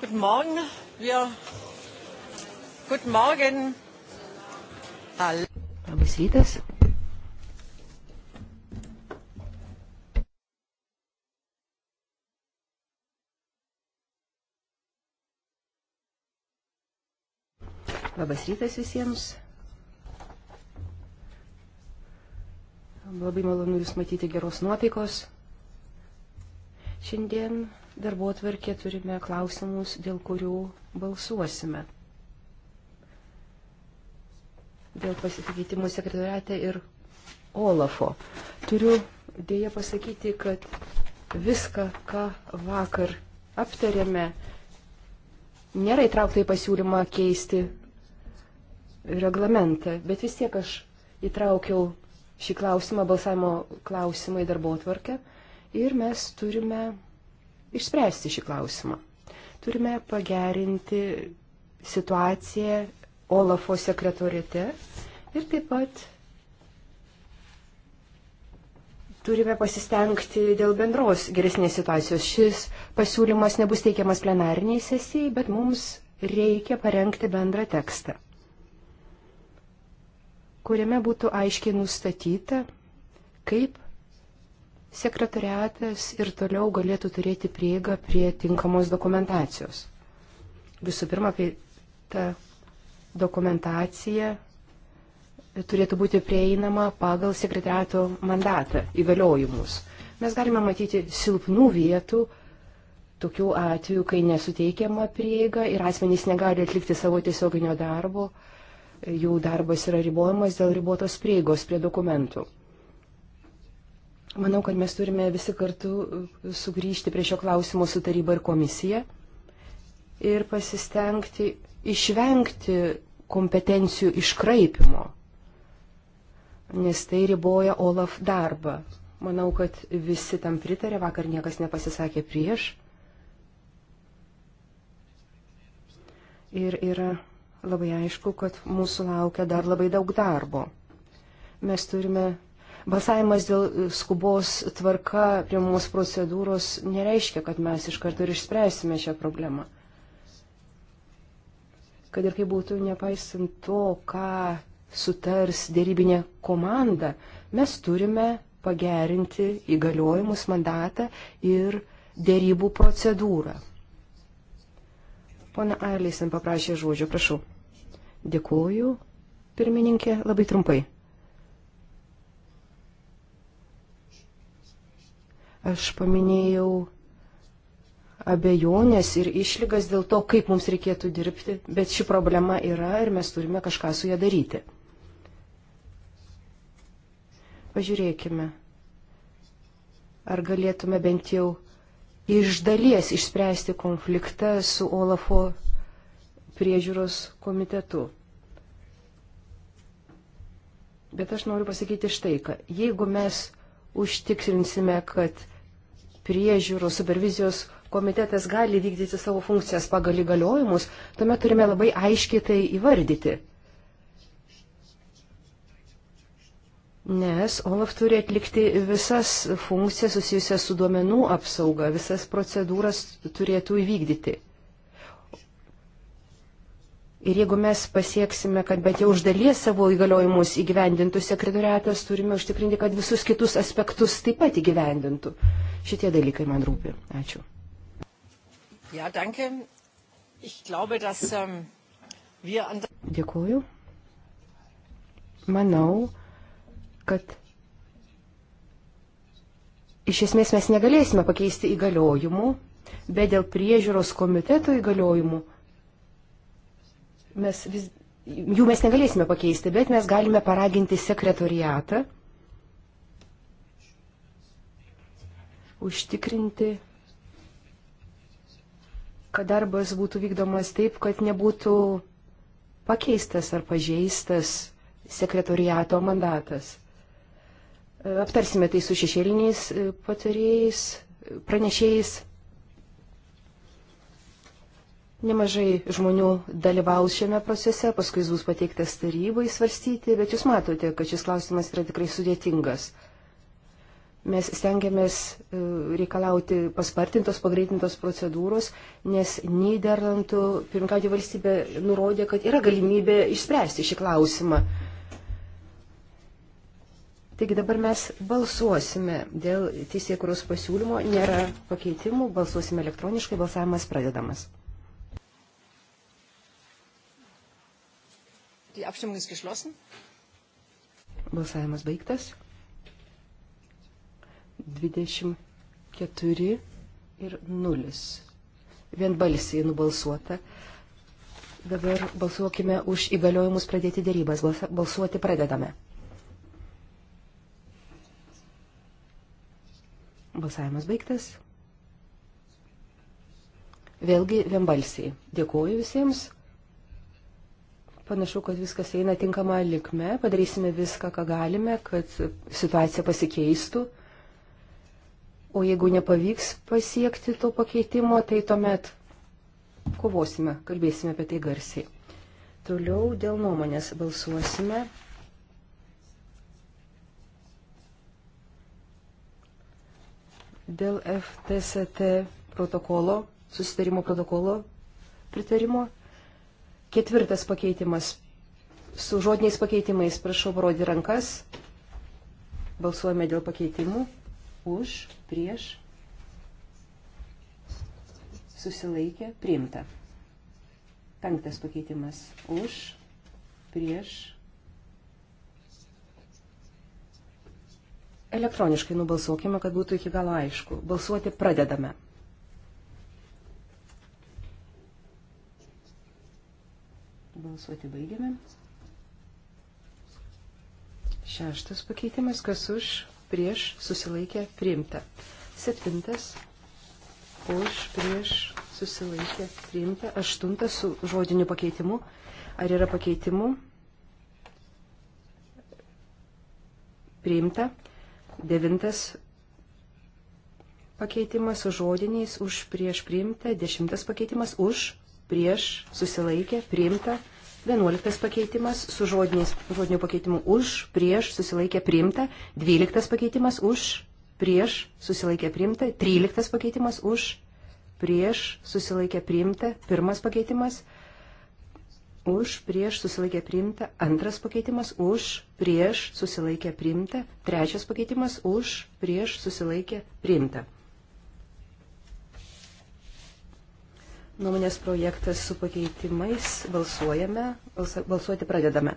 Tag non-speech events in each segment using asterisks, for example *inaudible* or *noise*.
Guten Morgen. Wir Guten Morgen. All. Labas rytas. Labas rytas visiems. Labai malonu Jūs matyti geros nuotaikos. Šiandien darbo atverkė turime klausimus, dėl kurių balsuosime. Dėl pasikeitimų sekretariate ir Olafo. Turiu dėja pasakyti, kad viską, ką vakar aptarėme, nėra įtraukta į pasiūlymą keisti reglamentą, bet vis tiek aš įtraukiau šį klausimą, balsavimo klausimą į darbo atvarkę ir mes turime išspręsti šį klausimą. Turime pagerinti situaciją Olafo sekretorite ir taip pat turime pasistengti dėl bendros geresnės situacijos. Šis pasiūlymas nebus teikiamas plenariniai sesijai, bet mums reikia parengti bendrą tekstą, kuriame būtų aiškiai nustatyta, kaip sekretariatas ir toliau galėtų turėti prieigą prie tinkamos dokumentacijos. Visų pirma, kai ta dokumentacija turėtų būti prieinama pagal sekretariato mandatą, įgaliojimus. Mes galime matyti silpnų vietų, tokių atvejų, kai nesuteikiama prieiga ir asmenys negali atlikti savo tiesioginio darbo, jų darbas yra ribojamas dėl ribotos prieigos prie dokumentų. Manau, kad mes turime visi kartu uh, sugrįžti prie šio klausimo su taryba ir komisija ir pasistengti išvengti kompetencijų iškraipimo, nes tai riboja Olaf darbą. Manau, kad visi tam pritarė, vakar niekas nepasisakė prieš. Ir yra labai aišku, kad mūsų laukia dar labai daug darbo. Mes turime Balsavimas dėl e, skubos tvarka prie mūsų procedūros nereiškia, kad mes iš karto ir išspręsime šią problemą. Kad ir kaip būtų, nepaisant to, ką sutars dėrybinė komanda, mes turime pagerinti įgaliojimus, mandatą ir dėrybų procedūrą. Pone Ailėsin paprašė žodžio, prašau. Dėkuoju, pirmininkė, labai trumpai. Aš paminėjau abejonės ir išlygas dėl to, kaip mums reikėtų dirbti, bet ši problema yra ir mes turime kažką su ją daryti. Pažiūrėkime, ar galėtume bent jau iš dalies išspręsti konfliktą su Olafo priežiūros komitetu. Bet aš noriu pasakyti štai, kad jeigu mes užtikslinsime, kad priežiūros supervizijos komitetas gali vykdyti savo funkcijas pagal įgaliojimus, tuomet turime labai aiškiai tai įvardyti. Nes OLAF turi atlikti visas funkcijas susijusias su duomenų apsauga, visas procedūras turėtų įvykdyti. Ir jeigu mes pasieksime, kad bet jau uždalies savo įgaliojimus įgyvendintų sekretoriatas, turime užtikrinti, kad visus kitus aspektus taip pat įgyvendintų. Šitie dalykai man rūpi. Ačiū. Ja, danke. Ich glaube, dass, um, wir an... Dėkuoju. Manau, kad iš esmės mes negalėsime pakeisti įgaliojimų, bet dėl priežiūros komiteto įgaliojimų mes vis, jų mes negalėsime pakeisti, bet mes galime paraginti sekretoriatą užtikrinti, kad darbas būtų vykdomas taip, kad nebūtų pakeistas ar pažeistas sekretoriato mandatas. Aptarsime tai su šešėliniais e, patarėjais, pranešėjais. Nemažai žmonių dalyvaus šiame procese, paskui jis bus pateiktas tarybai svarstyti, bet jūs matote, kad šis klausimas yra tikrai sudėtingas. Mes stengiamės e, reikalauti paspartintos, pagreitintos procedūros, nes Niderlandų pirmkaudė valstybė nurodė, kad yra galimybė išspręsti šį klausimą. Taigi dabar mes balsuosime dėl teisėkuros pasiūlymo, nėra pakeitimų, balsuosime elektroniškai, balsavimas pradedamas. Die Abstimmung ist geschlossen. Balsavimas baigtas. 24 ir 0. Vienbalsiai nubalsuota. Dabar balsuokime už įgaliojimus pradėti dėrybas. Balsuoti pradedame. Balsavimas baigtas. Vėlgi vienbalsiai. Dėkuoju visiems. Panašu, kad viskas eina tinkama likme, padarysime viską, ką galime, kad situacija pasikeistų. O jeigu nepavyks pasiekti to pakeitimo, tai tuomet kovosime, kalbėsime apie tai garsiai. Toliau dėl nuomonės balsuosime. Dėl FTST protokolo, susitarimo protokolo pritarimo Ketvirtas pakeitimas. Su žodiniais pakeitimais prašau parodyti rankas. Balsuojame dėl pakeitimų. Už, prieš, susilaikė, priimta. Penktas pakeitimas. Už, prieš. Elektroniškai nubalsuokime, kad būtų iki galo aišku. Balsuoti pradedame. Balsuoti baigiame. Šeštas pakeitimas, kas už, prieš, susilaikė, priimta. Septintas, už, prieš, susilaikė, priimta. Aštuntas su žodiniu pakeitimu. Ar yra pakeitimų? Priimta. Devintas pakeitimas su žodiniais už, prieš, priimta. Dešimtas pakeitimas už, prieš, susilaikė, priimta. 11 pakeitimas su žodiniu pakeitimu už, prieš, susilaikė, priimta. 12 pakeitimas už, prieš, susilaikė, priimta. 13 pakeitimas už, prieš, susilaikė, priimta. Pirmas pakeitimas už, prieš, susilaikė, priimta. Antras pakeitimas už, prieš, susilaikė, priimta. Trečias pakeitimas už, prieš, susilaikė, priimta. Nuomonės projektas su pakeitimais. Balsuojame. Balsa, balsuoti pradedame.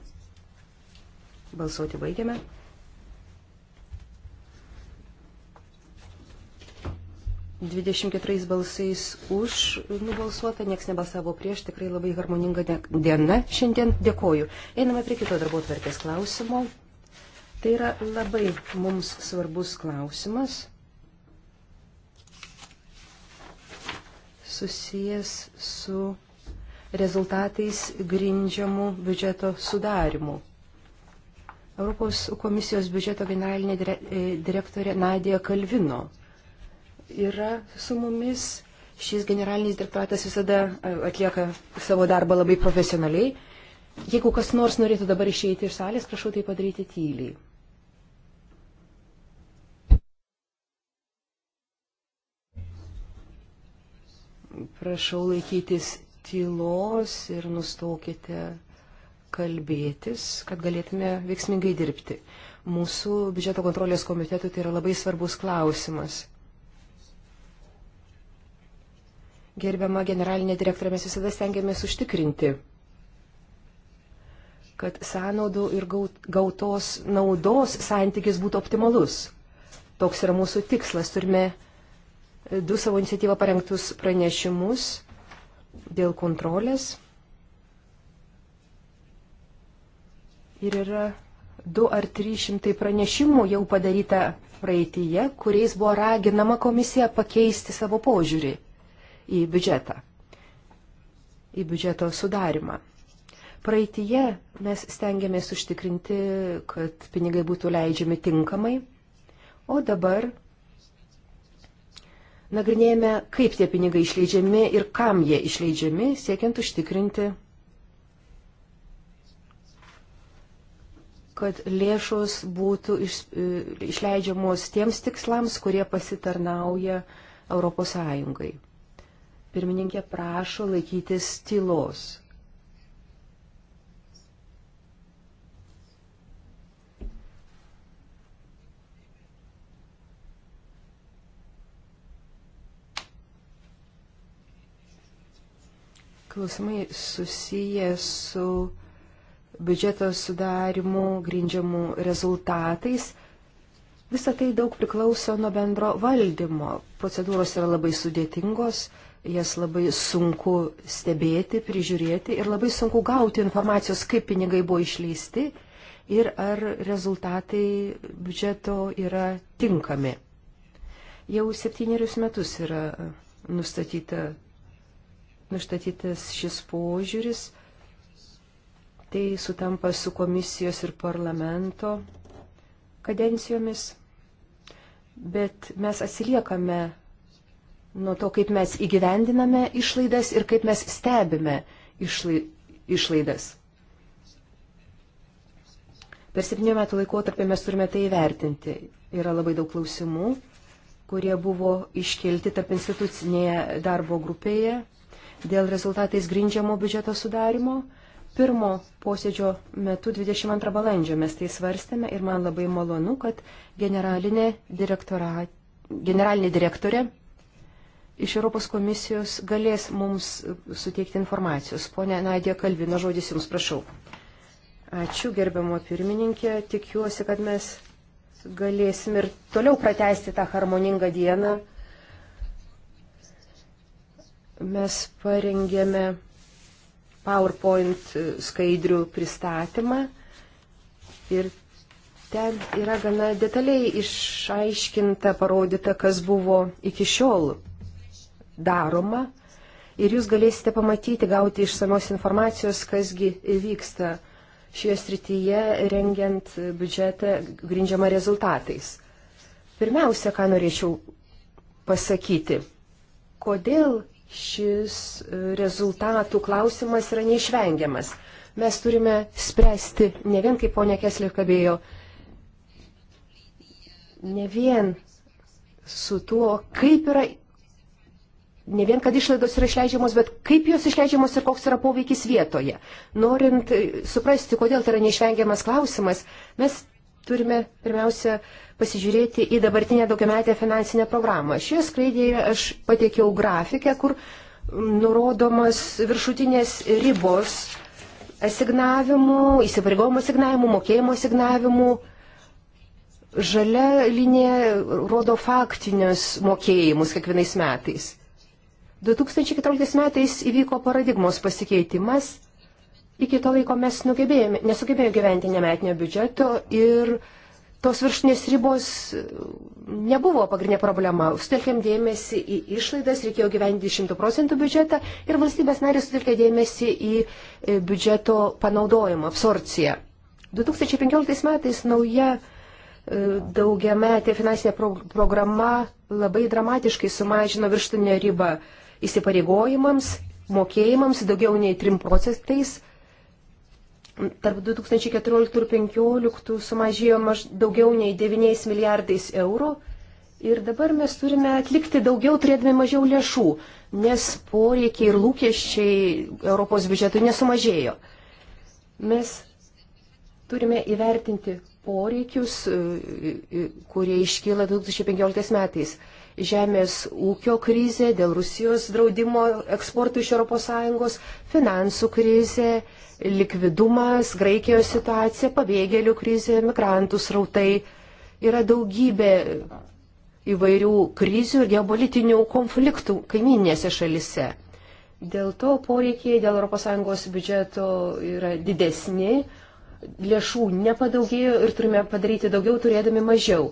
Balsuoti baigiame. Dvidešimt keturiais balsais už nubalsuota, nieks nebalsavo prieš, tikrai labai harmoninga diena. Šiandien dėkoju. Einame prie kito darbo tvarkės klausimo. Tai yra labai mums svarbus klausimas. susijęs su rezultatais grindžiamų biudžeto sudarimu. Europos komisijos biudžeto generalinė e, direktorė Nadija Kalvino yra su mumis. Šis generalinis direktoratas visada e, atlieka savo darbą labai profesionaliai. Jeigu kas nors norėtų dabar išeiti iš salės, prašau tai padaryti tyliai. Prašau laikytis tylos ir nustokite kalbėtis, kad galėtume veiksmingai dirbti. Mūsų biudžeto kontrolės komitetui tai yra labai svarbus klausimas. Gerbiama generalinė direktorė, mes visada stengiamės užtikrinti, kad sąnaudų ir gautos naudos santykis būtų optimalus. Toks yra mūsų tikslas. Turime du savo iniciatyvą parengtus pranešimus dėl kontrolės. Ir yra du ar trys šimtai pranešimų jau padaryta praeitįje, kuriais buvo raginama komisija pakeisti savo požiūrį į biudžetą, į biudžeto sudarimą. Praeitįje mes stengiamės užtikrinti, kad pinigai būtų leidžiami tinkamai, o dabar nagrinėjame, kaip tie pinigai išleidžiami ir kam jie išleidžiami, siekiant užtikrinti, kad lėšos būtų iš, e, išleidžiamos tiems tikslams, kurie pasitarnauja ES. Pirmininkė prašo laikytis tylos. klausimai susiję su biudžeto sudarimu, grindžiamų rezultatais. Visą tai daug priklauso nuo bendro valdymo. Procedūros yra labai sudėtingos, jas labai sunku stebėti, prižiūrėti ir labai sunku gauti informacijos, kaip pinigai buvo išleisti ir ar rezultatai biudžeto yra tinkami. Jau septynerius metus yra nustatyta nustatytas šis požiūris. Tai sutampa su komisijos ir parlamento kadencijomis, bet mes atsiliekame nuo to, kaip mes įgyvendiname išlaidas ir kaip mes stebime išlai, išlaidas. Per septynių metų laikotarpį mes turime tai įvertinti. Yra labai daug klausimų, kurie buvo iškelti tarp institucinėje darbo grupėje dėl rezultatais grindžiamo biudžeto sudarimo. Pirmo posėdžio metu 22 balandžio mes tai svarstėme ir man labai malonu, kad generalinė, generalinė direktorė iš Europos komisijos galės mums suteikti informacijos. Pone Nadė Kalvino, žodis Jums prašau. Ačiū, gerbiamo pirmininkė. Tikiuosi, kad mes galėsim ir toliau pratesti tą harmoningą dieną mes parengėme PowerPoint skaidrių pristatymą ir ten yra gana detaliai išaiškinta, parodyta, kas buvo iki šiol daroma. Ir jūs galėsite pamatyti, gauti išsamios informacijos, kasgi vyksta šioje srityje, rengiant biudžetą grindžiamą rezultatais. Pirmiausia, ką norėčiau pasakyti, kodėl šis e, rezultatų klausimas yra neišvengiamas. Mes turime spręsti ne vien, kaip ponė Keslė kabėjo, ne vien su tuo, kaip yra, ne vien, kad išlaidos yra išleidžiamos, bet kaip jos išleidžiamos ir koks yra poveikis vietoje. Norint e, suprasti, kodėl tai yra neišvengiamas klausimas, mes turime pirmiausia pasižiūrėti į dabartinę daugiametę finansinę programą. Šioje skraidėje aš pateikiau grafikę, kur nurodomas viršutinės ribos asignavimų, įsipareigojimų asignavimų, mokėjimo asignavimų. Žalia linija rodo faktinius mokėjimus kiekvienais metais. 2014 metais įvyko paradigmos pasikeitimas. Iki to laiko mes nesugebėjome gyventi nemetinio biudžeto ir uh, tos viršinės ribos nebuvo pagrindinė problema. Sutelkėm dėmesį į išlaidas, reikėjo gyventi 100 procentų biudžetą ir valstybės narės sutelkė dėmesį į e, biudžeto panaudojimą, absorpciją. 2015 metais nauja e, daugiametė finansinė pro programa labai dramatiškai sumažino virštinę ribą įsipareigojimams, mokėjimams daugiau nei 3 procentais tarp 2014 ir 2015 sumažėjo maž, daugiau nei 9 milijardais eurų. Ir dabar mes turime atlikti daugiau, turėdami mažiau lėšų, nes poreikiai ir lūkesčiai Europos biudžetui nesumažėjo. Mes turime įvertinti poreikius, e, e, kurie iškyla 2015 metais. Žemės ūkio krizė dėl Rusijos draudimo eksportų iš ES, finansų krizė, likvidumas, Graikijos situacija, pabėgėlių krizė, migrantų srautai. Yra daugybė įvairių krizių ir geopolitinių konfliktų kaiminėse šalise. Dėl to poreikiai dėl ES biudžeto yra didesni, lėšų nepadaugėjo ir turime padaryti daugiau turėdami mažiau.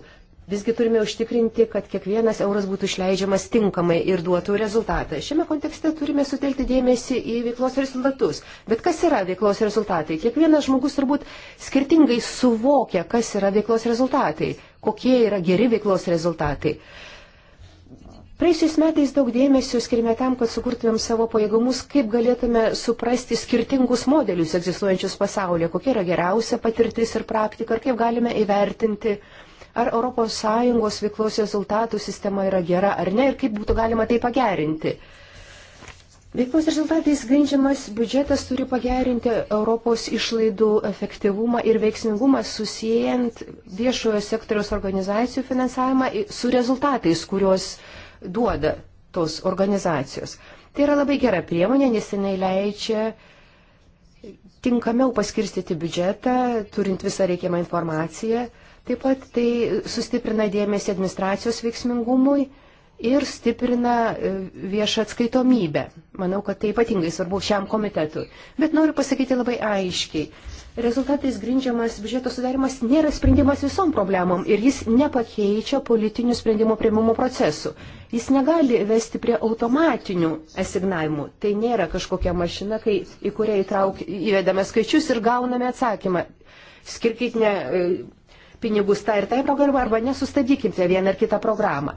Visgi turime užtikrinti, kad kiekvienas euras būtų išleidžiamas tinkamai ir duotų rezultatą. Šiame kontekste turime sutelkti dėmesį į veiklos rezultatus. Bet kas yra veiklos rezultatai? Kiekvienas žmogus turbūt skirtingai suvokia, kas yra veiklos rezultatai, kokie yra geri veiklos rezultatai. Praėjusiais metais daug dėmesio skirime tam, kad sukurtumėm savo pajėgumus, kaip galėtume suprasti skirtingus modelius egzistuojančius pasaulyje, kokia yra geriausia patirtis ir praktika ir kaip galime įvertinti uh, ar ES veiklos rezultatų sistema yra gera ar ne ir kaip būtų galima tai pagerinti. Veiklos rezultatais grindžiamas biudžetas turi pagerinti Europos išlaidų efektyvumą ir veiksmingumą susijęjant viešojo sektoriaus organizacijų finansavimą su rezultatais, kuriuos duoda tos organizacijos. Tai yra labai gera priemonė, nes jinai leidžia tinkamiau paskirstyti biudžetą, turint visą reikiamą informaciją Taip pat tai sustiprina dėmesį administracijos veiksmingumui ir stiprina e, viešą atskaitomybę. Manau, kad tai ypatingai svarbu šiam komitetui. Bet noriu pasakyti labai aiškiai. Rezultatais grindžiamas biudžeto sudarimas nėra sprendimas visom problemom ir jis nepakeičia politinių sprendimo prieimimo procesų. Jis negali vesti prie automatinių asignavimų. Tai nėra kažkokia mašina, kai, į kurią įtrauk, įvedame skaičius ir gauname atsakymą. Skirkit ne e, pinigus tą ir tą programą arba nesustabdykite vieną ar kitą programą.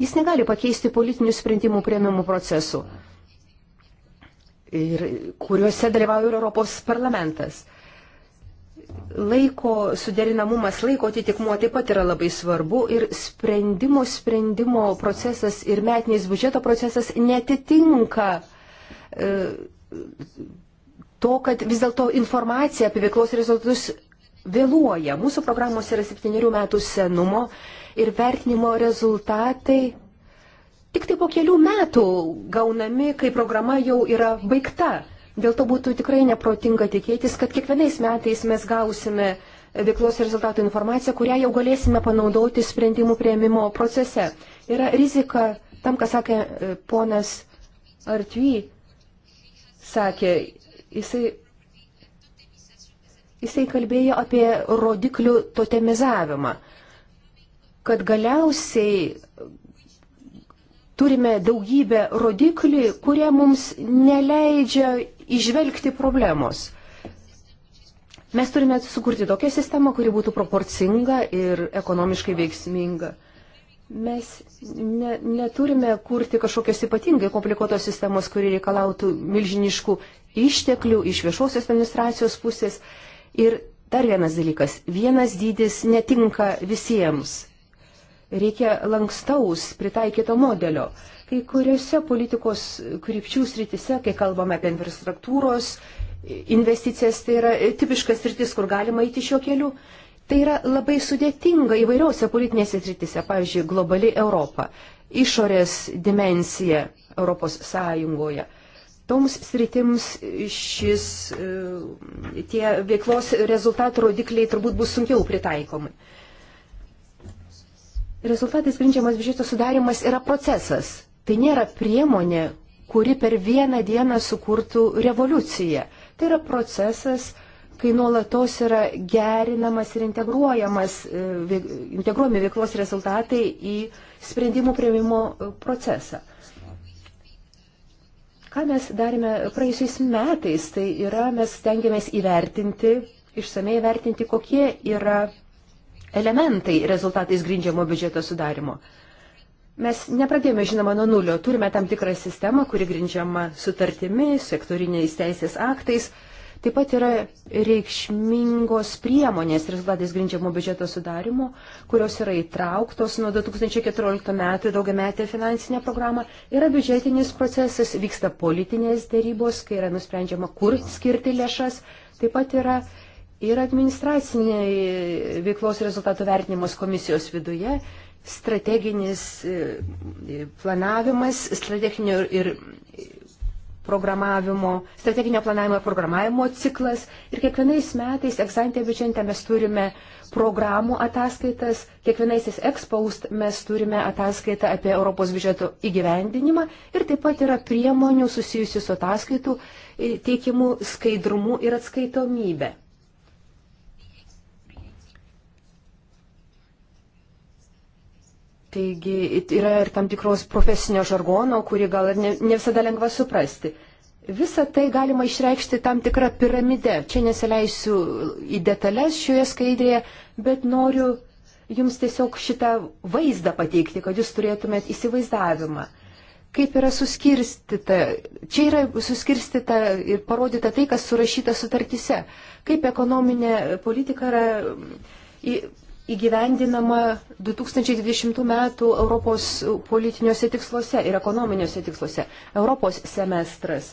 Jis negali pakeisti politinių sprendimų prieimimų procesų, ir, kuriuose dalyvauja ir Europos parlamentas. Laiko suderinamumas, laiko atitikmuo taip pat yra labai svarbu ir sprendimo sprendimo procesas ir metinės biudžeto procesas netitinka e, to, kad vis dėlto informacija apie veiklos rezultatus vėluoja. Mūsų programos yra septyniarių metų senumo ir vertinimo rezultatai tik tai po kelių metų gaunami, kai programa jau yra baigta. Dėl to būtų tikrai neprotinga tikėtis, kad kiekvienais metais mes gausime veiklos rezultatų informaciją, kurią jau galėsime panaudoti sprendimų prieimimo procese. Yra rizika tam, ką sakė e, ponas Artvy, sakė, jisai jisai kalbėjo apie rodiklių totemizavimą, kad galiausiai turime daugybę rodiklių, kurie mums neleidžia išvelgti problemos. Mes turime sukurti tokią sistemą, kuri būtų proporcinga ir ekonomiškai veiksminga. Mes ne, neturime kurti kažkokios ypatingai komplikuotos sistemos, kuri reikalautų milžiniškų išteklių iš viešosios administracijos pusės. Ir dar vienas dalykas, vienas dydis netinka visiems. Reikia lankstaus, pritaikyto modelio. Kai kuriuose politikos krypčių sritise, kai kalbame apie infrastruktūros investicijas, tai yra tipiškas sritis, kur galima eiti šio keliu. Tai yra labai sudėtinga įvairiuose politinėse sritise, pavyzdžiui, globali Europa, išorės dimensija Europos Sąjungoje toms sritims šis, e, tie veiklos rezultatų rodikliai turbūt bus sunkiau pritaikomi. Rezultatais grindžiamas biudžeto sudarimas yra procesas. Tai nėra priemonė, kuri per vieną dieną sukurtų revoliuciją. Tai yra procesas, kai nuolatos yra gerinamas ir integruojamas, e, integruojami veiklos rezultatai į sprendimų prieimimo procesą. Ką mes darėme praėjusiais metais, tai yra mes stengiamės įvertinti, išsamei įvertinti, kokie yra elementai rezultatais grindžiamo biudžeto sudarimo. Mes nepradėjome, žinoma, nuo nulio. Turime tam tikrą sistemą, kuri grindžiama sutartimi, sektoriniais teisės aktais. Taip pat yra reikšmingos priemonės rezultatais grindžiamo biudžeto sudarimo, kurios yra įtrauktos nuo 2014 metų į daugiametę finansinę programą. Yra biudžetinis procesas, vyksta politinės dėrybos, kai yra nusprendžiama, kur skirti lėšas. Taip pat yra ir administraciniai veiklos rezultatų vertinimas komisijos viduje, strateginis e, planavimas, strateginio ir programavimo, strateginio planavimo ir programavimo ciklas. Ir kiekvienais metais eksantė bičiantė mes turime programų ataskaitas, kiekvienais ekspaust mes turime ataskaitą apie Europos biudžeto įgyvendinimą ir taip pat yra priemonių susijusių su ataskaitų e, teikimu skaidrumu ir atskaitomybė. Taigi yra ir tam tikros profesinio žargono, kurį gal ir ne, ne visada lengva suprasti. Visą tai galima išreikšti tam tikrą piramidę. Čia nesileisiu į detalės šioje skaidrėje, bet noriu jums tiesiog šitą vaizdą pateikti, kad jūs turėtumėt įsivaizdavimą. Kaip yra suskirstita, čia yra suskirstita ir parodyta tai, kas surašyta sutartise. Kaip ekonominė politika yra įgyvendinama 2020 metų Europos politiniuose tiksluose ir ekonominiuose tiksluose. Europos semestras.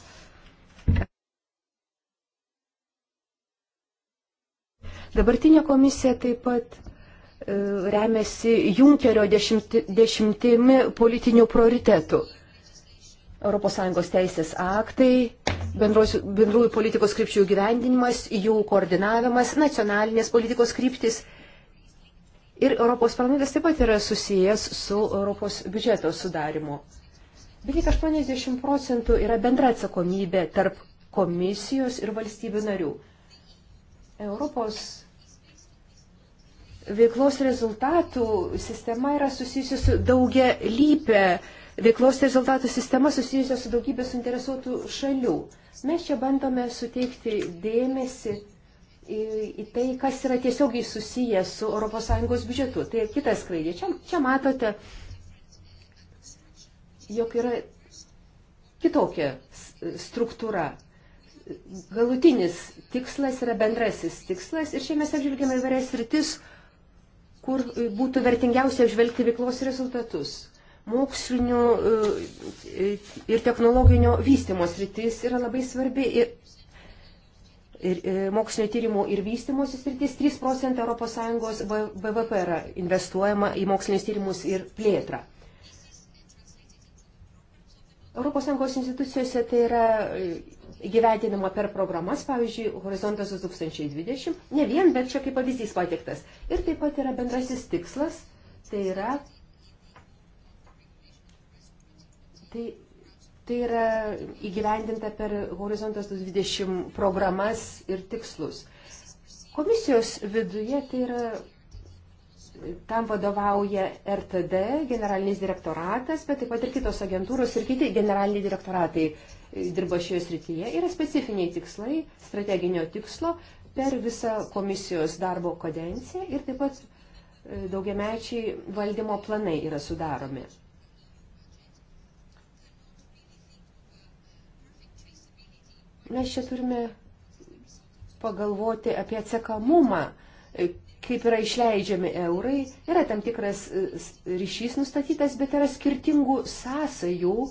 Dabartinė komisija taip pat e, remiasi Junkerio dešimti, dešimtimi politinių prioritetų. ES teisės aktai, bendros, bendrųjų politikos krypčių gyvendinimas, jų koordinavimas, nacionalinės politikos kryptis – Ir Europos parlamentas taip pat yra susijęs su Europos biudžeto sudarimu. Beveik 80 procentų yra bendra atsakomybė tarp komisijos ir valstybių narių. Europos veiklos rezultatų sistema yra susijusi su daugia lypė, veiklos rezultatų sistema susijusi su daugybė suinteresuotų šalių. Mes čia bandome suteikti dėmesį į, į tai, kas yra tiesiogiai susiję su ES biudžetu. Tai kitas skraidė. Čia, čia matote, jog yra kitokia struktūra. Galutinis tikslas yra bendrasis tikslas ir čia mes apžvelgėme įvairias rytis, kur būtų vertingiausia apžvelgti veiklos rezultatus. Mokslinių e, e, ir technologinio vystimo sritis yra labai svarbi ir ir, e, mokslinio tyrimų ir vystimosi sritis 3 procentai ES BVP yra investuojama į mokslinius tyrimus ir plėtrą. ES institucijose tai yra e, gyvendinama per programas, pavyzdžiui, Horizontas 2020, ne vien, bet čia kaip pavyzdys patiktas. Ir taip pat yra bendrasis tikslas, tai yra, tai Tai yra įgyvendinta per Horizontas 20 programas ir tikslus. Komisijos viduje tai yra, tam vadovauja RTD, generalinis direktoratas, bet taip pat ir kitos agentūros ir kiti generaliniai direktoratai e, dirba šioje srityje. Yra specifiniai tikslai, strateginio tikslo per visą komisijos darbo kadenciją ir taip pat e, daugiamečiai valdymo planai yra sudaromi. Mes čia turime pagalvoti apie atsekamumą, kaip yra išleidžiami eurai, yra tam tikras e, ryšys nustatytas, bet yra skirtingų sąsajų, e,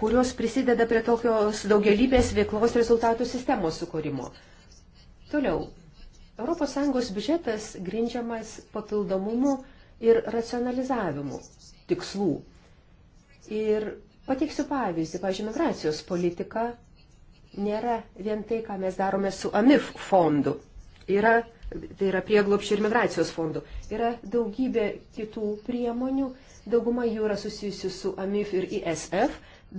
kurios prisideda prie tokios daugelybės veiklos rezultatų sistemos sukūrimo. Toliau, ES biudžetas grindžiamas papildomumu ir racionalizavimu tikslų. Ir Pateiksiu pavyzdį, pavyzdžiui, migracijos politika nėra vien tai, ką mes darome su AMIF fondu. Yra, tai yra prieglopščių ir migracijos fondų. Yra daugybė kitų priemonių, dauguma jų yra susijusi su AMIF ir ISF,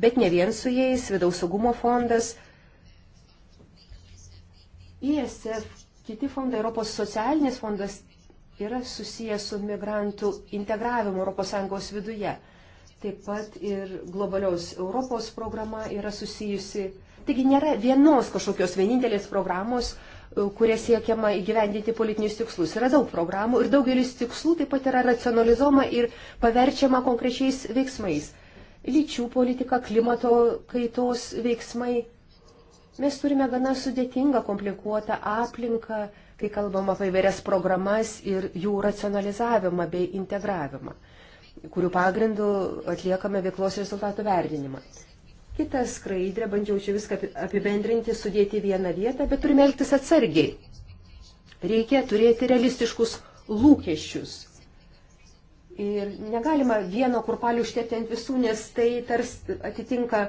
bet ne vien su jais, vidaus saugumo fondas, ISF, kiti fondai, Europos socialinis fondas yra susijęs su migrantų integravimu ES viduje. Taip pat ir globalios Europos programa yra susijusi. Taigi nėra vienos kažkokios vienintelės programos, e, kuria siekiama įgyvendinti politinius tikslus. Yra daug programų ir daugelis tikslų taip pat yra racionalizoma ir paverčiama konkrečiais veiksmais. Lyčių politika, klimato kaitos veiksmai. Mes turime gana sudėtingą, komplikuotą aplinką, kai kalbam apie vairias programas ir jų racionalizavimą bei integravimą kurių pagrindų atliekame veiklos rezultatų vertinimą. Kita skraidrė, bandžiau čia viską apibendrinti, sudėti vieną vietą, bet turime elgtis atsargiai. Reikia turėti realistiškus lūkesčius. Ir negalima vieno kurpalių užtepti ant visų, nes tai tarsi atitinka e,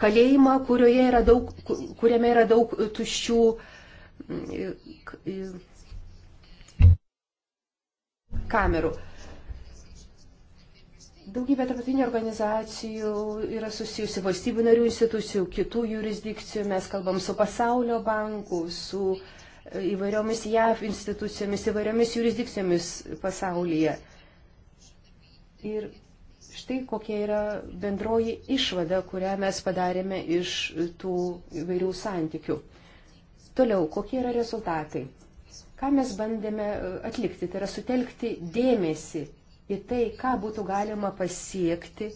kalėjimą, yra daug, kuriame yra daug e, tuščių e, kamerų. Daugybė tarptautinių organizacijų yra susijusi valstybių narių institucijų, kitų jurisdikcijų. Mes kalbam su pasaulio banku, su e, įvairiomis JAV institucijomis, įvairiomis jurisdikcijomis pasaulyje. Ir štai kokia yra bendroji išvada, kurią mes padarėme iš tų įvairių santykių. Toliau, kokie yra rezultatai? Ką mes bandėme e, atlikti, tai yra sutelkti dėmesį į tai, ką būtų galima pasiekti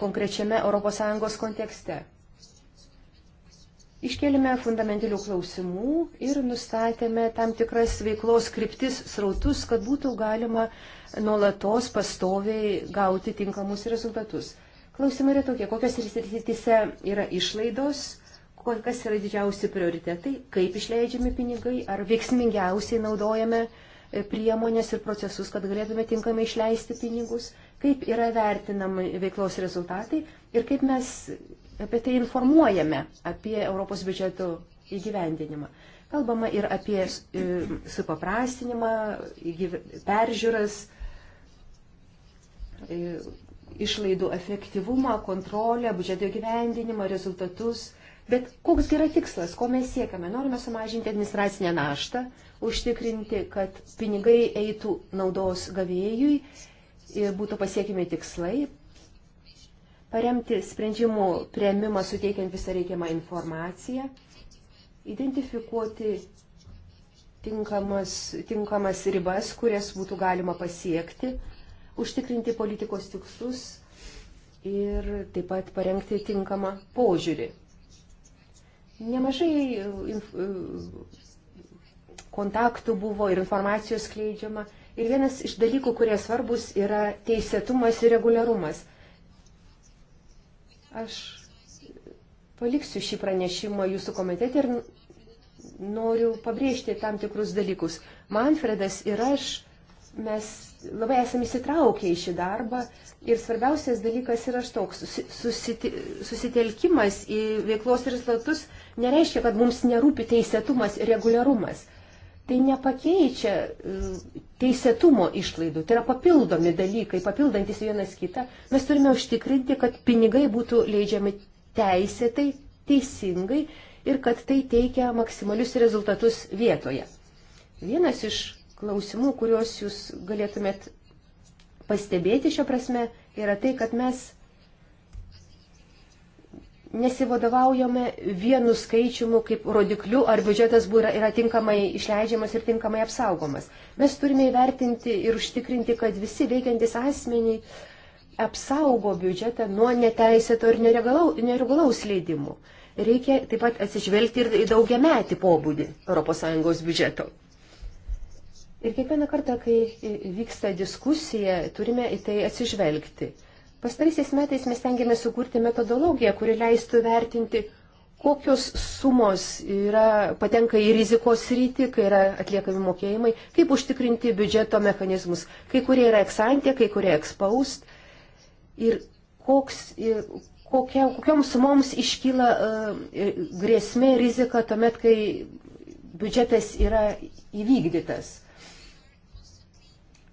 konkrečiame ES kontekste. Iškėlėme fundamentalių klausimų ir nustatėme tam tikras veiklos kryptis srautus, kad būtų galima nuolatos pastoviai gauti tinkamus rezultatus. Klausimai yra tokie, kokios rytise yra išlaidos, kas yra didžiausi prioritetai, kaip išleidžiami pinigai, ar veiksmingiausiai naudojame uh, priemonės ir procesus, kad galėtume tinkamai išleisti pinigus, kaip yra vertinami veiklos rezultatai ir kaip mes apie tai informuojame, apie Europos biudžeto įgyvendinimą. Kalbama ir apie e, supaprastinimą, peržiūras, e, išlaidų efektyvumą, kontrolę, biudžeto įgyvendinimą, rezultatus. Bet koks yra tikslas, ko mes siekame? Norime sumažinti administracinę naštą, užtikrinti, kad pinigai eitų naudos gavėjui ir būtų pasiekimi tikslai, paremti sprendimų prieimimą suteikiant visą reikiamą informaciją, identifikuoti tinkamas, tinkamas ribas, kurias būtų galima pasiekti, užtikrinti politikos tikslus ir taip pat parengti tinkamą požiūrį. Nemažai inf kontaktų buvo ir informacijos skleidžiama. Ir vienas iš dalykų, kurie svarbus, yra teisėtumas ir reguliarumas. Aš paliksiu šį pranešimą jūsų komitete ir noriu pabrėžti tam tikrus dalykus. Manfredas ir aš, mes labai esame įsitraukę į šį darbą ir svarbiausias dalykas yra toks. Susiti, susitelkimas į veiklos rezultatus nereiškia, kad mums nerūpi teisėtumas ir reguliarumas tai nepakeičia e, teisėtumo išlaidų, tai yra papildomi dalykai, papildantis vienas kitą. Mes turime užtikrinti, kad pinigai būtų leidžiami teisėtai, teisingai ir kad tai teikia maksimalius rezultatus vietoje. Vienas iš klausimų, kuriuos jūs galėtumėt pastebėti šią prasme, yra tai, kad mes nesivadovaujame vienu skaičiumu kaip rodikliu, ar biudžetas yra, yra tinkamai išleidžiamas ir tinkamai apsaugomas. Mes turime įvertinti ir užtikrinti, kad visi veikiantis asmeniai apsaugo biudžetą nuo neteisėto ir neregulaus leidimų. Reikia taip pat atsižvelgti ir į daugiametį pobūdį ES biudžeto. Ir kiekvieną kartą, kai vyksta diskusija, turime į tai atsižvelgti. Pastaraisiais metais mes tengiamės sukurti metodologiją, kuri leistų vertinti, kokios sumos yra, patenka į rizikos rytį, kai yra atliekami mokėjimai, kaip užtikrinti biudžeto mechanizmus, kai kurie yra eksantė, kai kurie ekspaust ir koks, ir kokia, kokiom sumoms iškyla uh, grėsmė, rizika tuomet, kai biudžetas yra įvykdytas.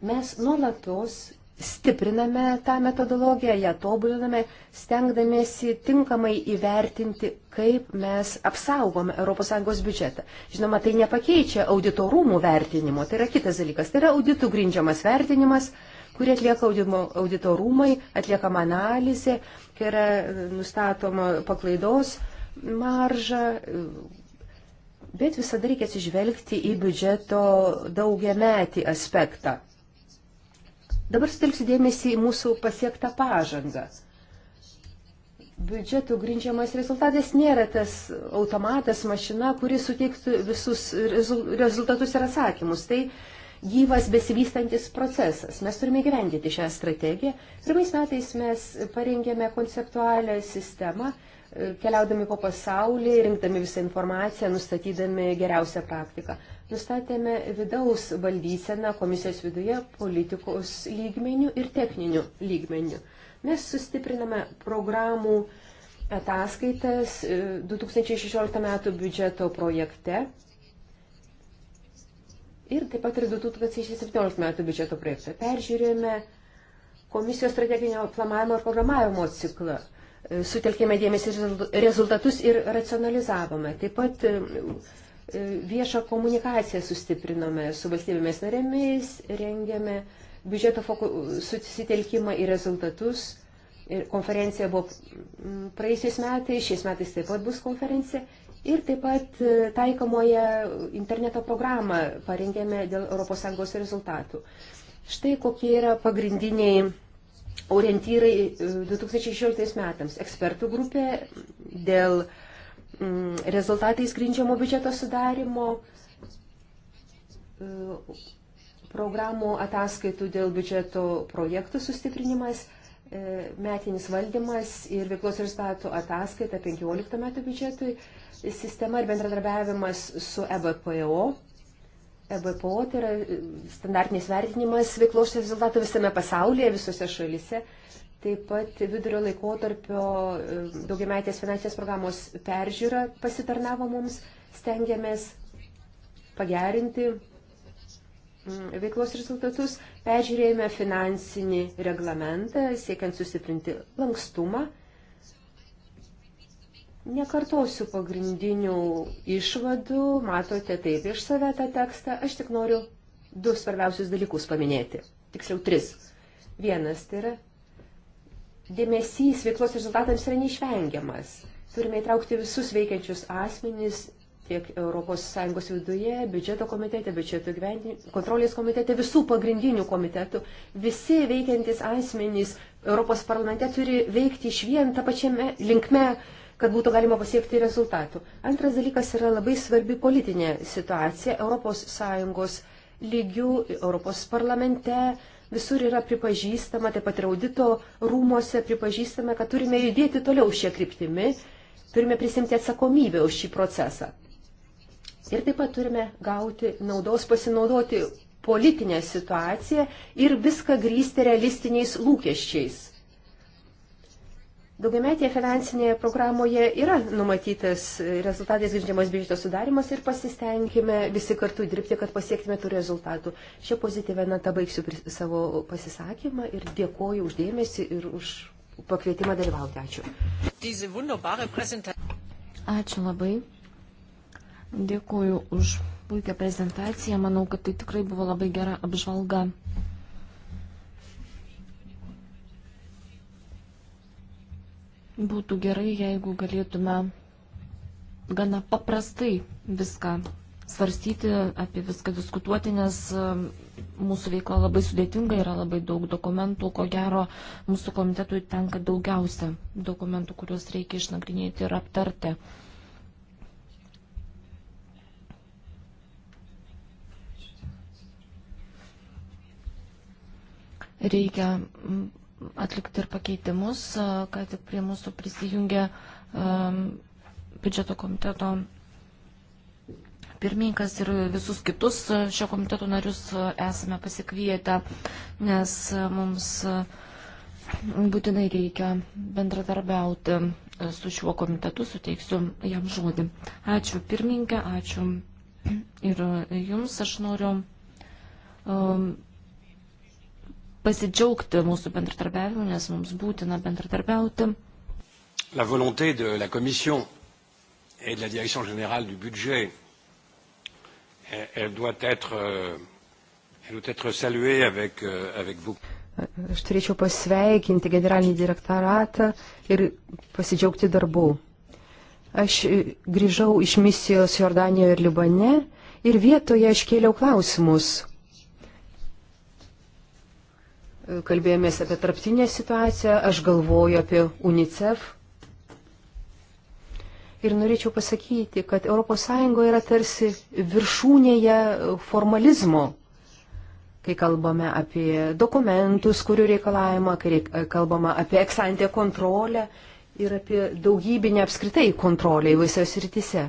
Mes nuolatos stipriname tą metodologiją, ją tobuliname, stengdamėsi tinkamai įvertinti, kaip mes apsaugome ES biudžetą. Žinoma, tai nepakeičia auditorumų vertinimo, tai yra kitas dalykas, tai yra auditų grindžiamas vertinimas, kurį atlieka auditorumai, atliekama analizė, kai yra nustatoma paklaidos marža, bet visada reikia atsižvelgti į biudžeto daugiametį aspektą. Dabar sutelksiu dėmesį į mūsų pasiektą pažangą. Biudžetų grindžiamas rezultatas nėra tas automatas, mašina, kuri suteiktų visus rezultatus ir atsakymus. Tai gyvas besivystantis procesas. Mes turime gyvendyti šią strategiją. Pirmais metais mes parengėme konceptualią sistemą, e, keliaudami po pasaulį, rinkdami visą informaciją, nustatydami geriausią praktiką. Nustatėme vidaus valdyseną komisijos viduje politikos lygmenių ir techninių lygmenių. Mes sustipriname programų ataskaitas 2016 e, metų biudžeto projekte ir taip pat ir 2017 metų biudžeto projekte. Peržiūrėjome komisijos strateginio planavimo ir programavimo ciklą, e, sutelkėme dėmesį rezultatus ir racionalizavome. Taip pat e, viešą komunikaciją sustiprinome su valstybėmis narėmis, rengėme biudžeto susitelkimą į rezultatus. Ir konferencija buvo mm, praeisiais metais, šiais metais taip pat bus konferencija. Ir taip pat e, taikomoje interneto programą parengėme dėl ES rezultatų. Štai kokie yra pagrindiniai orientyrai 2016 e, metams. Ekspertų grupė dėl uh, Mm, rezultatais grindžiamo biudžeto sudarimo, e, programų ataskaitų dėl biudžeto projektų sustiprinimas, e, metinis valdymas ir veiklos rezultatų ataskaita 15 metų biudžetui, sistema ir bendradarbiavimas su EBPO. EBPO tai yra e, standartinis vertinimas veiklos rezultatų visame pasaulyje, visose šalise. Taip pat vidurio laikotarpio e, daugiametės finansinės programos peržiūra pasitarnavo mums, stengiamės pagerinti mm, veiklos rezultatus, peržiūrėjome finansinį reglamentą, siekiant sustiprinti lankstumą. Nekartosiu pagrindinių išvadų, matote taip iš save tą tekstą, aš tik noriu du svarbiausius dalykus paminėti, tiksliau tris. Vienas tai yra dėmesys veiklos rezultatams yra neišvengiamas. Turime įtraukti visus veikiančius asmenys tiek ES viduje, biudžeto komitete, biudžeto kontrolės komitete, visų pagrindinių komitetų. Visi veikiantis asmenys Europos parlamente turi veikti iš vien tą pačiame linkme, kad būtų galima pasiekti rezultatų. Antras dalykas yra labai svarbi politinė situacija ES lygių, Europos parlamente, visur yra pripažįstama, taip pat ir audito rūmose pripažįstama, kad turime judėti toliau šią kryptimį, turime prisimti atsakomybę už šį procesą. Ir taip pat turime gauti naudos pasinaudoti politinę situaciją ir viską grįsti realistiniais lūkesčiais. Daugiametėje finansinėje programoje yra numatytas rezultatės grindžiamas biudžeto sudarimas ir pasistengime visi kartu dirbti, kad pasiektume tų rezultatų. Šią pozityvę natą baigsiu savo pasisakymą ir dėkoju uždėmesi ir už pakvietimą dalyvauti. Ačiū. Ačiū labai. Dėkoju už puikią prezentaciją. Manau, kad tai tikrai buvo labai gera apžvalga Būtų gerai, jeigu galėtume gana paprastai viską svarstyti, apie viską diskutuoti, nes um, mūsų veikla labai sudėtinga, yra labai daug dokumentų, ko gero mūsų komitetui tenka daugiausia dokumentų, kuriuos reikia išnagrinėti ir aptarti. Reikia atlikti ir pakeitimus, kad prie mūsų prisijungė biudžeto komiteto pirmininkas ir visus kitus šio komiteto narius esame pasikvietę, nes mums būtinai reikia bendradarbiauti su šiuo komitetu, suteiksiu jam žodį. Ačiū pirmininkė, ačiū ir jums. Aš noriu um, pasidžiaugti mūsų bendratarbiavimu, nes mums būtina bendratarbiauti. La volonté de la Commission et de la Direction générale du budget, elle, elle doit être, euh, elle doit être saluée avec, euh, avec vous. Aš turėčiau pasveikinti generalinį direktoratą ir pasidžiaugti darbu. Aš grįžau iš misijos Jordanijoje ir Libane ir vietoje aš kėliau klausimus, kalbėjomės apie tarptinę situaciją, aš galvoju apie UNICEF. Ir norėčiau pasakyti, kad ES yra tarsi viršūnėje formalizmo, kai kalbame apie dokumentus, kurių reikalavimą, kai kalbama apie eksantę kontrolę ir apie daugybinę apskritai kontrolę įvaisios rytise.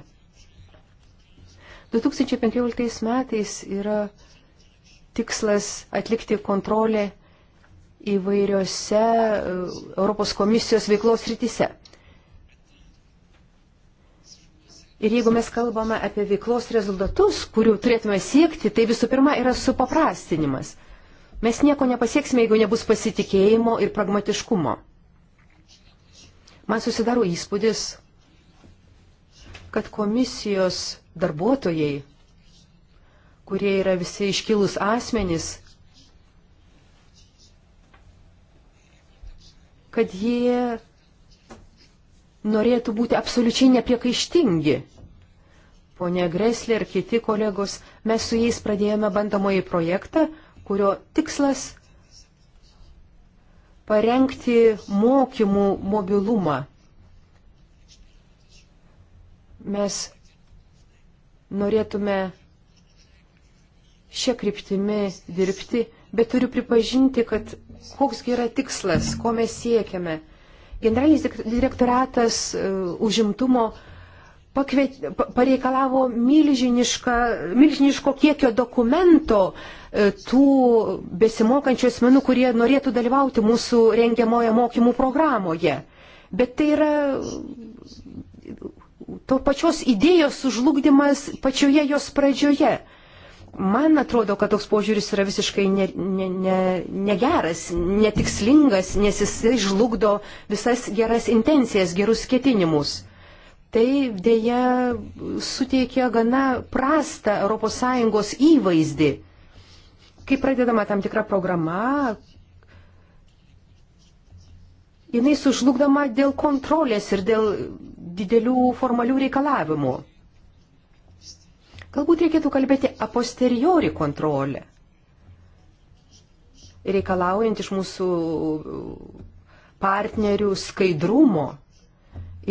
2015 metais yra tikslas atlikti kontrolę įvairiose e, Europos komisijos veiklos rytise. Ir jeigu mes kalbame apie veiklos rezultatus, kurių turėtume siekti, tai visų pirma yra supaprastinimas. Mes nieko nepasieksime, jeigu nebus pasitikėjimo ir pragmatiškumo. Man susidaro įspūdis, kad komisijos darbuotojai, kurie yra visi iškilus asmenys, kad jie norėtų būti absoliučiai nepriekaištingi. Pone Greslė ir kiti kolegos, mes su jais pradėjome bandomąjį projektą, kurio tikslas - parengti mokymų mobilumą. Mes norėtume šią kryptimį dirbti, bet turiu pripažinti, kad koksgi yra tikslas, ko mes siekiame. Generalinis direktoratas e, užimtumo pakviet, pareikalavo milžiniško kiekio dokumento e, tų besimokančių asmenų, kurie norėtų dalyvauti mūsų rengiamoje mokymų programoje. Bet tai yra to pačios idėjos sužlugdymas pačioje jos pradžioje. Man atrodo, kad toks požiūris yra visiškai ne, ne, ne, negeras, netikslingas, nes jisai žlugdo visas geras intencijas, gerus ketinimus. Tai dėja suteikia gana prastą ES įvaizdį. Kai pradedama tam tikra programa, jinai sužlugdama dėl kontrolės ir dėl didelių formalių reikalavimų. Galbūt reikėtų kalbėti a posteriori kontrolę, reikalaujant iš mūsų partnerių skaidrumo.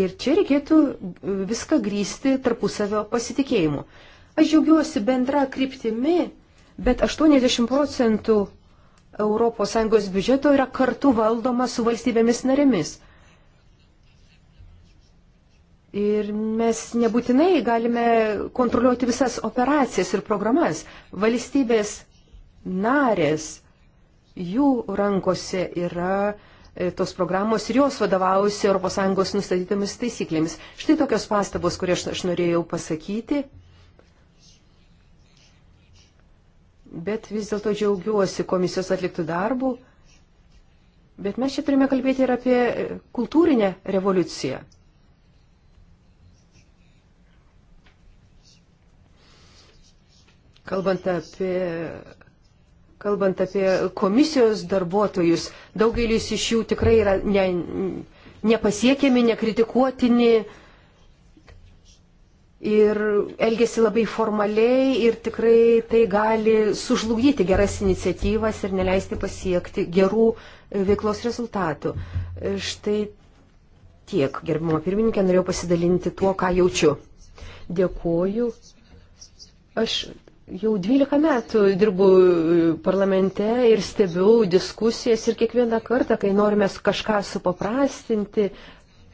Ir čia reikėtų viską grįsti tarpusavio pasitikėjimu. Aš džiaugiuosi bendra kryptimi, bet 80 procentų ES biudžeto yra kartu valdoma su valstybėmis narėmis. Ir mes nebūtinai galime kontroliuoti visas operacijas ir programas. Valstybės narės, jų rankose yra e, tos programos ir jos vadovausi ES nustatytomis taisyklėmis. Štai tokios pastabos, kurias aš, aš norėjau pasakyti. Bet vis dėlto džiaugiuosi komisijos atliktų darbų. Bet mes čia turime kalbėti ir apie kultūrinę revoliuciją. Kalbant apie, kalbant apie komisijos darbuotojus, daugelis iš jų tikrai yra ne, nepasiekiami, nekritikuotini ir elgesi labai formaliai ir tikrai tai gali sužlugdyti geras iniciatyvas ir neleisti pasiekti gerų veiklos rezultatų. Štai tiek, gerbimo pirmininkė, norėjau pasidalinti tuo, ką jaučiu. Dėkuoju. Aš Jau 12 metų dirbu parlamente ir stebiu diskusijas ir kiekvieną kartą, kai norime kažką supaprastinti,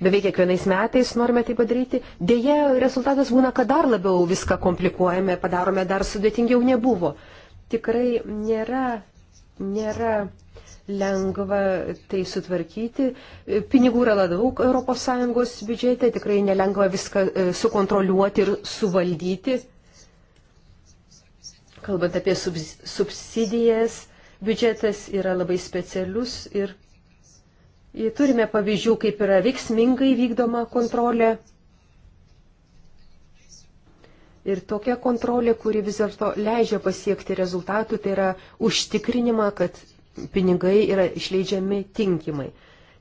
beveik kiekvienais metais norime tai padaryti, dėja rezultatas būna, kad dar labiau viską komplikuojame, padarome dar sudėtingiau nebuvo. Tikrai nėra, nėra lengva tai sutvarkyti. Pinigų yra daug ES biudžete, tikrai nelengva viską e, sukontroliuoti ir suvaldyti Kalbant apie subsidijas, biudžetas yra labai specialius ir turime pavyzdžių, kaip yra veiksmingai vykdoma kontrolė. Ir tokia kontrolė, kuri vis dėlto leidžia pasiekti rezultatų, tai yra užtikrinimą, kad pinigai yra išleidžiami tinkimai,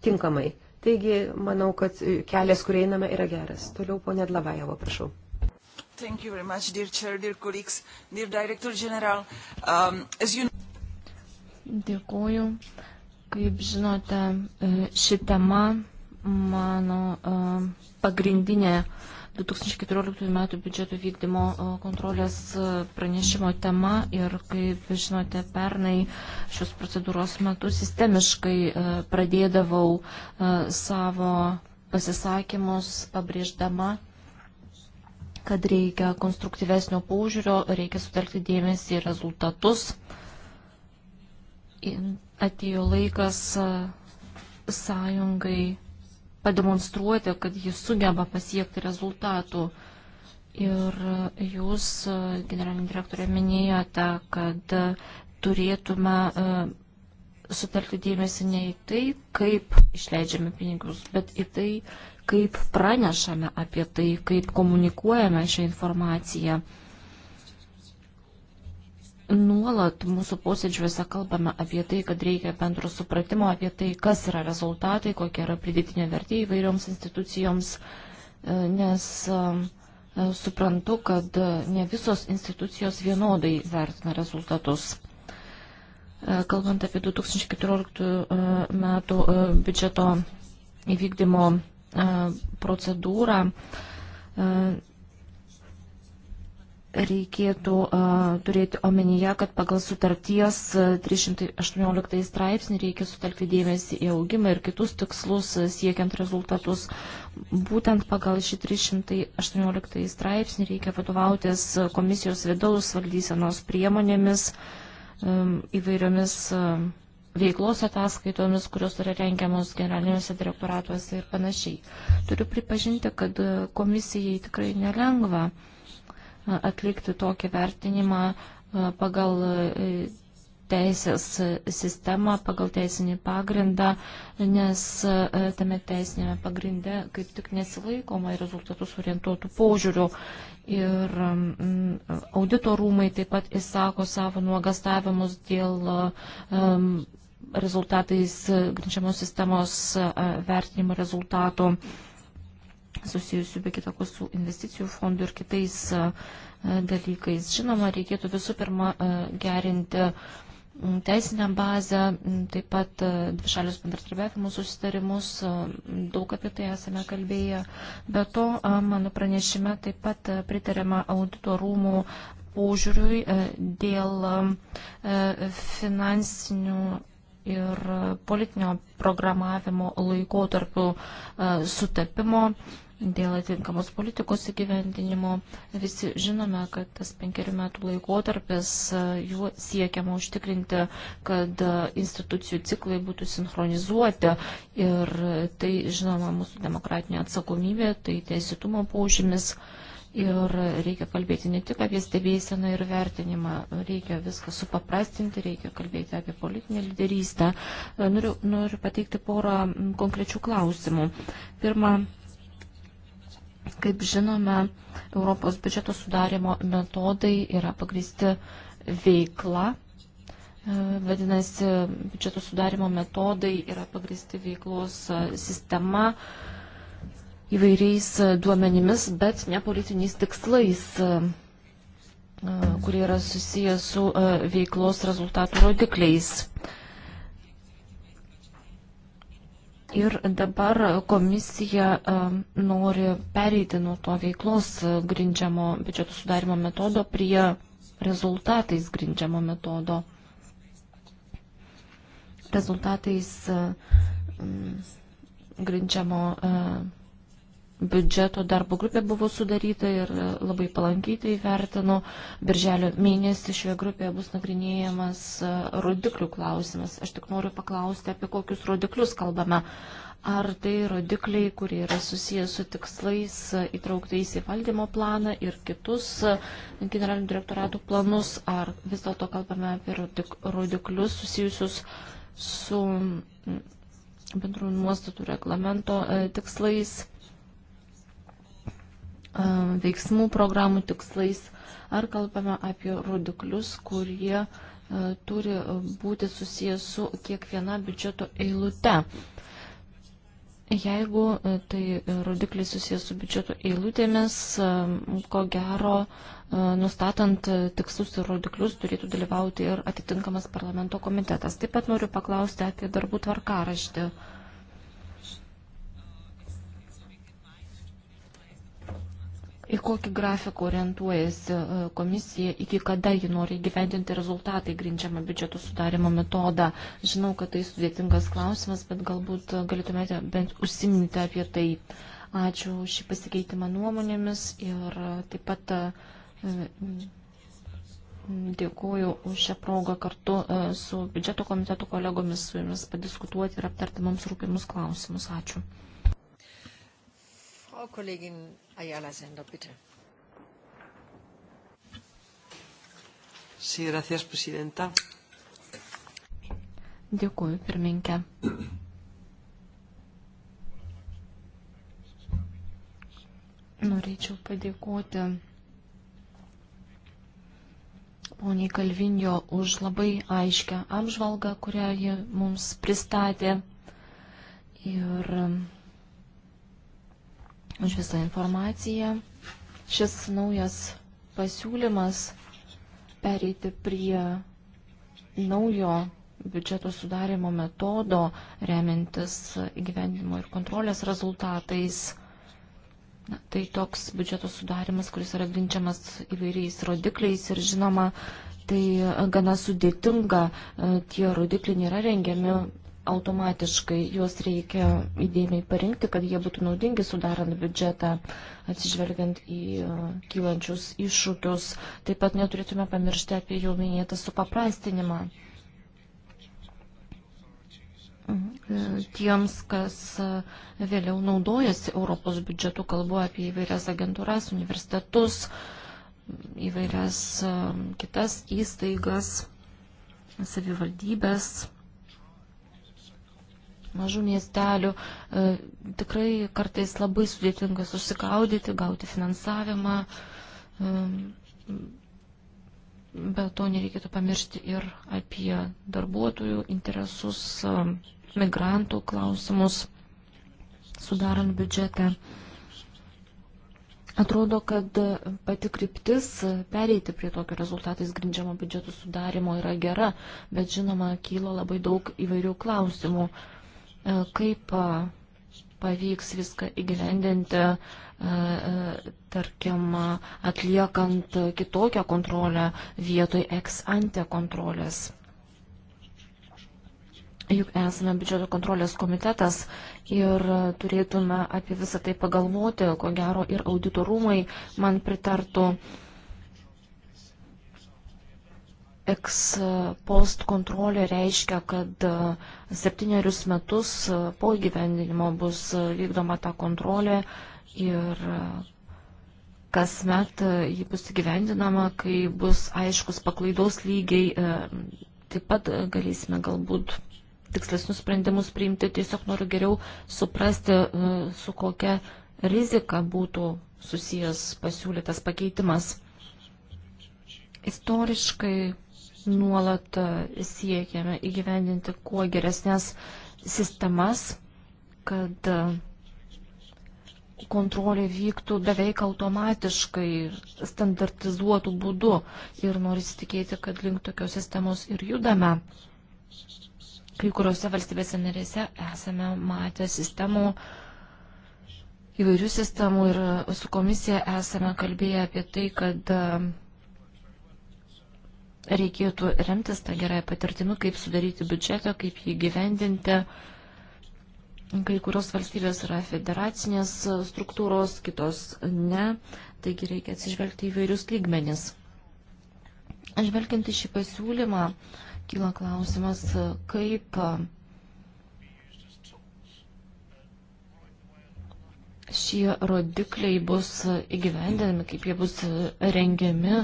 tinkamai. Taigi, manau, kad kelias, kur einame, yra geras. Toliau, ponė Dlavajevo, prašau. Thank you very much, dear chair, dear colleagues, dear director general. Um, as you... Dėkuoju. Kaip žinote, e, ši tema mano e, pagrindinė 2014 m. biudžeto vykdymo e, kontrolės pranešimo tema ir, kaip žinote, pernai šios procedūros metu sistemiškai pradėdavau savo pasisakymus, pabrėždama, kad reikia konstruktyvesnio paužiūrio, reikia sutelkti dėmesį į rezultatus. Atėjo laikas sąjungai pademonstruoti, kad jis sugeba pasiekti rezultatų. Ir jūs, generalinė direktorė, minėjote, kad turėtume sutelkti dėmesį ne į tai, kaip išleidžiame pinigus, bet į tai, kaip pranešame apie tai, kaip komunikuojame šią informaciją. Nuolat mūsų posėdžiuose kalbame apie tai, kad reikia bendro supratimo apie tai, kas yra rezultatai, kokia yra pridėtinė vertė įvairioms institucijoms, e, nes e, suprantu, kad ne visos institucijos vienodai vertina rezultatus. E, kalbant apie 2014 metų biudžeto įvykdymo procedūrą reikėtų turėti omenyje, kad pagal sutarties 318 straipsnį reikia sutelkti dėmesį į augimą ir kitus tikslus siekiant rezultatus. Būtent pagal šį 318 straipsnį reikia vadovautis komisijos vidaus valdysenos priemonėmis įvairiomis veiklos ataskaitomis, kurios yra rengiamos generaliniuose direktoratuose ir panašiai. Turiu pripažinti, kad komisijai tikrai nelengva atlikti tokį vertinimą pagal teisės sistemą, pagal teisinį pagrindą, nes tame teisinėme pagrinde kaip tik nesilaikoma rezultatus orientuotų požiūrių. Ir audito rūmai taip pat įsako savo nuogastavimus dėl um, rezultatais, grindžiamos sistemos e, vertinimo rezultatų susijusių be kitako su investicijų fondu ir kitais e, dalykais. Žinoma, reikėtų visų pirma e, gerinti teisinę bazę, taip pat dvišalius bendradarbiavimo susitarimus, daug apie tai esame kalbėję. Be to, mano pranešime taip pat pritarėma auditorumų požiūriui dėl finansinių ir politinio programavimo laikotarpių e, sutapimo dėl atitinkamos politikos įgyvendinimo. Visi žinome, kad tas penkerių metų laikotarpis e, juo siekiama užtikrinti, kad e, institucijų ciklai būtų sinchronizuoti ir tai, žinoma, mūsų demokratinė atsakomybė, tai teisėtumo paužymis. Tai Ir reikia kalbėti ne tik apie stebėseną ir vertinimą, reikia viską supaprastinti, reikia kalbėti apie politinę lyderystę. Noriu, noriu pateikti porą konkrečių klausimų. Pirma, kaip žinome, Europos biudžeto sudarimo metodai yra pagristi veikla Vadinasi, biudžeto sudarimo metodai yra pagristi veiklos sistema, įvairiais e, duomenimis, bet ne politiniais tikslais, e, e, kurie yra susiję su veiklos rezultatų rodikliais. Ir dabar komisija nori pereiti nuo to veiklos grindžiamo biudžeto sudarimo metodo prie rezultatais grindžiamo metodo. Rezultatais grindžiamo biudžeto darbo grupė buvo sudaryta ir labai palankiai tai vertinu. Birželio mėnesį šioje grupėje bus nagrinėjamas e, rodiklių klausimas. Aš tik noriu paklausti, apie kokius rodiklius kalbame. Ar tai rodikliai, kurie yra susijęs su tikslais e, įtrauktais į valdymo planą ir kitus e, generalinių direktoratų planus, ar vis dėlto kalbame apie rodiklius susijusius su bendrų nuostatų reglamento tikslais veiksmų programų tikslais, ar kalbame apie rodiklius, kurie turi būti susijęs su kiekviena biudžeto eilute. Jeigu tai rodikliai susijęs su biudžeto eilutėmis, ko gero, nustatant tikslus ir rodiklius turėtų dalyvauti ir atitinkamas parlamento komitetas. Taip pat noriu paklausti apie darbų tvarkaraštį. raštį į kokį grafiką orientuojasi e, komisija, iki kada ji nori gyventinti rezultatai grindžiamą biudžeto sudarimo metodą. Žinau, kad tai sudėtingas klausimas, bet galbūt e, galėtumėte bent užsiminti apie tai. Ačiū šį pasikeitimą nuomonėmis ir e, taip pat dėkuoju už šią progą kartu su biudžeto komiteto kolegomis su jumis padiskutuoti ir aptarti mums rūpimus klausimus. Ačiū. Frau Kollegin Ayala Sendo, bitte. Sí, gracias, presidenta. Dėkuoju, pirminkė. Norėčiau padėkoti poniai Kalvinjo už labai aiškę apžvalgą, kurią ji mums pristatė. Ir už visą informaciją. Šis naujas pasiūlymas pereiti prie naujo biudžeto sudarimo metodo, remintis įgyvendimo ir kontrolės rezultatais. Na, tai toks biudžeto sudarimas, kuris yra grindžiamas įvairiais rodikliais ir žinoma, tai gana sudėtinga, e, tie rodikliai nėra rengiami automatiškai, juos reikia įdėmiai parinkti, kad jie būtų naudingi sudarant biudžetą, atsižvelgiant į e, kylančius iššūkius. Taip pat neturėtume pamiršti apie jau minėtą supaprastinimą. Mhm. E, tiems, kas e, vėliau naudojasi Europos biudžetu, kalbu apie įvairias agentūras, universitetus, įvairias kitas įstaigas, savivaldybės mažų miestelių e, tikrai kartais labai sudėtinga susikaudyti, gauti finansavimą. E, be to nereikėtų pamiršti ir apie darbuotojų interesus, e, migrantų klausimus, sudarant biudžetą. Atrodo, kad pati kryptis pereiti prie tokio rezultatais grindžiamo biudžeto sudarimo yra gera, bet žinoma, kyla labai daug įvairių klausimų. Uh, E, kaip e, pavyks viską įgyvendinti, e, tarkim, atliekant kitokią kontrolę vietoj ex ante kontrolės. Juk esame biudžeto kontrolės komitetas ir turėtume apie visą tai pagalvoti, ko gero ir auditorumai man pritartų. Uh, Ex post kontrolė reiškia, kad e, septyniarius metus e, po gyvendinimo bus e, vykdoma ta kontrolė ir kasmet ji bus gyvendinama, kai bus aiškus paklaidos lygiai, taip pat galėsime galbūt tikslesnius sprendimus priimti, tiesiog noriu geriau suprasti, su kokia rizika būtų susijęs pasiūlytas pakeitimas. Istoriškai nuolat e, siekiame įgyvendinti kuo geresnės sistemas, kad e, kontrolė vyktų beveik automatiškai, standartizuotų būdu. Ir noriu įsitikėti, kad link tokios sistemos ir judame. Kai kuriuose valstybėse narėse esame matę sistemų, įvairių sistemų ir su komisija esame kalbėję apie tai, kad e, reikėtų remtis tą gerąją patirtimį, kaip sudaryti biudžetą, kaip jį gyvendinti. Kai kurios valstybės yra federacinės struktūros, kitos ne, taigi reikia atsižvelgti į vairius lygmenis. Žvelgiant į šį pasiūlymą, kyla klausimas, kaip šie rodikliai bus įgyvendinami, kaip jie bus rengiami,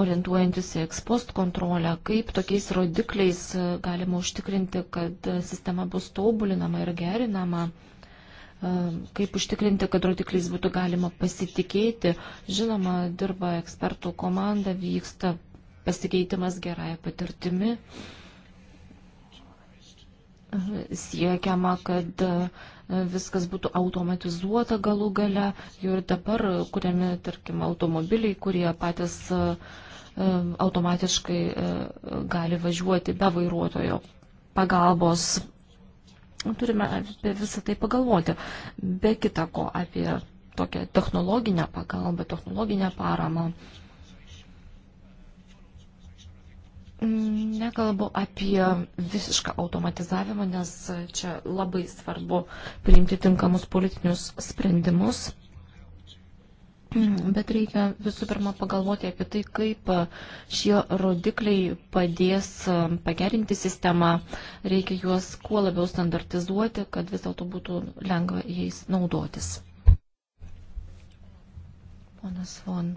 orientuojantis į ekspost kontrolę, kaip tokiais rodikliais e, galima užtikrinti, kad e, sistema bus tobulinama ir gerinama, e, kaip užtikrinti, kad rodikliais būtų galima pasitikėti. Žinoma, dirba ekspertų komanda, vyksta pasikeitimas gerąją patirtimi. Siekiama, kad viskas būtų automatizuota galų gale. Jau ir dabar kuriami, tarkim, automobiliai, kurie patys uh, automatiškai gali važiuoti be vairuotojo pagalbos. Turime apie visą tai pagalvoti. Be kita ko, apie tokią technologinę pagalbą, technologinę paramą. Nekalbu apie visišką automatizavimą, nes čia labai svarbu priimti tinkamus politinius sprendimus Mm, bet reikia visų pirma pagalvoti apie tai, kaip šie rodikliai padės pagerinti sistemą. Reikia juos kuo labiau standartizuoti, kad vis dėlto būtų lengva jais naudotis. Ponas Von.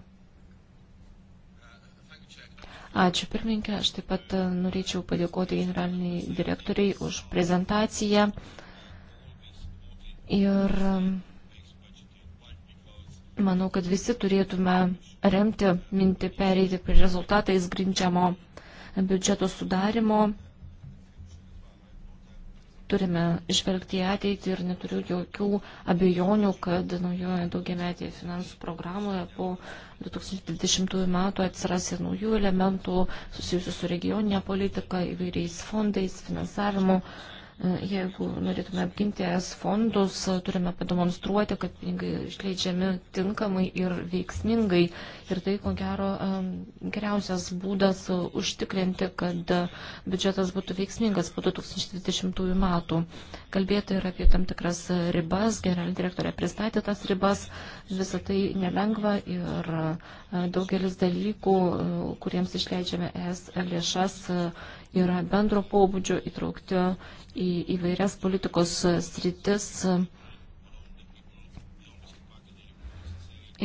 Ačiū pirmininkė, aš taip pat norėčiau padėkoti generaliniai direktoriai už prezentaciją. Ir Manau, kad visi turėtume remti mintį pereiti prie rezultatais grindžiamo biudžeto sudarimo. Turime žvelgti į ateitį ir neturiu jokių abejonių, kad naujoje daugiametėje finansų programoje po 2020 metų atsiras ir naujų elementų susijusių su regioninė politika, įvairiais fondais, finansavimu. Mhm Jeigu norėtume apginti es fondus, turime pademonstruoti, kad pinigai išleidžiami tinkamai ir veiksmingai. Ir tai, ko gero, geriausias būdas užtikrinti, kad biudžetas būtų veiksmingas po 2020 metų. Kalbėti ir apie tam tikras ribas, generalinė direktorė pristatė tas ribas, visą tai nelengva ir e, daugelis dalykų, e, kuriems išleidžiame es lėšas, yra bendro pobūdžio, įtraukti į įvairias politikos sritis.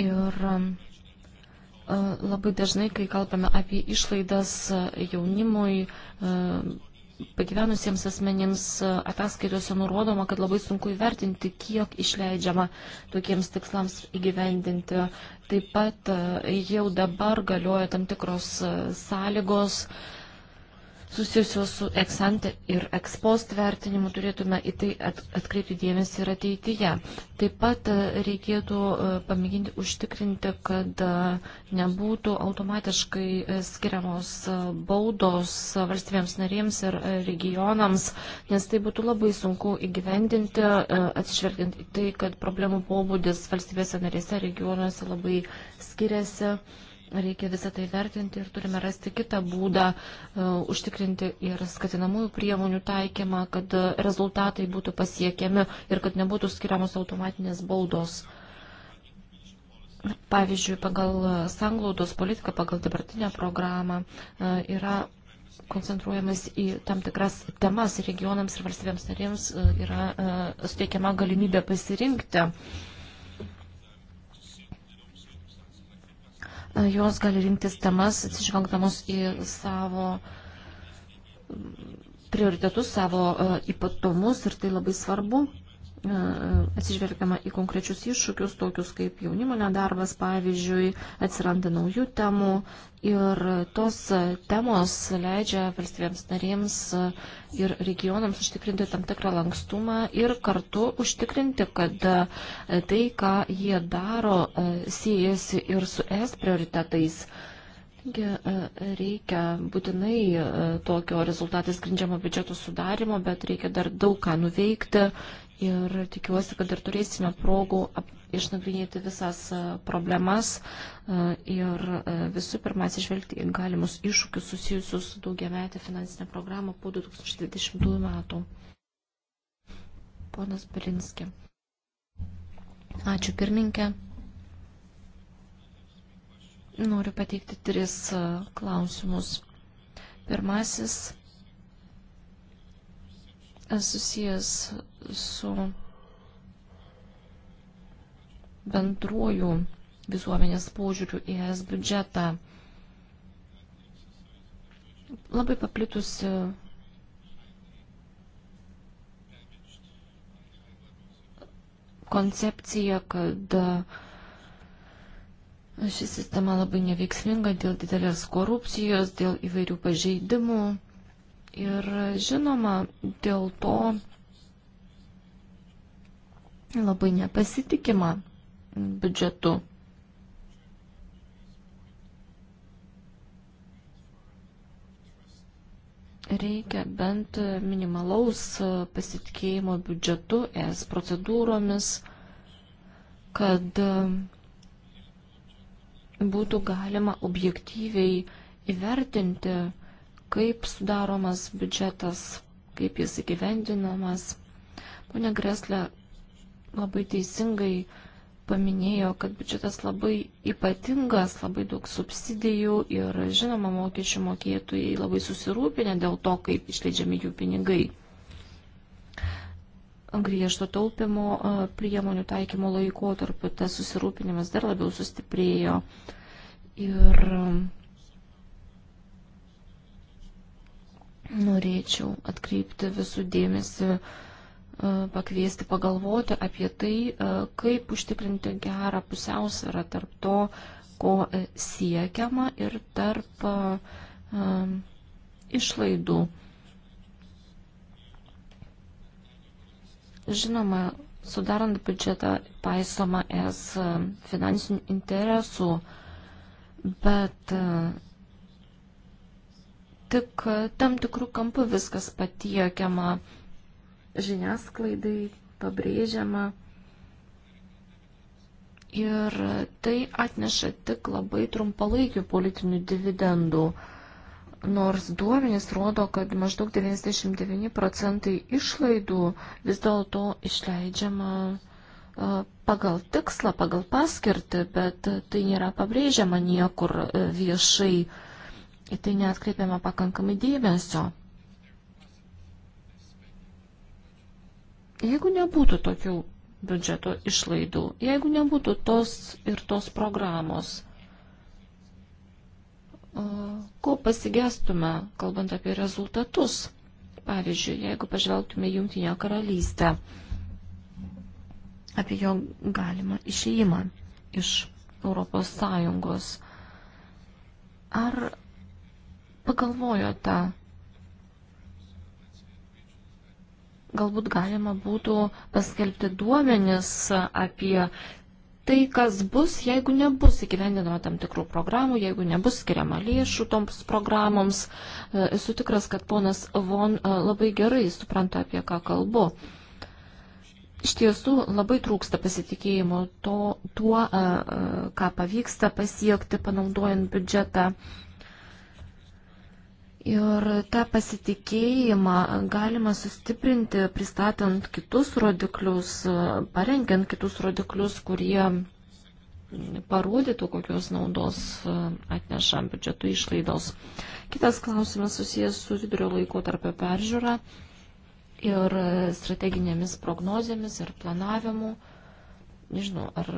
Ir e, labai dažnai, kai kalbame apie išlaidas jaunimui, e, pagyvenusiems asmenims e, ataskaitose nurodoma, kad labai sunku įvertinti, kiek išleidžiama tokiems tikslams įgyvendinti. Taip pat jau dabar galioja tam tikros sąlygos, uh, susijusios su eksante ir ekspost vertinimu turėtume į tai at, atkreipti dėmesį ir ateityje. Taip pat e, reikėtų e, pamėginti užtikrinti, kad e, nebūtų automatiškai skiriamos baudos valstybėms narėms ir regionams, nes tai būtų labai sunku įgyvendinti, atsižvelgiant į tai, kad problemų pobūdis valstybėse narėse regionuose labai skiriasi. Reikia visą tai vertinti ir turime rasti kitą būdą e, užtikrinti ir skatinamųjų priemonių taikymą, kad rezultatai būtų pasiekiami ir kad nebūtų skiriamos automatinės baudos. Pavyzdžiui, pagal sanglaudos politiką, pagal dabartinę programą e, yra koncentruojamas į tam tikras temas regionams ir valstybėms narėms e, yra suteikiama galimybė pasirinkti jos gali rinktis temas atsižvelgdamos į savo prioritetus, savo e, ypatumus ir tai labai svarbu atsižvelgiama į konkrečius iššūkius, tokius kaip jaunimo nedarbas, pavyzdžiui, atsiranda naujų temų ir tos temos leidžia valstybėms narėms ir regionams užtikrinti tam tikrą lankstumą ir kartu užtikrinti, kad tai, ką jie daro, siejasi ir su es prioritetais. Taigi e, reikia būtinai e, tokio rezultatais grindžiamo biudžeto sudarimo, bet reikia dar daug ką nuveikti ir tikiuosi, kad dar turėsime progų išnagrinėti visas e, problemas ir visų pirma atsižvelgti į galimus iššūkius susijusius su daugiametė finansinė programa po 2020 metų. Ponas Pirinski. Ačiū pirminkė. Noriu pateikti tris klausimus. Pirmasis susijęs su bendruoju visuomenės požiūriu į ES biudžetą. Labai paplitusi koncepcija, kad uh, Ši sistema labai neveiksminga dėl didelės korupcijos, dėl įvairių pažeidimų ir žinoma, dėl to labai nepasitikima biudžetu. reikia bent minimalaus pasitikėjimo biudžetu, es procedūromis, kad būtų galima objektyviai įvertinti, kaip sudaromas biudžetas, kaip jis įgyvendinamas. Pone Greslė labai teisingai paminėjo, kad biudžetas labai ypatingas, labai daug subsidijų ir žinoma mokesčių mokėtojai labai susirūpinę dėl to, kaip išleidžiami jų pinigai griežto taupimo e, priemonių taikymo laikotarpiu tas susirūpinimas dar labiau sustiprėjo ir e, norėčiau atkreipti visų dėmesį, e, pakviesti pagalvoti apie tai, kaip užtikrinti gerą pusiausvyrą tarp to, ko siekiama ir tarp išlaidų. Uh, Žinoma, sudarant biudžetą paisoma es e, finansinių interesų, bet e, tik tam tikrų kampų viskas patiekiama žiniasklaidai, pabrėžiama. Ir tai atneša tik labai trumpalaikių politinių dividendų. Uh, nors duomenys rodo, kad maždaug 99 procentai išlaidų vis dėlto išleidžiama pagal tikslą, pagal paskirtį, bet tai nėra pabrėžiama niekur viešai, į tai neatkreipiama pakankamai dėmesio. Jeigu nebūtų tokių biudžeto išlaidų, jeigu nebūtų tos ir tos programos, ko pasigestume, kalbant apie rezultatus. Pavyzdžiui, jeigu pažvelgtume Jungtinę karalystę, apie jo galimą išėjimą iš Europos Sąjungos. Ar pagalvojote, galbūt galima būtų paskelbti duomenis apie tai, kas bus, jeigu nebus įgyvendinama tam tikrų programų, jeigu nebus skiriama lėšų toms programoms. E, esu tikras, kad ponas Von e, labai gerai supranta, apie ką kalbu. Iš tiesų labai trūksta pasitikėjimo to, tuo, e, ką pavyksta pasiekti panaudojant biudžetą. Ir tą pasitikėjimą galima sustiprinti, pristatant kitus rodiklius, parengiant kitus rodiklius, kurie parodytų, kokios naudos e, atneša biudžeto išlaidos. Kitas klausimas susijęs su vidurio laiko tarp peržiūra ir e, strateginėmis prognozėmis ir planavimu. Nežinau, ar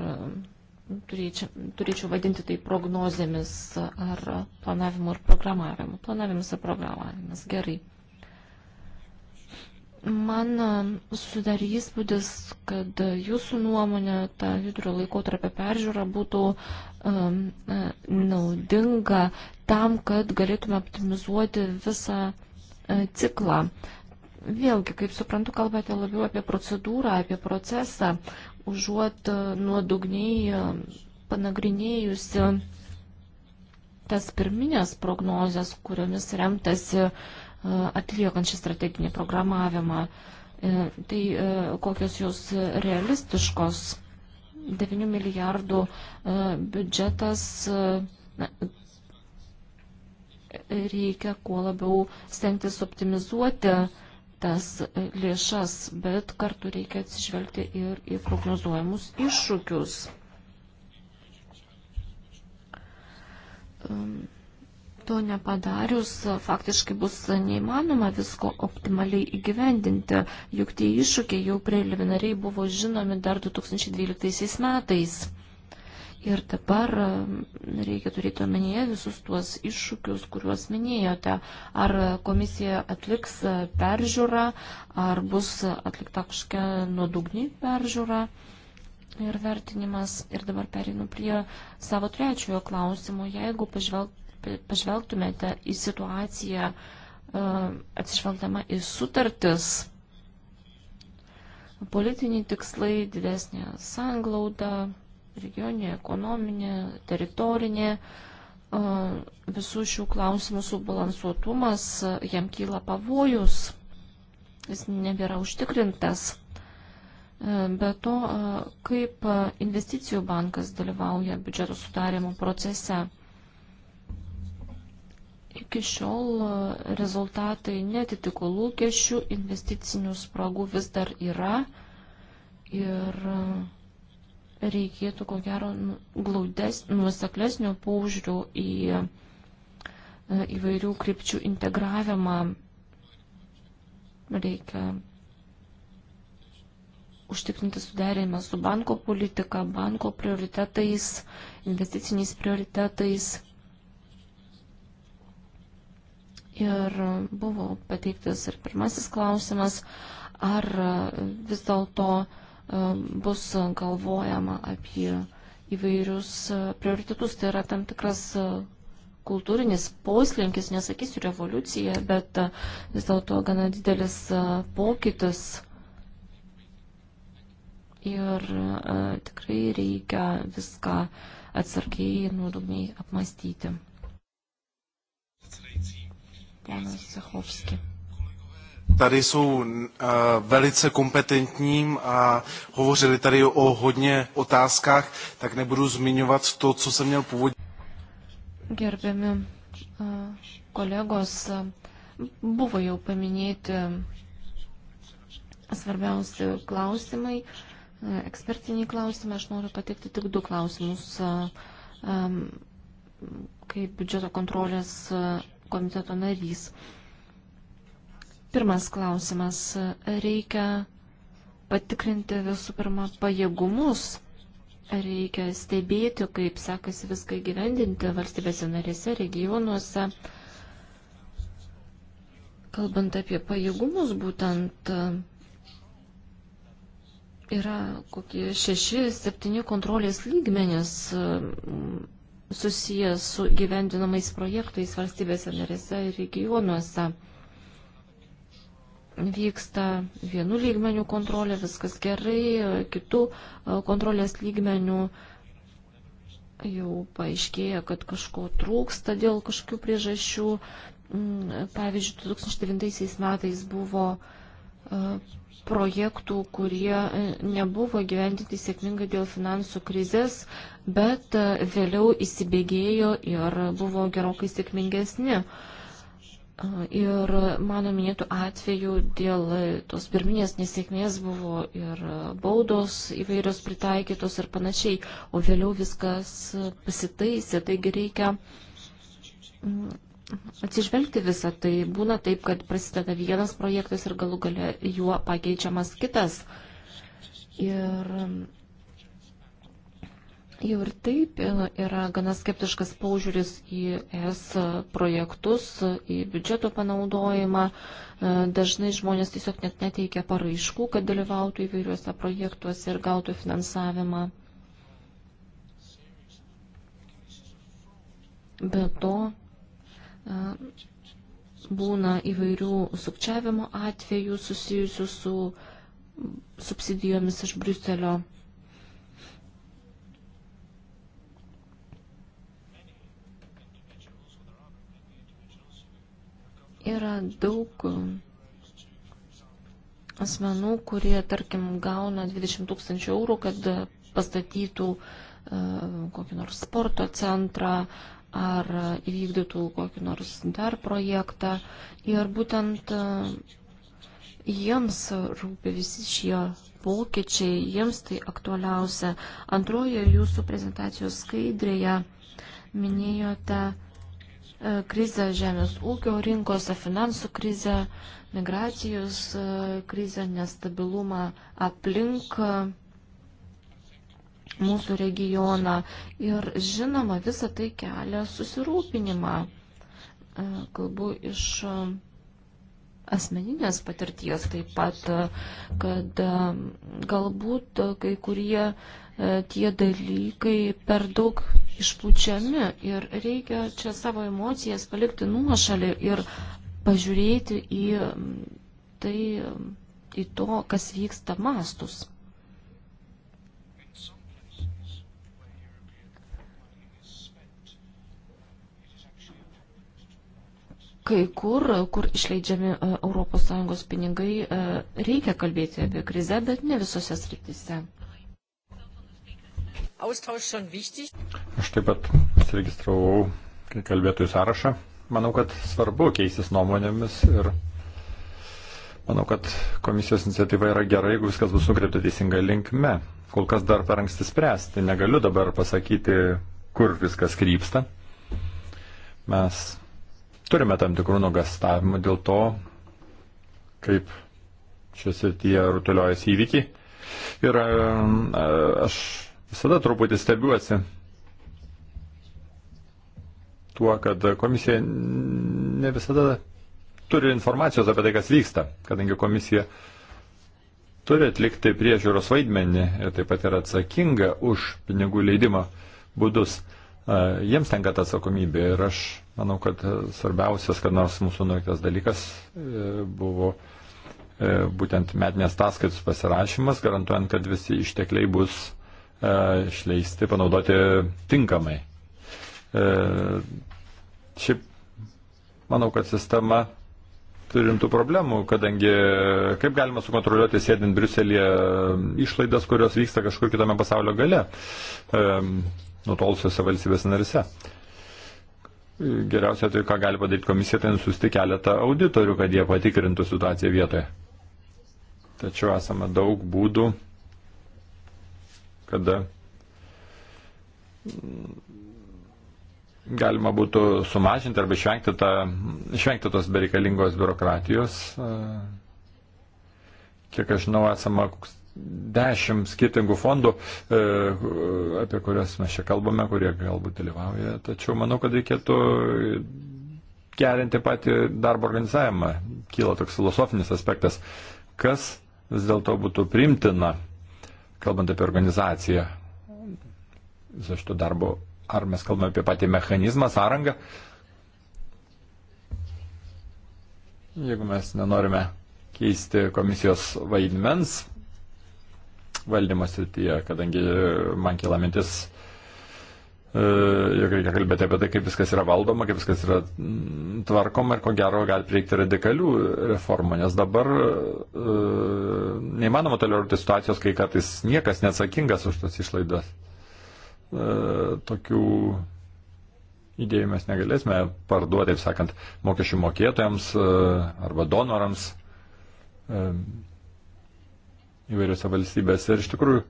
turėčiau, turėčiau vadinti tai prognozėmis ar planavimu ir programavimu. Planavimas ir programavimas. Gerai. Man sudarė įspūdis, kad jūsų nuomonė ta vidurio laikotarpio peržiūra būtų um, naudinga tam, kad galėtume optimizuoti visą uh, ciklą. Vėlgi, kaip suprantu, kalbate labiau apie procedūrą, apie procesą, užuot e, nuodugniai e, panagrinėjusi tas pirminės prognozes, kuriomis remtasi e, atliekant šį strateginį programavimą, tai kokios jos realistiškos 9 milijardų biudžetas na, reikia kuo labiau stengtis optimizuoti tas lėšas, bet kartu reikia atsižvelgti ir į prognozuojamus iššūkius. To nepadarius faktiškai bus neįmanoma visko optimaliai įgyvendinti, juk tie iššūkiai jau preliminariai buvo žinomi dar 2012 metais. Ir dabar mm, reikia turėti omenyje visus tuos iššūkius, kuriuos minėjote. Ar komisija atliks peržiūrą, ar bus atlikta kažkokia nuodugni peržiūra ir vertinimas. Ir dabar perinu prie savo trečiojo klausimo. Jeigu pažvelgtumėte į situaciją e, atsižvelgdama į sutartis, politiniai tikslai, didesnė sanglauda regioninė, ekonominė, teritorinė, visų šių klausimų subalansuotumas, jam kyla pavojus, jis nebėra užtikrintas. Be to, kaip investicijų bankas dalyvauja biudžeto sudarimo procese. Iki šiol rezultatai netitiko lūkesčių, investicinių spragų vis dar yra ir uh, reikėtų ko gero nu, glaudes, nuoseklesnio paužiūrio į e, įvairių krypčių integravimą. Reikia užtikrinti suderėjimą su banko politika, banko prioritetais, investiciniais prioritetais. Ir buvo pateiktas ir pirmasis klausimas, ar e, vis dėlto uh, E, bus galvojama apie įvairius e, prioritetus. Tai yra tam tikras e, kultūrinis poslinkis, nesakysiu revoliucija, bet vis dėlto gana didelis pokytis. Ir tikrai reikia viską atsargiai ir nuodugniai apmastyti. Ponas Sehovski tady jsou e, velice kompetentním a hovořili tady o hodně otázkách, tak nebudu zmiňovat to, co jsem měl původně. Gerbiami e, kolegos, buvo jau paminėti e, svarbiausi klausimai, ekspertiniai klausimai, aš noriu pateikti tik du klausimus kaip biudžeto kontrolės komiteto narys. Uh, Pirmas klausimas. Reikia patikrinti visų pirma pajėgumus. Reikia stebėti, kaip sekasi viską gyvendinti valstybėse narėse, regionuose. Kalbant apie pajėgumus, būtent yra kokie šeši, septyni kontrolės lygmenės susijęs su gyvendinamais projektais valstybėse narėse ir regionuose vyksta vienu lygmeniu kontrolė, viskas gerai, kitų e, kontrolės lygmenių jau paaiškėja, kad kažko trūksta dėl kažkokių priežasčių. Mm, pavyzdžiui, 2009 metais buvo e, projektų, kurie e, nebuvo gyventinti sėkmingai dėl finansų krizės, bet vėliau įsibėgėjo ir buvo gerokai sėkmingesni. Ne Ir mano minėtų atvejų dėl tos pirminės nesėkmės buvo ir baudos įvairios pritaikytos ir panašiai, o vėliau viskas pasitaisė, taigi reikia mm, atsižvelgti visą tai. Būna taip, kad prasideda vienas projektas ir galų gale juo pakeičiamas kitas. Ir Jau ir taip yra gana skeptiškas paužiūris į ES projektus, į biudžeto panaudojimą. E, dažnai žmonės tiesiog net neteikia paraiškų, kad dalyvautų įvairiuose projektuose ir gautų finansavimą. Be to, e, būna įvairių sukčiavimo atvejų susijusių su subsidijomis iš Briuselio. Yra daug asmenų, kurie, tarkim, gauna 20 tūkstančių eurų, kad pastatytų e, kokį nors sporto centrą ar įvykdytų kokį nors dar projektą. Ir būtent e, jiems rūpi visi šie pokyčiai, jiems tai aktualiausia. Antroje jūsų prezentacijos skaidrėje minėjote, E, krizę, žemės ūkio rinkose, finansų krizę, migracijos e, krizę, nestabilumą aplink e, mūsų regioną. Ir žinoma, visa tai kelia susirūpinimą. Kalbu iš asmeninės patirties taip pat, kad galbūt kai kurie E, tie dalykai per daug išpučiami ir reikia čia savo emocijas palikti nuošalį ir pažiūrėti į tai, į to, kas vyksta mastus. kai kur, kur išleidžiami ES pinigai, e, reikia kalbėti apie krizę, bet ne visose srityse. Aš taip pat užsiregistravau kai kalbėtojų sąrašą. Manau, kad svarbu keistis nuomonėmis ir manau, kad komisijos iniciatyva yra gera, jeigu viskas bus nukreipta teisinga linkme. Kol kas dar per anksti spręsti, negaliu dabar pasakyti, kur viskas krypsta. Mes turime tam tikrų nuogastavimų dėl to, kaip šios ir tie rutuliojasi įvykiai. Ir e, aš Visada truputį stebiuosi tuo, kad komisija ne visada turi informacijos apie tai, kas vyksta, kadangi komisija turi atlikti priežiūros vaidmenį ir taip pat yra atsakinga už pinigų leidimo būdus. Jiems tenka ta atsakomybė ir aš manau, kad svarbiausias, kad nors mūsų nuveiktas dalykas e, buvo e, būtent metinės taskaitos pasirašymas, garantuojant, kad visi ištekliai bus E, išleisti, panaudoti tinkamai. E, šiaip manau, kad sistema turi rimtų problemų, kadangi kaip galima sukontroliuoti sėdint Briuselėje išlaidas, kurios vyksta kažkur kitame pasaulio gale, e, nutolusiuose valstybės narise. Geriausia tai, ką gali padaryti komisija, tai nusiųsti keletą auditorių, kad jie patikrintų situaciją vietoje. Tačiau esame daug būdų kada galima būtų sumažinti arba išvengti, tą, išvengti tos bereikalingos biurokratijos. Kiek aš žinau, esama dešimt skirtingų fondų, e, apie kurias mes čia kalbame, kurie galbūt dalyvauja. Tačiau manau, kad reikėtų gerinti patį darbo organizavimą. Kyla toks filosofinis aspektas, kas vis dėlto būtų primtina kalbant apie organizaciją viso šito darbo, ar mes kalbame apie patį mechanizmą, sąrangą. Jeigu mes nenorime keisti komisijos vaidmens valdymo srityje, kadangi man kila mintis E, jog reikia kalbėti apie tai, kaip viskas yra valdoma, kaip viskas yra mm, tvarkoma ir ko gero gali prireikti radikalių reformų, nes dabar e, neįmanoma toleruoti situacijos, kai kartais niekas neatsakingas už tas išlaidas. E, tokių idėjų mes negalėsime parduoti, taip sakant, mokesčių mokėtojams e, arba donorams e, įvairiose valstybėse. Ir iš tikrųjų,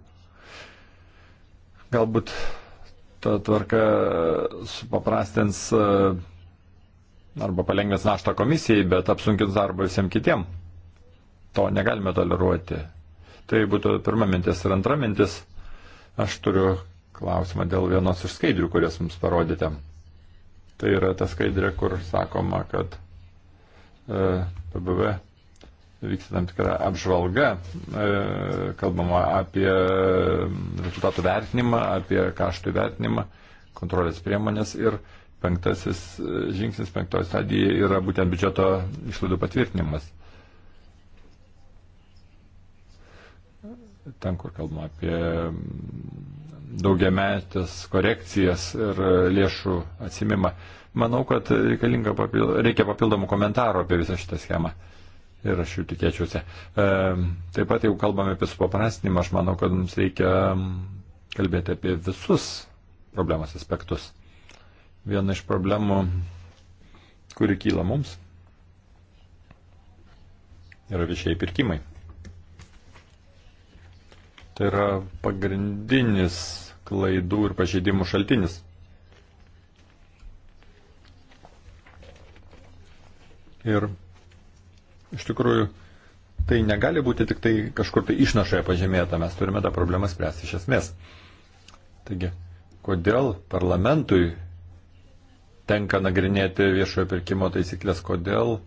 galbūt ta tvarka supaprastins e, arba palengvins naštą komisijai, bet apsunkins darbą visiems kitiem. To negalime toleruoti. Tai būtų pirma mintis. Ir antra mintis, aš turiu klausimą dėl vienos iš skaidrių, kurias mums parodėte. Tai yra ta skaidrė, kur sakoma, kad e, PBV vyksta tam tikra apžvalga, e, kalbama apie rezultatų vertinimą, apie kaštų vertinimą, kontrolės priemonės ir penktasis e, žingsnis, penktoji stadija yra būtent biudžeto išlaidų patvirtinimas. Ten, kur kalbama apie daugiametės korekcijas ir lėšų atsimimą. Manau, kad reikalinga papil... reikia papildomų komentarų apie visą šitą schemą. Uh, ir aš jų tikėčiausi. Taip pat, jeigu kalbame apie supaprastinimą, aš manau, kad mums reikia kalbėti apie visus problemos aspektus. Viena iš problemų, kuri kyla mums, yra viešiai pirkimai. Tai yra pagrindinis klaidų ir pažeidimų šaltinis. Ir iš tikrųjų tai negali būti tik tai kažkur tai išnašoje pažymėta, mes turime tą problemą spręsti iš esmės. Taigi, kodėl parlamentui tenka nagrinėti viešojo pirkimo taisyklės, kodėl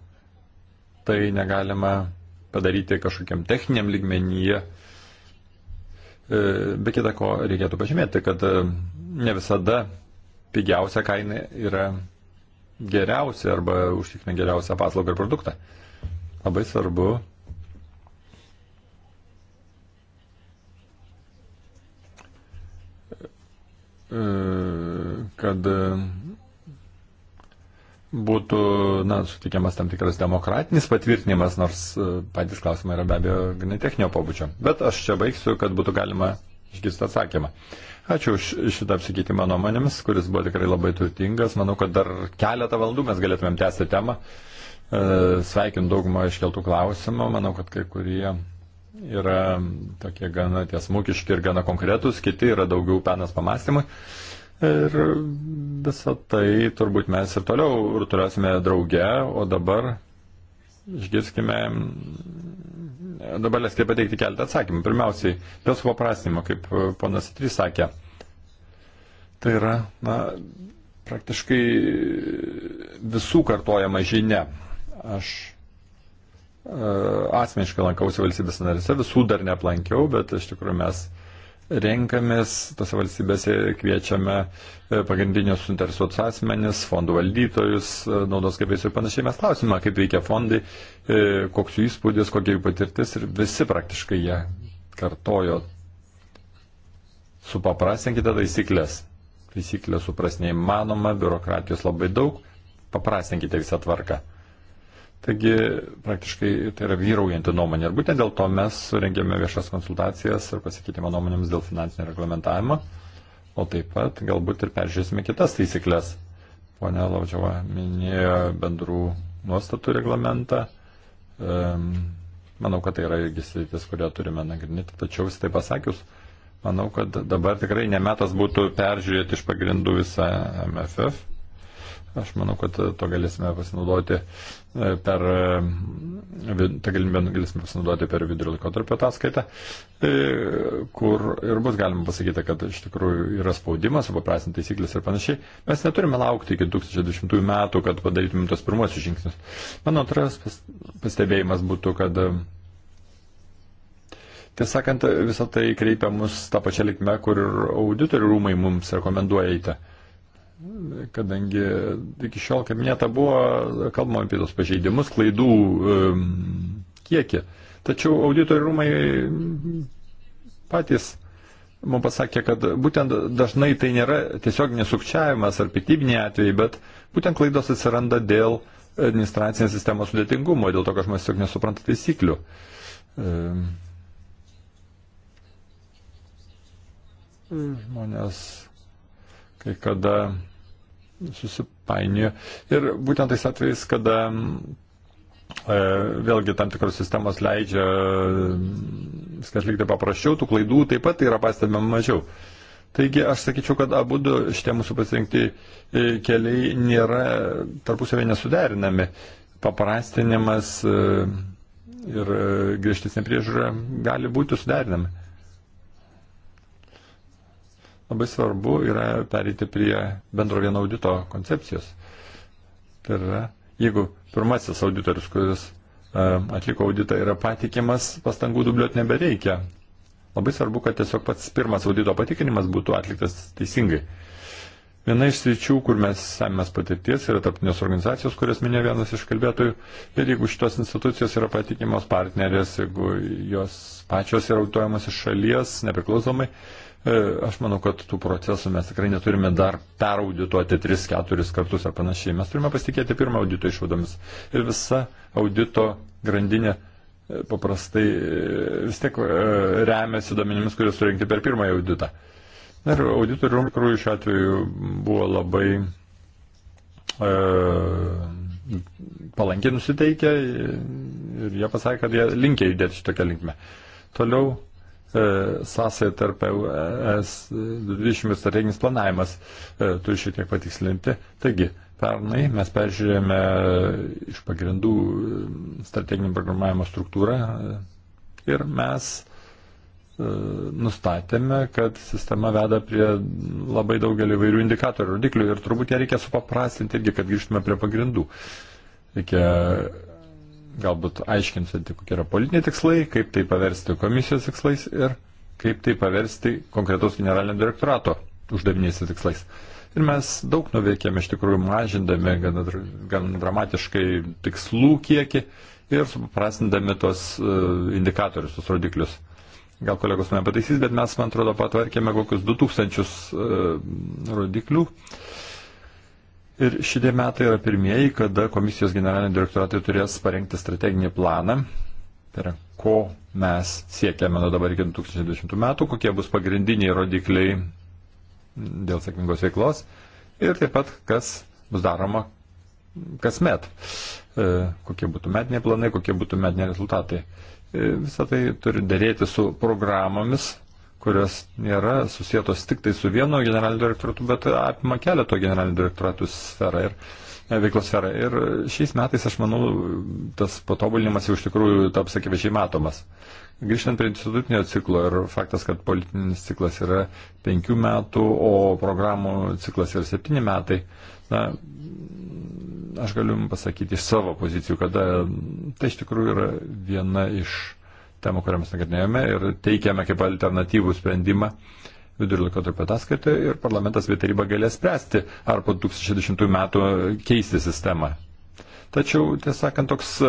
tai negalima padaryti kažkokiam techniniam ligmenyje. E, be kita ko, reikėtų pažymėti, kad e, ne visada pigiausia kaina yra geriausia arba užtikrina geriausią paslaugą ir produktą labai svarbu e, kad būtų, na, sutikiamas tam tikras demokratinis patvirtinimas, nors e, patys klausimai yra be abejo ganetechninio pobūdžio. Bet aš čia baigsiu, kad būtų galima išgirsti atsakymą. Ačiū už šitą apsikeitimą nuomonėmis, kuris buvo tikrai labai turtingas. Manau, kad dar keletą valandų mes galėtumėm tęsti temą. Uh, E, sveikinu daugumą iškeltų klausimų, manau, kad kai kurie yra tokie gana tiesmukiški ir gana konkretūs, kiti yra daugiau penas pamastymui. Ir visą tai turbūt mes ir toliau rutuliuosime drauge, o dabar išgirskime, dabar leiskite pateikti keletą atsakymų. Pirmiausiai, dėl supaprastinimo, kaip ponas Trys sakė, tai yra na, praktiškai visų kartojama žinia Aš e, asmeniškai lankausi valstybės narėse, visų dar neplankiau, bet iš tikrųjų mes renkamės, tose valstybėse kviečiame e, pagrindinius suinteresuotus asmenis, fondų valdytojus, e, naudos gavėjus ir panašiai. Mes klausime, kaip veikia fondai, koks jų įspūdis, kokia jų patirtis ir visi praktiškai jie kartojo. Supaprastinkite taisyklės. Taisyklės suprasti neįmanoma, biurokratijos labai daug. Paprastinkite visą tvarką. Taigi praktiškai tai yra vyraujanti nuomonė ir būtent dėl to mes surengėme viešas konsultacijas ir pasikeitimą nuomonėms dėl finansinio reglamentavimo, o taip pat galbūt ir peržiūrėsime kitas taisyklės. Pone Laučiava minėjo bendrų nuostatų reglamentą. Manau, kad tai yra irgi sritis, kurią turime nagrinėti, tačiau vis tai pasakius, manau, kad dabar tikrai nemetas būtų peržiūrėti iš pagrindų visą MFF Aš manau, kad to galėsime pasinaudoti e, per, e, tą galimybę galėsime pasinaudoti per vidurio laikotarpio ataskaitą, e, kur ir bus galima pasakyti, kad iš tikrųjų yra spaudimas, supaprasinti taisyklės ir panašiai. Mes neturime laukti iki 2020 metų, kad padarytumėm tos pirmosius žingsnius. Mano antras pastebėjimas būtų, kad Tiesą sakant, visą tai kreipia mus tą pačią likmę, kur ir auditorių rūmai mums rekomenduoja įti kadangi iki šiol, kaip minėta, buvo kalbama apie tos pažeidimus, klaidų kiekį. Tačiau auditorių rūmai patys man pasakė, kad būtent dažnai tai nėra tiesiog nesukčiavimas ar piktybiniai atvejai, bet būtent klaidos atsiranda dėl administracinės sistemos sudėtingumo, dėl to, kad žmonės tiesiog nesupranta taisyklių. Žmonės kai kada susipainioja. Ir būtent tais atvejais, kada e, vėlgi tam tikros sistemos leidžia e, viską atlikti paprasčiau, tų klaidų taip pat yra pastebima mažiau. Taigi aš sakyčiau, kad abu šitie mūsų pasirinkti e, keliai nėra tarpusavėje nesuderinami. Paprastinimas e, ir griežtesnė priežiūra gali būti suderinami labai svarbu yra perėti prie bendro vieno audito koncepcijos. Tai yra, jeigu pirmasis auditorius, kuris e, atliko auditą, yra patikimas, pastangų dubliuot nebereikia. Labai svarbu, kad tiesiog pats pirmas audito patikinimas būtų atliktas teisingai. Viena iš sričių, kur mes semės patirties, yra tarptinės organizacijos, kurias minėjo vienas iš kalbėtojų. Ir jeigu šitos institucijos yra patikimos partnerės, jeigu jos pačios yra autuojamos iš šalies nepriklausomai, E, aš manau, kad tų procesų mes tikrai neturime dar peraudituoti 3-4 kartus ar panašiai. Mes turime pasitikėti pirmą audito išvadomis. Ir visa audito grandinė e, paprastai e, vis tiek remiasi duomenimis, kurie surinkti per pirmąją auditą. Ir auditorių rūmų šiuo atveju buvo labai e, palankiai nusiteikę ir jie pasakė, kad jie linkia judėti šitokią linkmę. Toliau E, sąsąją tarp ES e 20 strateginis planavimas e, turi šiek tiek patikslinti. Taigi, pernai mes peržiūrėjome iš pagrindų strateginio programavimo struktūrą ir mes nustatėme, kad sistema veda prie labai daugelį vairių indikatorių, rodiklių ir turbūt ją reikia supaprastinti irgi, kad grįžtume prie pagrindų. Reikia galbūt aiškinsite, kokie yra politiniai tikslai, kaip tai paversti komisijos tikslais ir kaip tai paversti konkretos generalinio direktorato uždaviniais ir tikslais. Ir mes daug nuveikėme iš tikrųjų mažindami gan, gan dramatiškai tikslų kiekį ir suprasindami tos uh, e, indikatorius, tos rodiklius. Gal kolegos mane pataisys, bet mes, man atrodo, patvarkėme kokius 2000 uh, e, rodiklių. Uh, Ir šitie metai yra pirmieji, kada komisijos generaliniai direktoratai turės parengti strateginį planą, tai yra, ko mes siekiame nuo dabar iki 2020 metų, kokie bus pagrindiniai rodikliai dėl sėkmingos veiklos ir taip pat, kas bus daroma kasmet, e, kokie būtų metiniai planai, kokie būtų metiniai rezultatai. E, Visą tai turi dėrėti su programomis, kurios nėra susijėtos tik tai su vieno generaliniu direktoratu, bet apima keleto generalinių direktoratų sferą ir e, veiklos sferą. Ir šiais metais, aš manau, tas patobulinimas jau iš tikrųjų taps akivaizdžiai matomas. Grįžtant prie institutinio ciklo ir faktas, kad politinis ciklas yra penkių metų, o programų ciklas yra septyni metai, na, aš galiu jums pasakyti iš savo pozicijų, kada e, tai iš tikrųjų yra viena iš temų, kurią mes nagrinėjome ir teikiame kaip alternatyvų sprendimą vidurio laikotarpio ataskaitą ir parlamentas bei taryba galės spręsti, ar po 2010 metų keisti sistemą. Tačiau, tiesą sakant, toks e,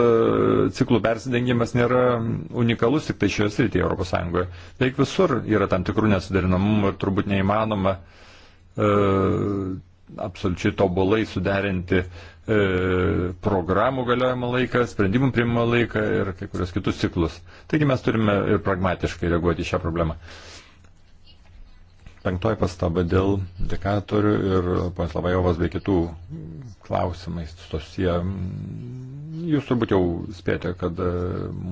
ciklų persidengimas nėra unikalus tik tai šioje srityje ES. Beveik visur yra tam tikrų nesuderinamumų ir turbūt neįmanoma e, absoliučiai tobulai suderinti E, programų galiojimo laiką, sprendimų priimimo laiką ir kai kurios kitus ciklus. Taigi mes turime ir pragmatiškai reaguoti į šią problemą. Penktoji pastaba dėl indikatorių ir ponas Lavajovas bei kitų klausimais susiję. Jūs turbūt jau spėjote, kad e,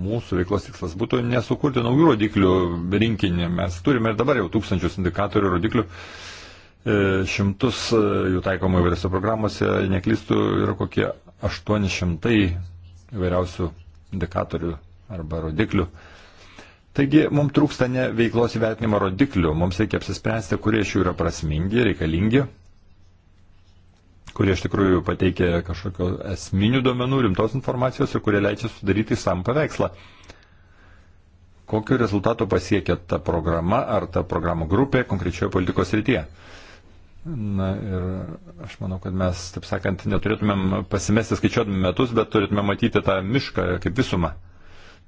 mūsų veiklos tikslas būtų nesukurti naujų rodiklių rinkinį. Mes turime ir dabar jau tūkstančius indikatorių rodiklių. Uh, E, šimtus e, jų taikoma įvairiose programuose, neklystų, yra kokie 800 įvairiausių indikatorių arba rodiklių. Taigi mums trūksta ne veiklos įvertinimo rodiklių, mums reikia apsispręsti, kurie iš jų yra prasmingi, reikalingi, kurie iš tikrųjų pateikia kažkokio esminių duomenų, rimtos informacijos ir kurie leidžia sudaryti sam paveikslą. Kokiu rezultatu pasiekia ta programa ar ta programų grupė konkrečioje politikos rytyje. Na ir aš manau, kad mes, taip sakant, neturėtumėm pasimesti skaičiuodami metus, bet turėtume matyti tą mišką kaip visumą.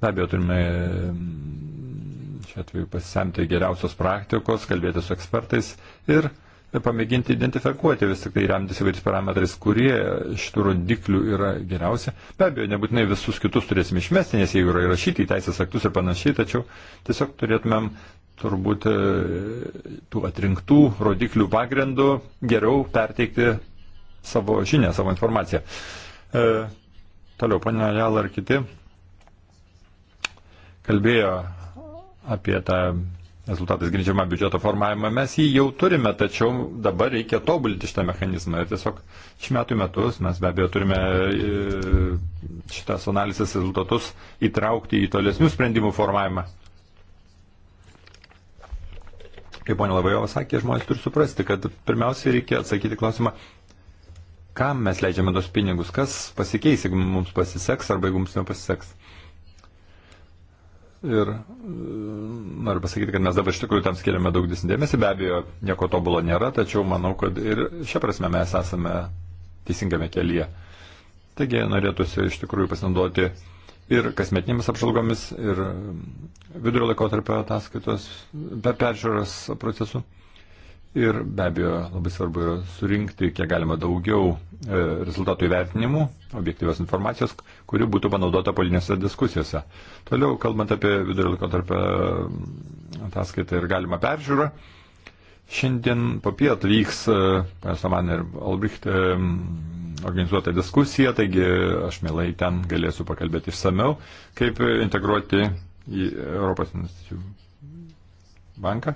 Be abejo, turime mm, šiuo atveju pasisemti geriausios praktikos, kalbėti su ekspertais ir pamėginti identifikuoti vis tik tai remtis įvairiais parametrais, kurie šitų rodiklių yra geriausi. Be abejo, nebūtinai visus kitus turėsim išmesti, nes jie yra įrašyti į teisės aktus ir panašiai, tačiau tiesiog turėtumėm turbūt e, tų atrinktų rodiklių pagrindų geriau perteikti savo žinę, savo informaciją. E, toliau, ponia Jal ar kiti kalbėjo apie tą rezultatais grindžiamą biudžeto formavimą. Mes jį jau turime, tačiau dabar reikia tobulinti šitą mechanizmą. Ir tiesiog iš metų metus mes be abejo turime e, šitas analizės rezultatus įtraukti į tolesnių sprendimų formavimą. Kaip ponia Lavajova sakė, žmonės turi suprasti, kad pirmiausiai reikia atsakyti klausimą, kam mes leidžiame tos pinigus, kas pasikeis, jeigu mums pasiseks arba jeigu mums nepasiseks. Ir e, noriu pasakyti, kad mes dabar iš tikrųjų tam skiriame daug dėmesį, be abejo, nieko tobulo nėra, tačiau manau, kad ir šią prasme mes esame teisingame kelyje. Taigi norėtųsi iš tikrųjų pasinaudoti uh, ir kasmetinėmis apžalgomis, ir vidurio laikotarpio ataskaitos, per peržiūros procesu. Ir be abejo labai svarbu yra surinkti kiek galima daugiau e, rezultatų įvertinimų, objektyvios informacijos, kuri būtų panaudota politinėse diskusijose. Toliau, kalbant apie vidurio laikotarpio e, ataskaitą ir galimą peržiūrą, šiandien papiet vyks, e, Saman ir Albricht, e, organizuotą diskusiją, taigi aš mielai ten galėsiu pakalbėti išsameu, kaip integruoti į Europos investicijų banką.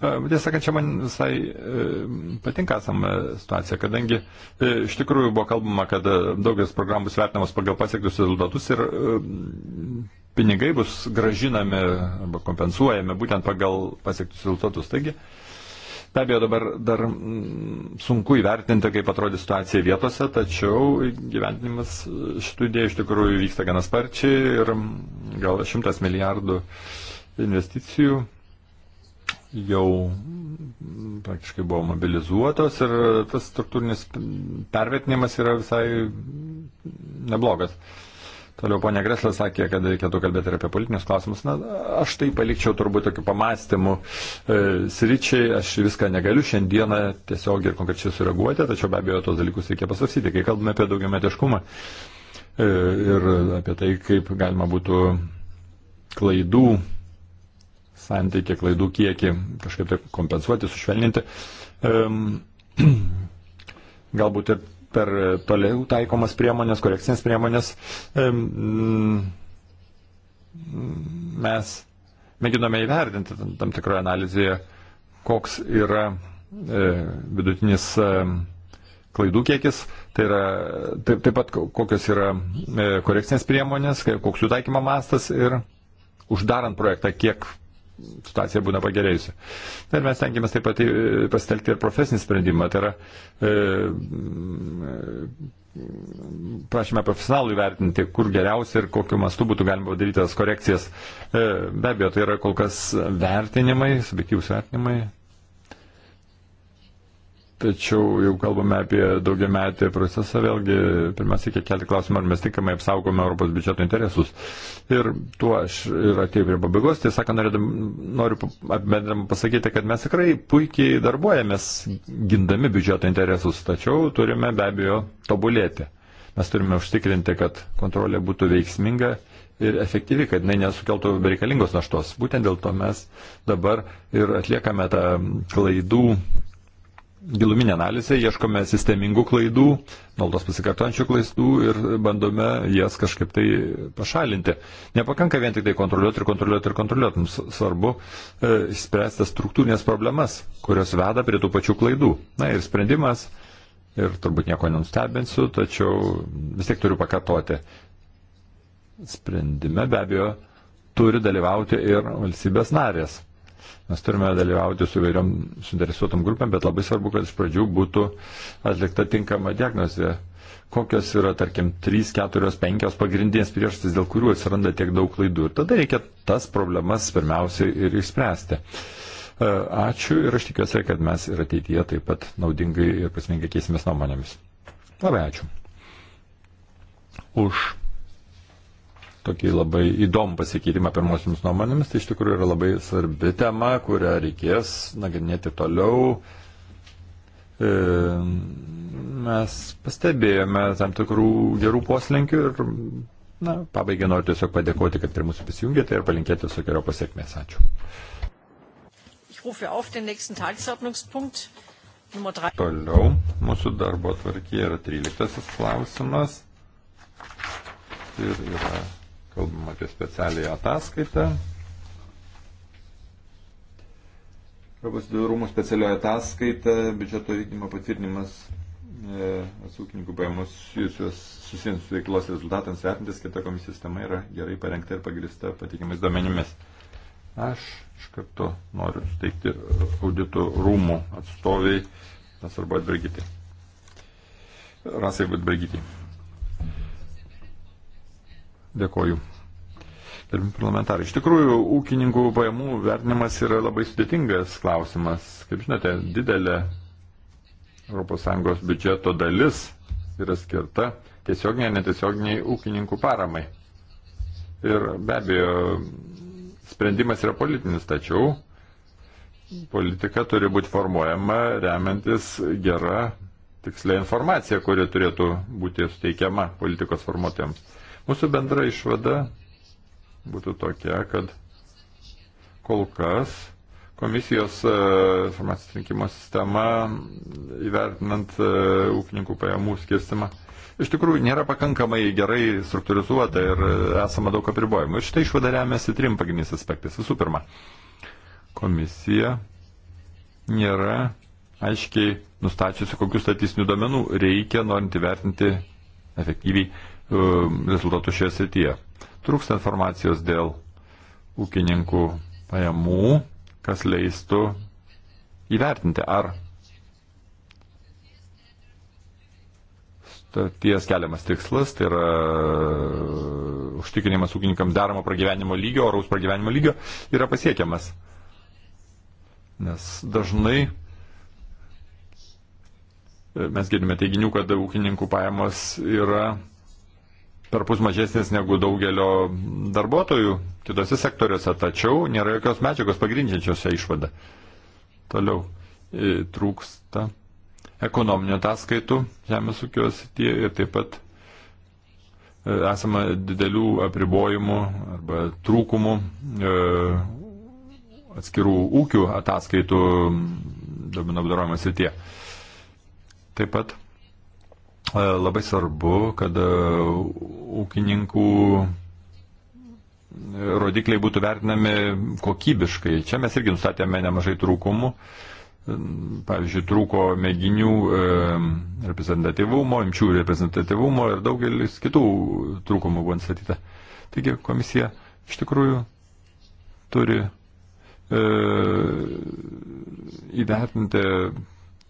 E, tiesą sakant, čia man visai e, patinka esama situacija, kadangi e, iš tikrųjų buvo kalbama, kad daugelis programų bus vertinamos pagal pasiektus rezultatus ir pinigai bus gražinami arba kompensuojami būtent pagal pasiektus rezultatus. Taigi, Be abejo, dabar dar mm, sunku įvertinti, kaip atrodys situacija vietose, tačiau gyventinimas šitų idėjų iš tikrųjų vyksta gana sparčiai ir mm, gal šimtas milijardų investicijų jau mm, praktiškai buvo mobilizuotos ir tas struktūrinis pervetinimas yra visai neblogas. Toliau ponia Greslė sakė, kad reikėtų kalbėti ir apie politinius klausimus. Na, aš tai palikčiau turbūt tokių pamastymų e, sričiai. Aš viską negaliu šiandieną tiesiog ir konkrečiai sureaguoti, tačiau be abejo tos dalykus reikia pasvarsyti, kai kalbame apie daugiametiškumą e, ir apie tai, kaip galima būtų klaidų santykį, klaidų kiekį kažkaip tai kompensuoti, sušvelninti. E, *clears throat* galbūt ir per toliau taikomas priemonės, korekcinės priemonės. Mm, mes mėginome įvertinti tam tikroje analizėje, koks yra e, vidutinis e, klaidų kiekis, tai yra taip, taip pat kokios yra e, korekcinės priemonės, koks jų taikymo mastas ir uždarant projektą, kiek situacija būna pagerėjusi. Ir mes tengiamės taip pat e, pasitelkti ir profesinį sprendimą. Tai yra, e, e prašome profesionalų įvertinti, kur geriausia ir kokiu mastu būtų galima padaryti tas korekcijas. E, be abejo, tai yra kol kas vertinimai, subjektyvus vertinimai, Tačiau jau kalbame apie daugiametį procesą, vėlgi pirmiausia, reikia kelti klausimą, ar mes tinkamai apsaugome Europos biudžeto interesus. Ir tuo aš ir atėjau prie pabaigos. Tiesą sakant, noriu apibendrinam pasakyti, kad mes tikrai puikiai darbuojamės gindami biudžeto interesus, tačiau turime be abejo tobulėti. Mes turime užtikrinti, kad kontrolė būtų veiksminga ir efektyvi, kad jinai nesukeltų bereikalingos naštos. Būtent dėl to mes dabar ir atliekame tą klaidų giluminę analizę, ieškome sistemingų klaidų, maldos pasikartojančių klaidų ir bandome jas kažkaip tai pašalinti. Nepakanka vien tik tai kontroliuoti ir kontroliuoti ir kontroliuoti. Mums svarbu e, išspręsti struktūrinės problemas, kurios veda prie tų pačių klaidų. Na ir sprendimas, ir turbūt nieko nenustebinsiu, tačiau vis tiek turiu pakartoti. Sprendime be abejo turi dalyvauti ir valstybės narės Mes turime dalyvauti su vairiom suinteresuotom grupėm, bet labai svarbu, kad iš pradžių būtų atlikta tinkama diagnozija. Kokios yra, tarkim, 3, 4, 5 pagrindinės priežastys, dėl kurių atsiranda tiek daug klaidų. Ir tada reikia tas problemas pirmiausiai ir išspręsti. E, ačiū ir aš tikiuosi, kad mes ir ateityje taip pat naudingai ir prasmingai keisimės nuomonėmis. Labai ačiū už tokį labai įdomų pasikeitimą pirmosiomis nuomonėmis. Tai iš tikrųjų yra labai svarbi tema, kurią reikės nagrinėti toliau. E, mes pastebėjome tam tikrų gerų poslinkių ir na, pabaigai noriu tiesiog padėkoti, kad prie mūsų prisijungėte ir palinkėti visokio pasiekmės. Ačiū. Toliau mūsų darbo tvarkė yra 13 klausimas ir yra kalbam apie specialiąją ataskaitą. Europos rūmų specialioje ataskaita, biudžeto vykdymo patvirtinimas e, atsūkininkų pajamos susijęs su veiklos rezultatams vertintis, kad ta komisijos sistema yra gerai parengta ir pagrista patikimais duomenimis. Aš iš karto noriu suteikti audito rūmų atstoviai, nesvarbu atbergyti. Rasai atbergyti. Dėkoju. Gerbim parlamentarai, iš tikrųjų, ūkininkų pajamų vertinimas yra labai sudėtingas klausimas. Kaip žinote, didelė ES biudžeto dalis yra skirta tiesioginiai, netiesioginiai ūkininkų paramai. Ir be abejo, sprendimas yra politinis, tačiau politika turi būti formuojama remiantis gera, tiksliai informacija, kuri turėtų būti suteikiama politikos formuotojams. Mūsų bendra išvada būtų tokia, kad kol kas komisijos e, informacijos rinkimo sistema, įvertinant e, ūkininkų pajamų skirstimą, iš tikrųjų nėra pakankamai gerai struktūrizuota ir esama daug apribojimų. Ir štai išvada remiasi trim pagrindiniais aspektais. Visų pirma, komisija nėra aiškiai nustačiusi, kokius statistinių domenų reikia, norint įvertinti efektyviai e, rezultatų šioje srityje trūksta informacijos dėl ūkininkų pajamų, kas leistų įvertinti, ar ties keliamas tikslas, tai yra e, užtikrinimas ūkininkam daromo pragyvenimo lygio, oraus pragyvenimo lygio, yra pasiekiamas. Nes dažnai e, mes girdime teiginių, kad ūkininkų pajamos yra perpus mažesnis negu daugelio darbuotojų kitose sektoriuose, tačiau nėra jokios medžiagos pagrindžiančios šią išvadą. Toliau e, trūksta ekonominio ataskaitų žemės ūkio sityje ir taip pat e, esama didelių apribojimų arba trūkumų e, atskirų ūkių ataskaitų domino apdarojimo srityje. Taip pat E, labai svarbu, kad e, ūkininkų e, rodikliai būtų vertinami kokybiškai. Čia mes irgi nustatėme nemažai trūkumų. Pavyzdžiui, trūko mėginių reprezentatyvumo, imčių reprezentatyvumo ir daugelis kitų trūkumų buvo nustatyta. Taigi komisija iš tikrųjų turi e, įvertinti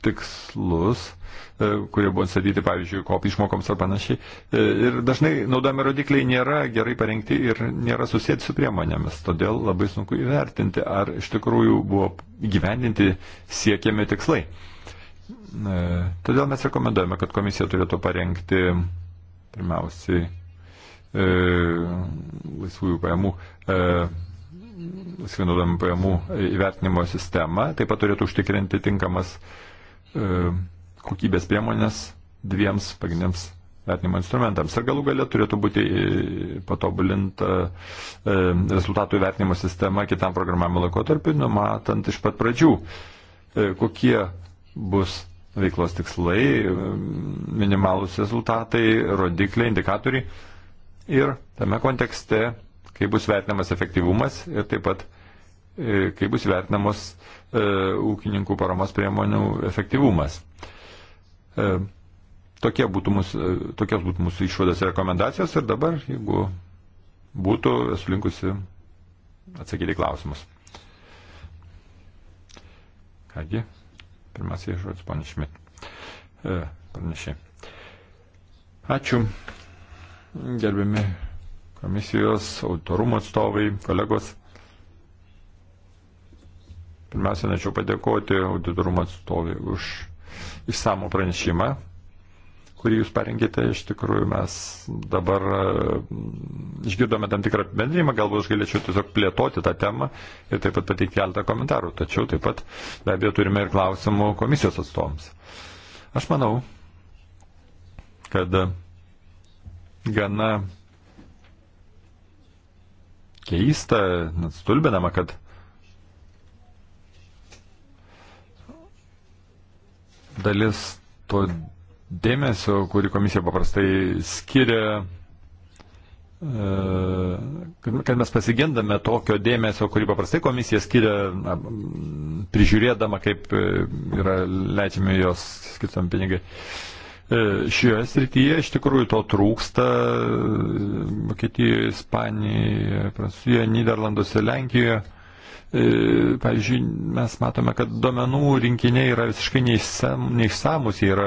tikslus, e, kurie buvo atstatyti, pavyzdžiui, kopį išmokoms ar panašiai. E, ir dažnai naudojami rodikliai nėra gerai parengti ir nėra susijęti su priemonėmis. Todėl labai sunku įvertinti, ar iš tikrųjų buvo gyvendinti siekiami tikslai. E, todėl mes rekomenduojame, kad komisija turėtų parengti pirmiausiai e, laisvųjų pajamų, e, laisvai naudojamų pajamų įvertinimo sistemą, taip pat turėtų užtikrinti tinkamas e, E, kokybės priemonės dviems pagrindiniams vertinimo instrumentams. Ir galų gale turėtų būti e, patobulinta e, rezultatų vertinimo sistema kitam programavimo laikotarpiu, numatant iš pat pradžių, kokie bus veiklos tikslai, minimalūs rezultatai, rodikliai, indikatoriai. Ir tame kontekste, kai bus vertinamas efektyvumas ir taip pat, kai bus vertinamos uh, E, ūkininkų paramos priemonių efektyvumas. E, tokie būtų mūsų, e, tokios būtų mūsų išvadas ir rekomendacijos ir dabar, jeigu būtų, esu linkusi atsakyti klausimus. Kągi, pirmasis žodis, pan Šmit. E, pranešė. Ačiū, gerbiami komisijos, autorumo atstovai, kolegos. Pirmiausia, norėčiau padėkoti auditorumo atstovui už išsamų pranešimą, kurį jūs parengėte. Iš tikrųjų, mes dabar e, išgirdome tam tikrą bendrimą, galbūt aš galėčiau tiesiog plėtoti tą temą ir taip pat pateikti keletą komentarų. Tačiau taip pat be abejo turime ir klausimų komisijos atstovams. Aš manau, kad gana keista, net stulbinama, kad dalis to dėmesio, kurį komisija paprastai skiria, e, kad mes pasigendame tokio dėmesio, kurį paprastai komisija skiria, prižiūrėdama, kaip e, yra leidžiami jos skirtami pinigai. E, šioje srityje iš tikrųjų to trūksta Vokietijoje, Ispanijoje, Prancūzijoje, Niderlanduose, Lenkijoje E, pavyzdžiui, mes matome, kad duomenų rinkiniai yra visiškai neišsamus, yra,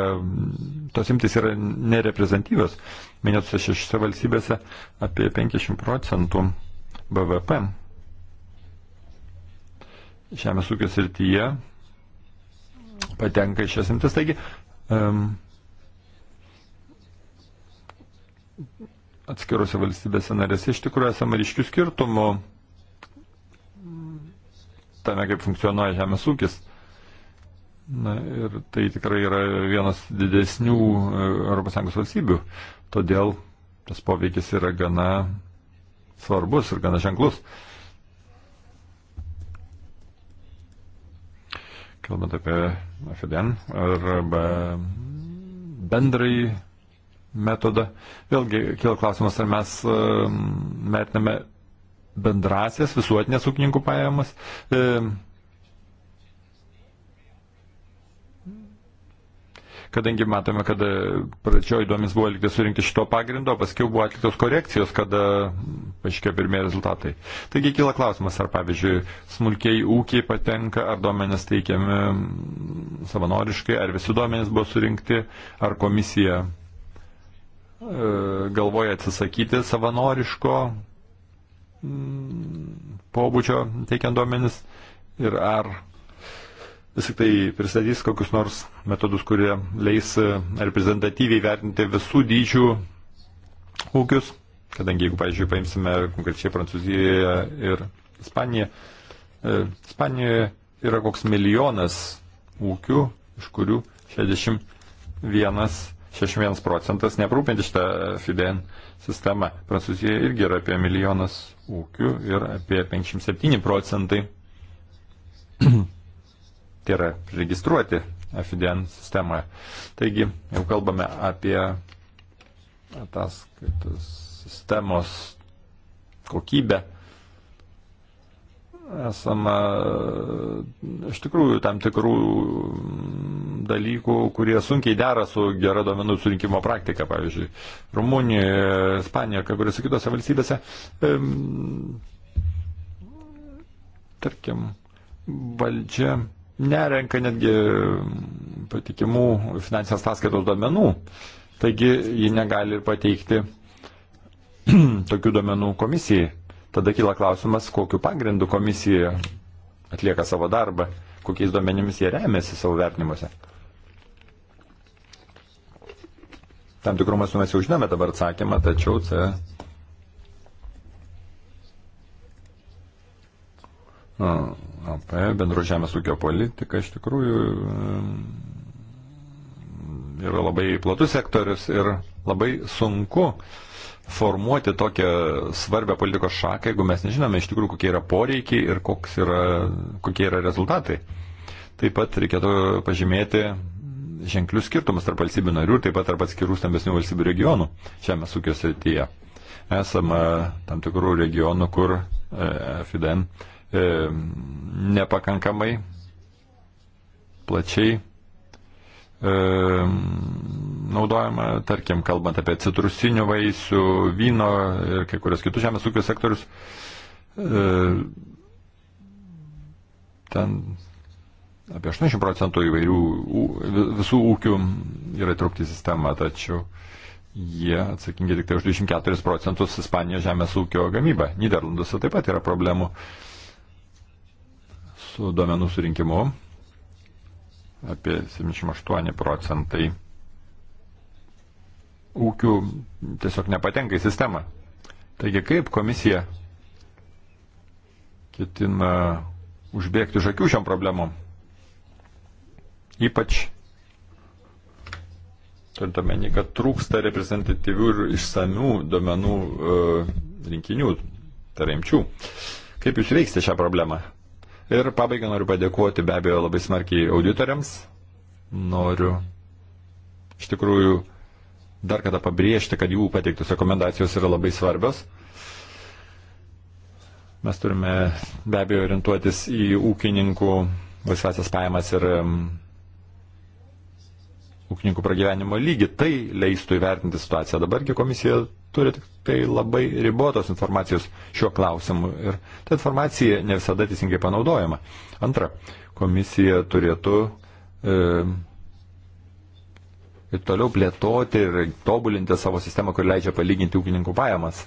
tos imtis yra nereprezentatyvios. Minėtose šešiose valstybėse apie 50 procentų BVP žemės ūkio srityje patenka iš šias imtis. Taigi, um, atskirose valstybėse narėse iš tikrųjų esame ryškių skirtumų tame, kaip funkcionuoja žemės ūkis. Na, ir tai tikrai yra vienas didesnių ES valstybių. Todėl tas poveikis yra gana svarbus ir gana ženklus. Kalbant apie FDN arba bendrai metodą, vėlgi kilo klausimas, ar mes e, metiname bendrasias visuotinės ūkininkų pajamas. E, kadangi matome, kad e, pradžioj duomenys buvo likti surinkti šito pagrindo, paskui buvo atliktos korekcijos, kada paaiškėjo pirmieji rezultatai. Taigi kyla klausimas, ar pavyzdžiui smulkiai ūkiai patenka, ar duomenys teikiami mm, savanoriškai, ar visi duomenys buvo surinkti, ar komisija e, galvoja atsisakyti savanoriško Mm, pobūdžio teikiant duomenis ir ar vis tik tai pristatys kokius nors metodus, kurie leis e, reprezentatyviai vertinti visų dydžių ūkius, kadangi jeigu, pavyzdžiui, paimsime konkrečiai Prancūzijoje ir Ispaniją, e, Ispanijoje yra koks milijonas ūkių, iš kurių 61 61 procentas neaprūpinti šitą FIDN sistemą. Prancūzija irgi yra apie milijonas ūkių ir apie 57 procentai *clears throat* tai yra registruoti FIDN sistemoje. Taigi, jau kalbame apie ataskaitos sistemos kokybę esama e, iš tikrųjų tam tikrų mm, dalykų, kurie sunkiai dera su gera domenų surinkimo praktika, pavyzdžiui, Rumunijoje, Ispanijoje, kai kuriuose kitose valstybėse. E, mm, tarkim, valdžia nerenka netgi mm, patikimų finansinės sąskaitos domenų, taigi ji negali pateikti *clears throat* tokių domenų komisijai. Tada kyla klausimas, kokiu pagrindu komisija atlieka savo darbą, kokiais duomenimis jie remiasi savo vertinimuose. Tam tikrų masų mes jau žinome dabar atsakymą, tačiau čia. Nu, AP, bendro žemės ūkio politika iš tikrųjų e, yra labai platus sektorius ir labai sunku uh, formuoti tokią svarbę politikos šaką, jeigu mes nežinome iš tikrųjų, kokie yra poreikiai ir yra, kokie yra rezultatai. Taip pat reikėtų pažymėti ženklius skirtumus tarp valstybių narių ir taip pat tarp atskirų stambesnių valstybių regionų žemės ūkio srityje. Esama tam tikrų regionų, kur e, FIDN e, nepakankamai plačiai E, naudojama, tarkim, kalbant apie citrusinių vaisių, vyno ir kai kurios kitus žemės ūkio sektorius. E, ten apie 80 procentų įvairių visų ūkių yra įtraukti į sistemą, tačiau jie atsakingi tik tai už 24 procentus Ispanijos žemės ūkio gamybą. Niderlanduose taip pat yra problemų su duomenų surinkimu apie 78 procentai ūkių tiesiog nepatenka į sistemą. Taigi kaip komisija ketina užbėgti už akių šiom problemom? Ypač turint omeny, kad trūksta reprezentatyvių ir išsamių duomenų e, rinkinių, tariamčių. Kaip jūs veiksite šią problemą? Ir pabaigai noriu padėkoti be abejo labai smarkiai auditoriams. Noriu iš tikrųjų dar kada pabrėžti, kad jų pateiktus rekomendacijos yra labai svarbios. Mes turime be abejo orientuotis į ūkininkų laisvasias pajamas ir ūkininkų pragyvenimo lygį, tai leistų įvertinti situaciją. Dabargi komisija turi tik tai labai ribotos informacijos šiuo klausimu ir ta informacija ne visada teisingai panaudojama. Antra, komisija turėtų e, ir toliau plėtoti ir tobulinti savo sistemą, kur leidžia palyginti ūkininkų pajamas.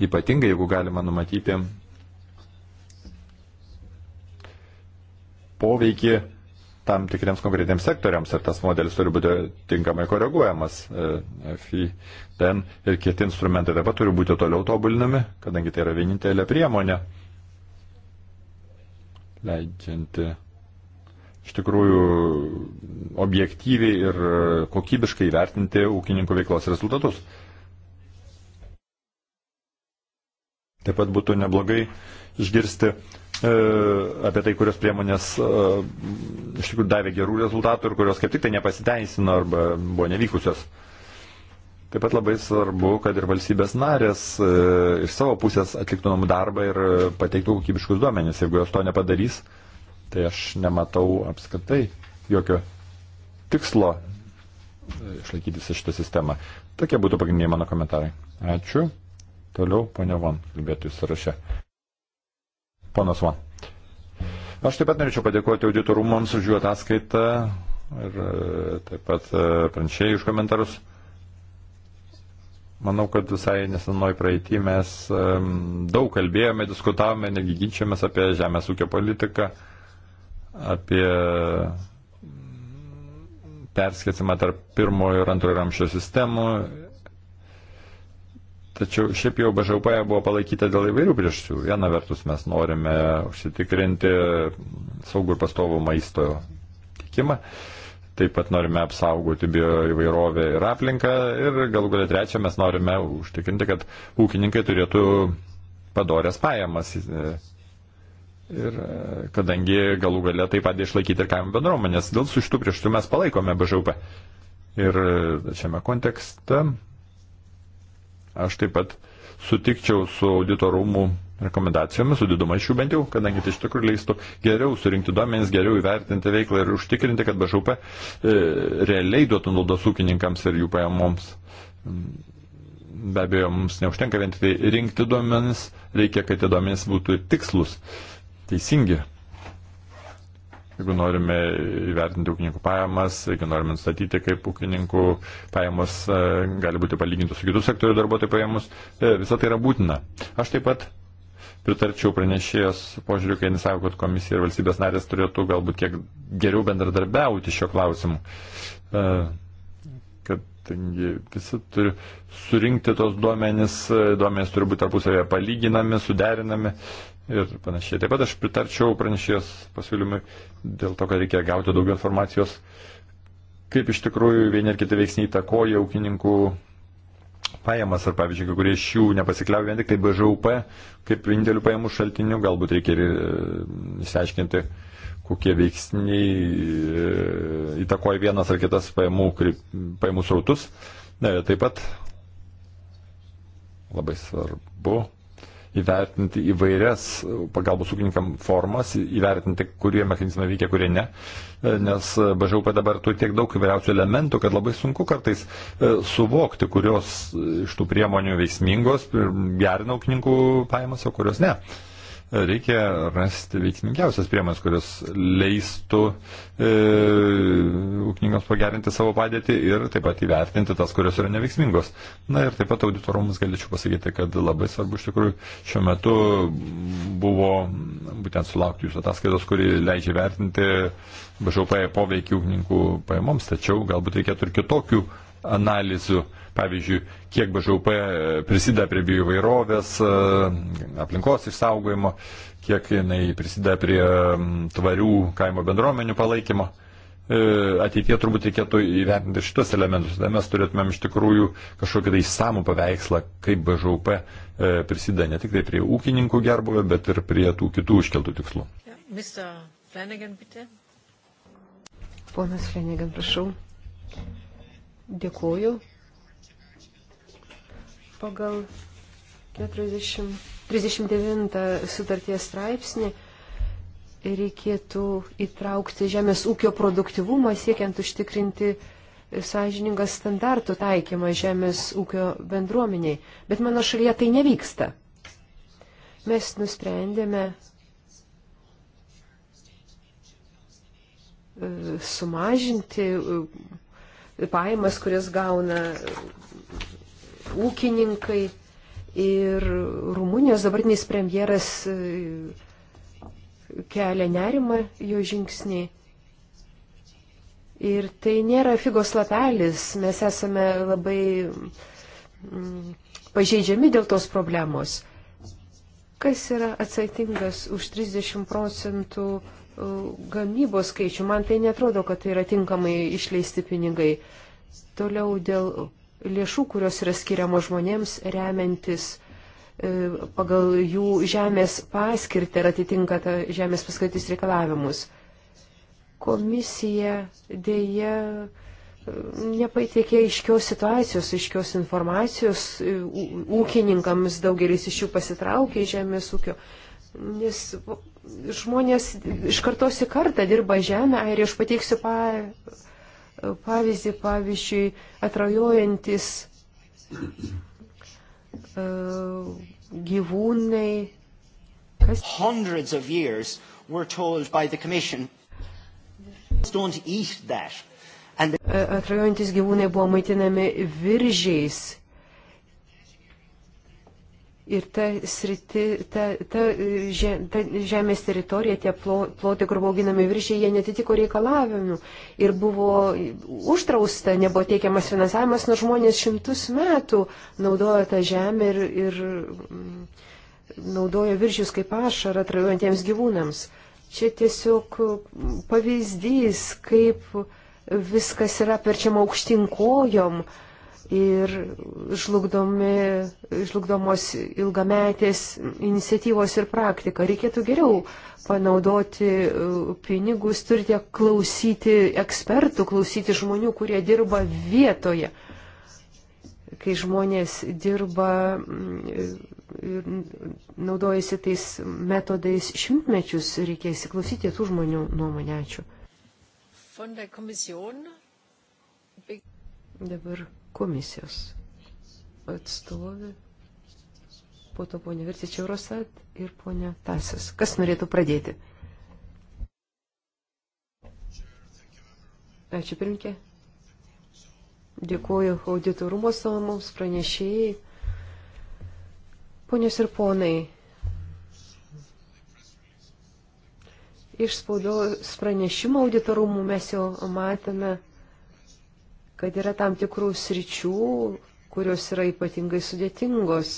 Ypatingai, jeigu galima numatyti poveikį tam tikriems konkretiems sektoriams ir tas modelis turi būti tinkamai koreguojamas. E, FIPEN ir kiti instrumentai taip pat turi būti toliau tobulinami, kadangi tai yra vienintelė priemonė leidžianti iš tikrųjų objektyviai ir kokybiškai vertinti ūkininkų veiklos rezultatus. Taip pat būtų neblogai išgirsti E, apie tai, kurios priemonės e, iš tikrųjų davė gerų rezultatų ir kurios kaip tik tai nepasiteisino arba buvo nevykusios. Taip pat labai svarbu, kad ir valstybės narės e, iš savo pusės atliktų namų darbą ir pateiktų kokybiškus duomenis. Jeigu jos to nepadarys, tai aš nematau apskritai jokio tikslo išlaikyti šitą sistemą. Tokie būtų pagrindiniai mano komentarai. Ačiū. Toliau, ponia Von, kalbėtų jūs sąraše. Ponas Van. Aš taip pat norėčiau padėkoti auditorumams už jų ataskaitą ir e, taip pat e, pranešėjai už komentarus. Manau, kad visai nesenoj praeitį mes e, daug kalbėjome, diskutavome, netgi ginčiamės apie žemės ūkio politiką, apie perskėsimą tarp pirmojo ir antrojo ramščio sistemų Tačiau šiaip jau BŽP buvo palaikyta dėl įvairių priežasčių. Viena vertus mes norime užsitikrinti saugų ir pastovų maisto tikimą. Taip pat norime apsaugoti bioįvairovę ir aplinką. Ir galų galia trečia, mes norime užtikrinti, kad ūkininkai turėtų padorės pajamas. Ir kadangi galų galia taip pat išlaikyti ir kaimo bendruomenės, dėl su šitų prieštų mes palaikome BŽP. Ir šiame kontekste Aš taip pat sutikčiau su auditorumų rekomendacijomis, su diduma iš jų bent jau, kadangi tai iš tikrųjų leistų geriau surinkti duomenys, geriau įvertinti veiklą ir užtikrinti, kad BŽP e, realiai duotų naudos ūkininkams ir jų pajamoms. Be abejo, mums neužtenka vien tik tai rinkti duomenys, reikia, kad tie duomenys būtų tikslus, teisingi jeigu norime įvertinti ūkininkų pajamas, jeigu norime nustatyti, kaip ūkininkų pajamos e, gali būti palygintos su kitų sektorių darbuotojų pajamos, e, visą tai yra būtina. Aš taip pat pritarčiau pranešėjos požiūriu, kai jis sako, kad komisija ir valstybės narės turėtų galbūt kiek geriau bendradarbiauti šio klausimu. E, Kadangi visi turi surinkti tos duomenys, duomenys turi būti tarpusavėje palyginami, suderinami. Uh, ir panašiai. Taip pat aš pritarčiau pranešėjos pasiūlymui dėl to, kad reikia gauti daugiau informacijos, kaip iš tikrųjų vieni ar kiti veiksniai įtakoja ūkininkų pajamas, ar pavyzdžiui, kai kurie iš jų nepasikliauja vien tik tai BŽUP, kaip indėlių pajamų šaltinių, galbūt reikia ir e, išsiaiškinti, kokie veiksniai e, įtakoja vienas ar kitas pajamų, pajamų srautus. Ne, taip pat labai svarbu įvertinti įvairias pagalbos ūkininkam formas, įvertinti, kurie mechanizmai veikia, kurie ne. Nes BŽUP dabar turi tiek daug įvairiausių elementų, kad labai sunku kartais e, suvokti, kurios iš tų priemonių veiksmingos, gerina ūkininkų pajamas, o kurios ne. Uh, reikia rasti veiksmingiausias priemonės, kurios leistų e, ūkininkams pagerinti savo padėtį ir taip pat įvertinti tas, kurios yra neveiksmingos. Na ir taip pat auditorumus galėčiau pasakyti, kad labai svarbu iš tikrųjų šiuo metu buvo būtent sulaukti jūsų ataskaitos, kuri leidžia vertinti BŽP poveikį ūkininkų pajamoms, tačiau galbūt reikėtų ir kitokių analizių, pavyzdžiui, kiek BŽUP e, prisideda prie bioįvairovės, e, aplinkos išsaugojimo, kiek jinai prisideda prie tvarių kaimo bendruomenių palaikymo. E, ateitie turbūt reikėtų įvertinti šitos elementus, tada mes turėtumėm iš tikrųjų kažkokį tai samų paveikslą, kaip BŽUP prisideda ne tik tai prie ūkininkų gerbuvio, bet ir prie tų kitų iškeltų tikslų. Mr. Flanagan, bitte. Ponas Flanagan, prašau. Dėkuoju. Pagal 40, 39 sutarties straipsnį reikėtų įtraukti žemės ūkio produktivumą siekiant užtikrinti sąžiningą standartų taikymą žemės ūkio bendruomeniai. Bet mano šalyje tai nevyksta. Mes nusprendėme e, sumažinti pajamas, kurias gauna ūkininkai. Ir Rumunijos dabartinis premjeras e, kelia nerimą jo žingsniai. Ir tai nėra figos lapelis, mes esame labai mm, pažeidžiami dėl tos problemos. Kas yra atsakingas už 30 procentų gamybos skaičių. Man tai netrodo, kad tai yra tinkamai išleisti pinigai. Toliau dėl lėšų, kurios yra skiriamos žmonėms remiantis e, pagal jų žemės paskirtį ir atitinka tą žemės paskirtis reikalavimus. Komisija dėja e, nepateikė aiškios situacijos, aiškios informacijos, e, ūkininkams daugelis iš jų pasitraukė iš žemės ūkio, nes žmonės iš kartos į kartą dirba žemę ir aš pateiksiu pa, pavyzdį, pavyzdžiui, atrajojantis uh, gyvūnai. Kas? Hundreds of years were told by the Commission don't eat that. The... Atrajojantis gyvūnai buvo maitinami viržiais Ir ta, sriti, ta, ta, žė, ta žemės teritorija, tie plotai, kur buvo auginami viršiai, jie netitiko reikalavimų. Ir buvo uždrausta, nebuvo teikiamas finansavimas, nors žmonės šimtus metų naudojo tą žemę ir, ir mm, naudojo viržius kaip ašarą atrajojantiems gyvūnams. Čia tiesiog pavyzdys, kaip viskas yra perčiama aukštinkojom. kojom ir žlugdomi, žlugdomos ilgametės iniciatyvos ir praktika. Reikėtų geriau panaudoti uh, pinigus, turite klausyti ekspertų, klausyti žmonių, kurie dirba vietoje. Kai žmonės dirba mm, ir naudojasi tais metodais šimtmečius, reikia įsiklausyti tų žmonių nuomonę. Ačiū. Dabar komisijos atstovė, po to ponė Virtičia Eurosat ir ponė Tasis. Kas norėtų pradėti? Ačiū pirmkė. Dėkuoju auditorumo savo mums pranešėjai. Ponios ir ponai, iš spaudos pranešimo auditorumų mes jau matėme kad yra tam tikrų sričių, kurios yra ypatingai sudėtingos.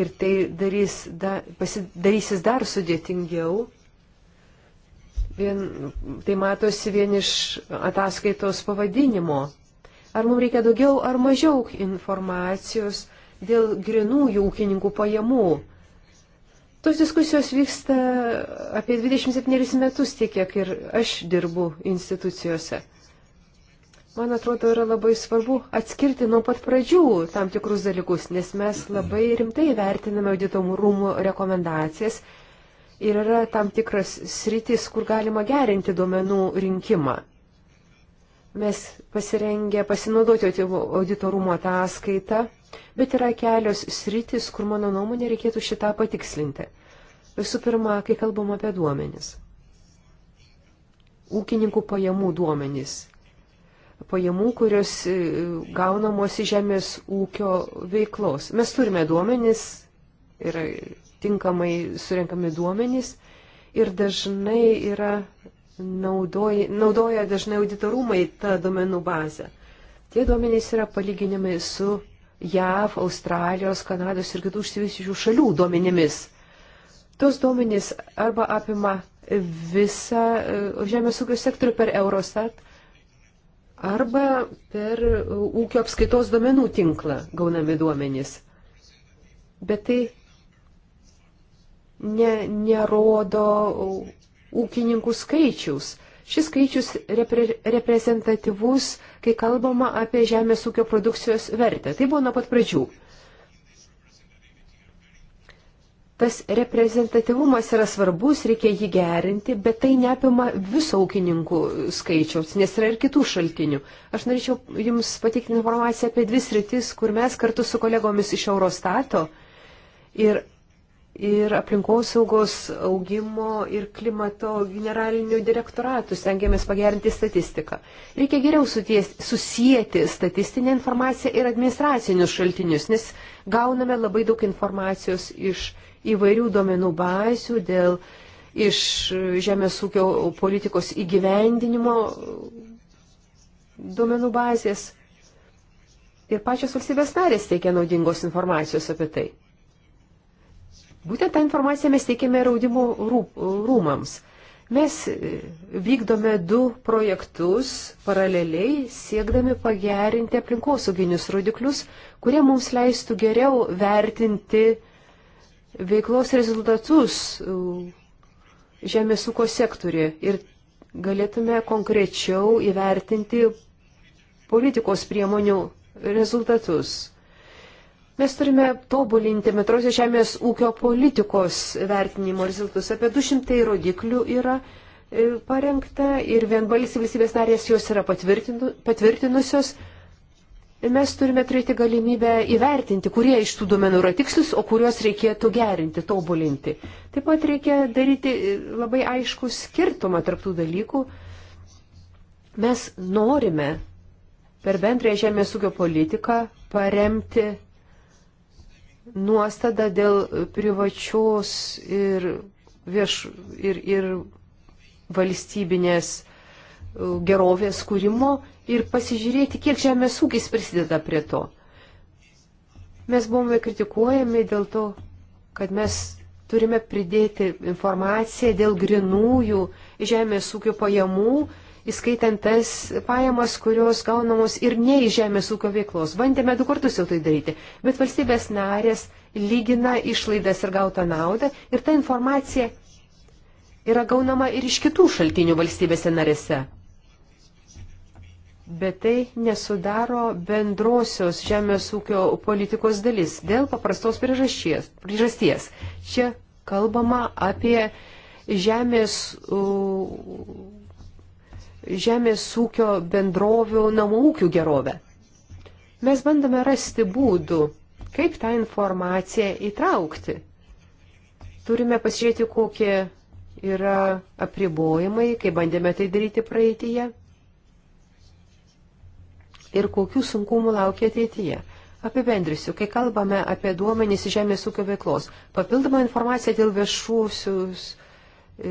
Ir tai darys, da, pasidarysis dar sudėtingiau. Vien, tai matosi vien iš ataskaitos pavadinimo. Ar mums reikia daugiau ar mažiau informacijos dėl grinųjų ūkininkų pajamų? Tos diskusijos vyksta apie 27 metus tiek, kiek ir aš dirbu institucijose man atrodo, yra labai svarbu atskirti nuo pat pradžių tam tikrus dalykus, nes mes labai rimtai vertiname auditomų rūmų rekomendacijas ir yra tam tikras sritis, kur galima gerinti duomenų rinkimą. Mes pasirengę pasinaudoti auditorumo ataskaitą, bet yra kelios sritis, kur mano nuomonė reikėtų šitą patikslinti. Visų pirma, kai kalbam apie duomenis. Ūkininkų pajamų duomenys pajamų, kurios e, gaunamos į žemės ūkio veiklos. Mes turime duomenys, yra tinkamai surinkami duomenys ir dažnai yra naudoja, naudoja dažnai auditorumai tą duomenų bazę. Tie duomenys yra palyginimai su JAV, Australijos, Kanados ir kitų išsivysiušių šalių duomenimis. Tos duomenys arba apima visą e, žemės ūkio sektorių per Eurostat, arba per e, ūkio apskaitos duomenų tinklą gaunami duomenys. Bet tai ne, nerodo ūkininkų skaičiaus. Šis skaičius repre, reprezentatyvus, kai kalbama apie žemės ūkio produkcijos vertę. Tai buvo nuo pat pradžių. Tas reprezentatyvumas yra svarbus, reikia jį gerinti, bet tai neapima viso ūkininkų skaičiaus, nes yra ir kitų šaltinių. Aš norėčiau Jums patikti informaciją apie dvi sritis, kur mes kartu su kolegomis iš Eurostato ir, ir aplinkosaugos augimo ir klimato generalinių direktoratų stengiamės pagerinti statistiką. Reikia geriau suties, susijęti statistinę informaciją ir administracinius šaltinius, nes gauname labai daug informacijos iš įvairių duomenų bazių dėl iš žemės ūkio politikos įgyvendinimo duomenų bazės. Ir pačios valstybės narės teikia naudingos informacijos apie tai. Būtent tą informaciją mes teikiame raudimo rūmams. Mes e, vykdome du projektus paraleliai, siekdami pagerinti aplinkosauginius rodiklius, kurie mums leistų geriau vertinti uh, veiklos rezultatus e, žemės ūko sektorė ir galėtume konkrečiau įvertinti politikos priemonių rezultatus. Mes turime tobulinti metrosios žemės ūkio politikos vertinimo rezultatus. Apie 200 rodiklių yra e, parengta ir vienbalys valstybės narės juos yra patvirtinusios mes turime turėti galimybę įvertinti, kurie iš tų duomenų yra tikslus, o kuriuos reikėtų gerinti, tobulinti. Taip pat reikia daryti labai aišku skirtumą tarptų dalykų. Mes norime per bendrąją žemės ūkio politiką paremti nuostadą dėl privačios ir, vieš, ir, ir valstybinės gerovės kūrimo ir pasižiūrėti, kiek žemės ūkis prisideda prie to. Mes buvome kritikuojami dėl to, kad mes turime pridėti informaciją dėl grinųjų žemės ūkio pajamų, įskaitant tas pajamas, kurios gaunamos ir ne iš žemės ūkio veiklos. Bandėme du kartus jau tai daryti, bet valstybės narės lygina išlaidas ir gautą naudą ir ta informacija yra gaunama ir iš kitų šaltinių valstybėse narėse bet tai nesudaro bendrosios žemės ūkio politikos dalis dėl paprastos priežasties. priežasties. Čia kalbama apie žemės, žemės ūkio bendrovių namų ūkių gerovę. Mes bandome rasti būdų, kaip tą informaciją įtraukti. Turime pasižiūrėti, kokie yra apribojimai, kai bandėme tai daryti praeitįje ir kokių sunkumų laukia ateityje. Apibendrisiu, kai kalbame apie duomenys žemės ūkio veiklos, papildoma informacija dėl viešusius, e,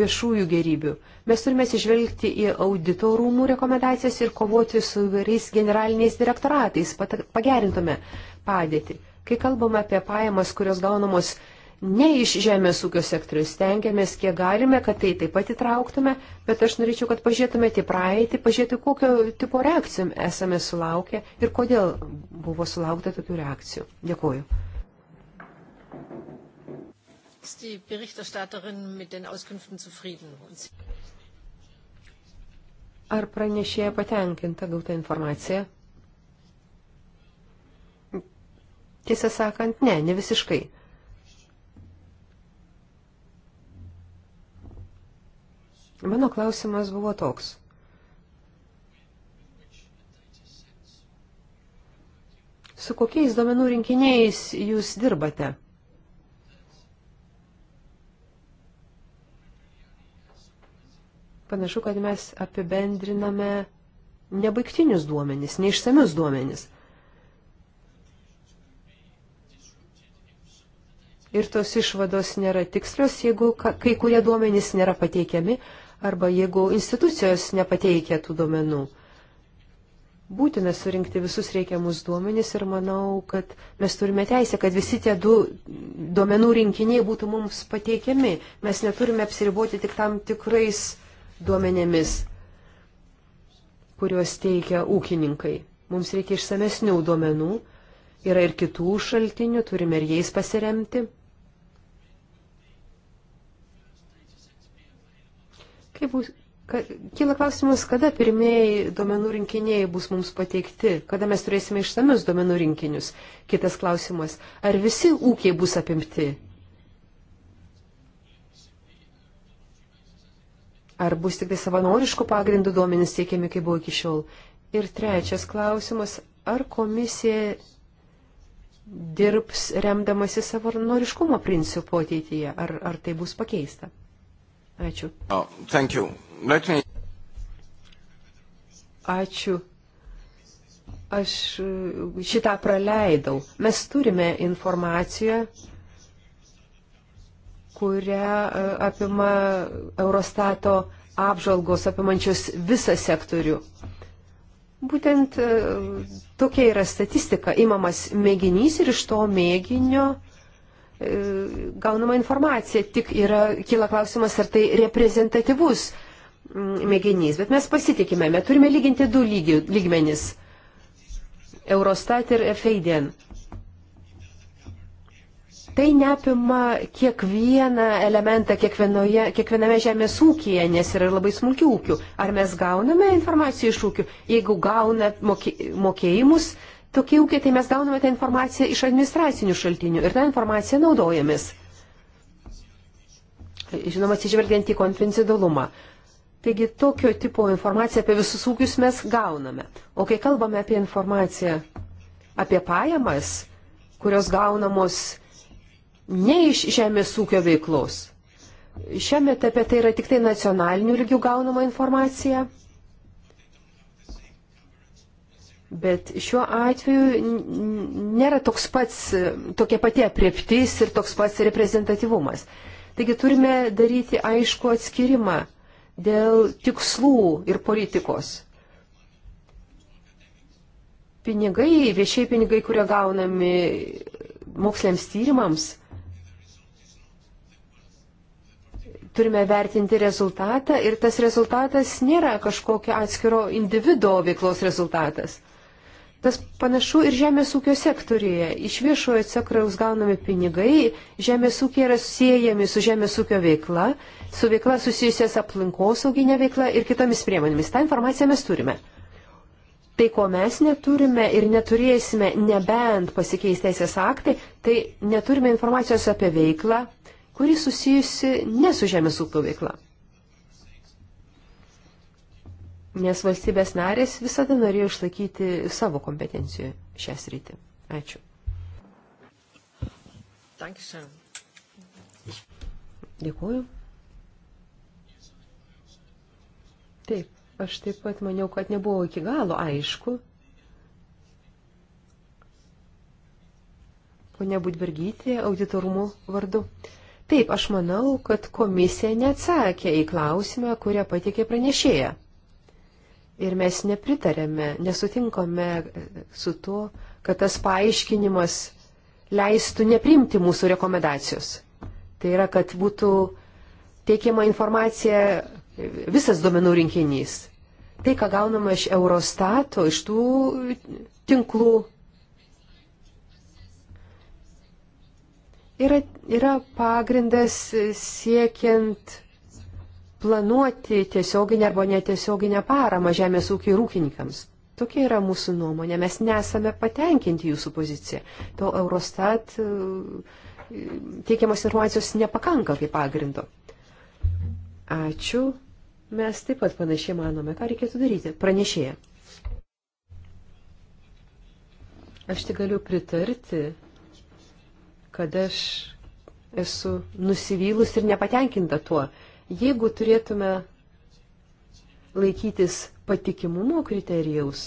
viešųjų gerybių. Mes turime sižvelgti į auditorumų rekomendacijas ir kovoti su įvairiais generaliniais direktoratais, pagerintume padėtį. Kai kalbame apie pajamas, kurios gaunamos ne iš žemės ūkio sektorius, stengiamės kiek galime, kad tai taip pat įtrauktume, bet aš norėčiau, kad pažiūrėtumėte į praeitį, pažiūrėti, kokio tipo reakcijų esame sulaukę ir kodėl buvo sulaukta tokių reakcijų. Dėkuoju. Ist die Berichterstatterin mit den Auskünften zufrieden? Ar pranešėja patenkinta gauta informacija? Tiesą sakant, ne, ne visiškai. Mano klausimas buvo toks. Su kokiais duomenų rinkiniais jūs dirbate? Panašu, kad mes apibendriname nebaigtinius duomenis, neišsamius duomenis. Ir tos išvados nėra tikslios, jeigu kai kurie duomenys nėra pateikiami, arba jeigu institucijos nepateikia tų duomenų. Būtina surinkti visus reikiamus duomenys ir manau, kad mes turime teisę, kad visi tie du duomenų rinkiniai būtų mums pateikiami. Mes neturime apsiriboti tik tam tikrais duomenėmis, kuriuos teikia ūkininkai. Mums reikia išsamesnių duomenų, yra ir kitų šaltinių, turime ir jais pasiremti. Kaip bus, ka, kyla klausimas, kada pirmieji duomenų rinkiniai bus mums pateikti, kada mes turėsime išsamius duomenų rinkinius. Kitas klausimas, ar visi ūkiai bus apimti? Ar bus tik tai savanoriškų pagrindų duomenys teikiami, kaip buvo iki šiol? Ir trečias klausimas, ar komisija dirbs remdamasi savanoriškumo principu ateityje, ar, ar tai bus pakeista? Ačiū. Oh, thank you. Let me... Ačiū. Aš e, šitą praleidau. Mes turime informaciją, kurią e, apima Eurostato apžalgos apimančios visą sektorių. Būtent e, tokia yra statistika. Imamas mėginys ir iš to mėginio gaunama informacija, tik yra, kyla klausimas, ar tai reprezentatyvus mm, mėginys. Bet mes pasitikimėme, turime lyginti du lygi, lygmenis - Eurostat ir FADN. Tai neapima kiekvieną elementą kiekvienoje, kiekviename žemės ūkyje, nes yra labai smulkių ūkių. Ar mes gauname informaciją iš ūkių? Jeigu gauna mokėjimus, tokie ūkiai, tai mes gauname tą informaciją iš administracinių šaltinių ir tą informaciją naudojamės. Žinoma, atsižvelgiant į konfidencialumą. Taigi tokio tipo informaciją apie visus ūkius mes gauname. O kai kalbame apie informaciją apie pajamas, kurios gaunamos ne iš žemės ūkio veiklos. Šiame etape tai yra tik tai nacionalinių lygių gaunama informacija, Bet šiuo atveju nėra toks pats, tokia pati aprieptis ir toks pats reprezentatyvumas. Taigi turime daryti aišku atskirimą dėl tikslų ir politikos. Pinigai, viešiai pinigai, kurie gaunami moksliams tyrimams, turime vertinti rezultatą ir tas rezultatas nėra kažkokio atskiro individuo veiklos rezultatas. Tas panašu ir žemės ūkio sektorija. Iš viešojo sektoriaus gaunami pinigai, žemės ūkiai yra siejami su žemės ūkio veikla, su veikla susijusias aplinkosauginė veikla ir kitomis priemonėmis. Ta informacija mes turime. Tai, ko mes neturime ir neturėsime, nebent pasikeis teisės aktai, tai neturime informacijos apie veiklą, kuri susijusi ne su žemės ūkio veikla nes valstybės narės visada norėjo išlaikyti savo kompetenciją šią sritį. Ačiū. Dėkuoju. Taip, aš taip pat maniau, kad nebuvo iki galo aišku. Pone Budbergytė, auditorumų vardu. Taip, aš manau, kad komisija neatsakė į klausimą, kurią patikė pranešėja. Ir mes nepritarėme, nesutinkome su tuo, kad tas paaiškinimas leistų neprimti mūsų rekomendacijos. Tai yra, kad būtų teikiama informacija visas duomenų rinkinys. Tai, ką gaunama iš Eurostato, iš tų tinklų, yra, yra pagrindas siekiant planuoti tiesioginę arba netiesioginę paramą žemės ūkiai ir ūkininkams. Tokia yra mūsų nuomonė. Mes nesame patenkinti jūsų poziciją. To Eurostat e, teikiamas informacijos nepakanka kaip pagrindo. Ačiū. Mes taip pat panašiai manome, ką reikėtų daryti. Pranešėja. Aš tik galiu pritarti, kad aš esu nusivylus ir nepatenkinta tuo, Jeigu turėtume laikytis patikimumo kriterijaus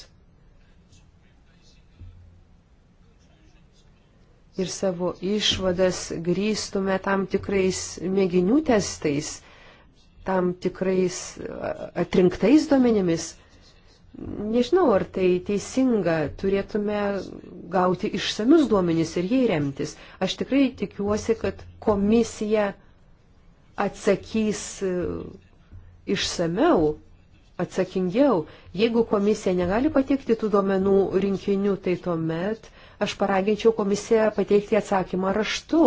ir savo išvadas grįstume tam tikrais mėginių testais, tam tikrais atrinktais duomenimis, nežinau, ar tai teisinga, turėtume gauti išsamius duomenys ir jai remtis. Aš tikrai tikiuosi, kad komisija atsakys e, išsameu, atsakingiau. Jeigu komisija negali pateikti tų duomenų rinkinių, tai tuomet aš paraginčiau komisiją pateikti atsakymą raštu,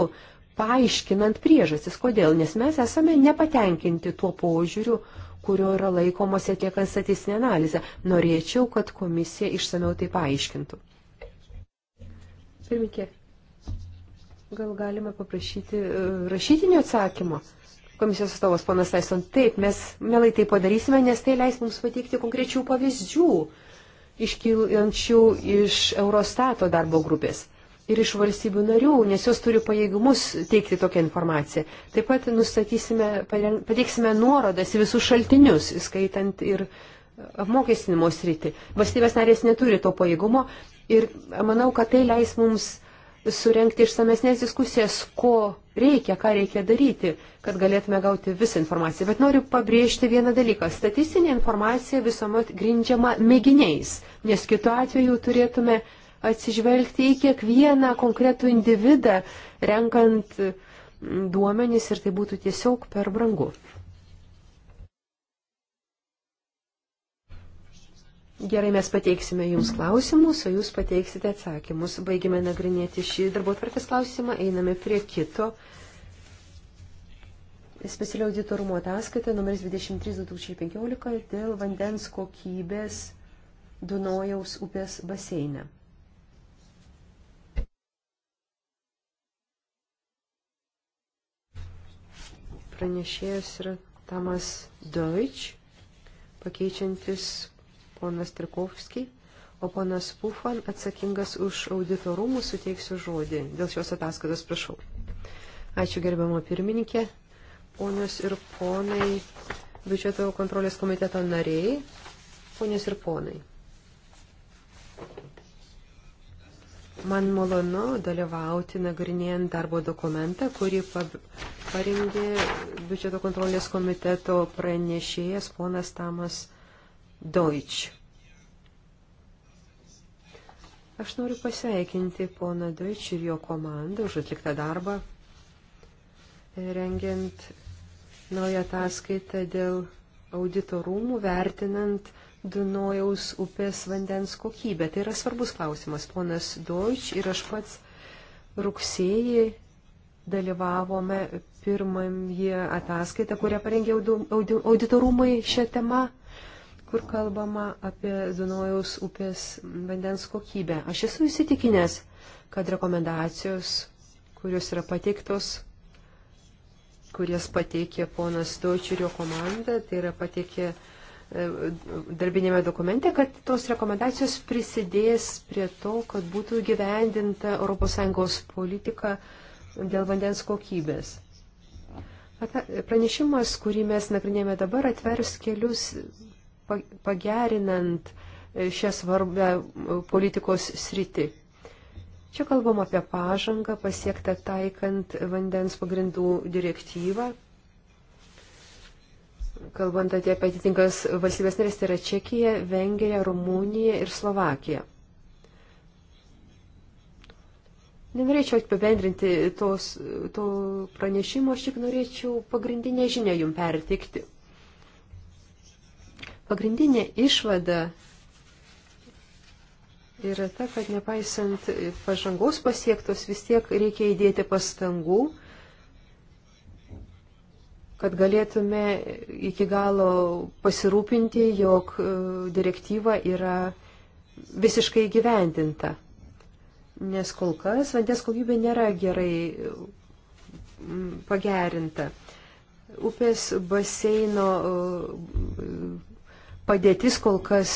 paaiškinant priežastis, kodėl, nes mes esame nepatenkinti tuo požiūriu, kurio yra laikomasi atliekant statistinę analizę. Norėčiau, kad komisija išsameu tai paaiškintų. Pirmikė, gal galime paprašyti e, rašytinio atsakymo? Komisijos atstovas ponas Tyson, taip, mes melai tai padarysime, nes tai leis mums pateikti konkrečių pavyzdžių iškylančių iš Eurostato darbo grupės ir iš valstybių narių, nes jos turi pajėgumus teikti tokią informaciją. Taip pat nustatysime, pateiksime nuorodas į visus šaltinius, įskaitant ir apmokestinimo sritį. Valstybės narės neturi to pajėgumo ir manau, kad tai leis mums surenkti išsamesnės diskusijas, ko reikia, ką reikia daryti, kad galėtume gauti visą informaciją. Bet noriu pabrėžti vieną dalyką. Statistinė informacija visuomet grindžiama mėginiais, nes kitu atveju turėtume atsižvelgti į kiekvieną konkretų individą, renkant duomenys ir tai būtų tiesiog per brangu. Gerai, mes pateiksime Jums klausimus, o Jūs pateiksite atsakymus. Baigime nagrinėti šį darbo tvarkės klausimą, einame prie kito. Specialio auditorumo ataskaita numeris 23-2015 dėl vandens kokybės Dunojaus upės baseine. Pranešėjas yra Tamas Deutsch, pakeičiantis ponas Trikovski, o ponas Pufan atsakingas už auditorumų suteiksiu žodį. Dėl šios ataskaitos prašau. Ačiū gerbiamo pirmininkė, ponios ir ponai, biudžeto kontrolės komiteto nariai, ponios ir ponai. Man malonu dalyvauti nagrinėjant darbo dokumentą, kurį parengė biudžeto kontrolės komiteto pranešėjas ponas Tamas Deutsch. Aš noriu pasveikinti poną Deutsch ir jo komandą už atliktą darbą, e, rengiant naują ataskaitą dėl auditorumų, vertinant Dunojaus upės vandens kokybę. Tai yra svarbus klausimas. Ponas Deutsch ir aš pats rugsėjį dalyvavome pirmąjį ataskaitą, kurią parengė auditorumai šią temą kur kalbama apie Dunojaus upės vandens kokybę. Aš esu įsitikinęs, kad rekomendacijos, kurios yra pateiktos, kurias pateikė ponas Dočiurio komanda, tai yra pateikė e, darbinėme dokumente, kad tos rekomendacijos prisidės prie to, kad būtų gyvendinta ES politika dėl vandens kokybės. Pranešimas, kurį mes nagrinėjame dabar, atvers kelius pagerinant e, šią svarbę e, politikos sritį. Čia kalbam apie pažangą pasiektą taikant vandens pagrindų direktyvą. Kalbant apie atitinkas valstybės narės, tai yra Čekija, Vengrija, Rumunija ir Slovakija. Nenorėčiau apibendrinti tos, to pranešimo, aš tik norėčiau pagrindinę žinią jum pertikti. Pagrindinė išvada yra ta, kad nepaisant pažangos pasiektos, vis tiek reikia įdėti pastangų, kad galėtume iki galo pasirūpinti, jog e, direktyva yra visiškai gyvendinta. Nes kol kas vandens kokybė nėra gerai pagerinta. Upės baseino e, padėtis kol kas,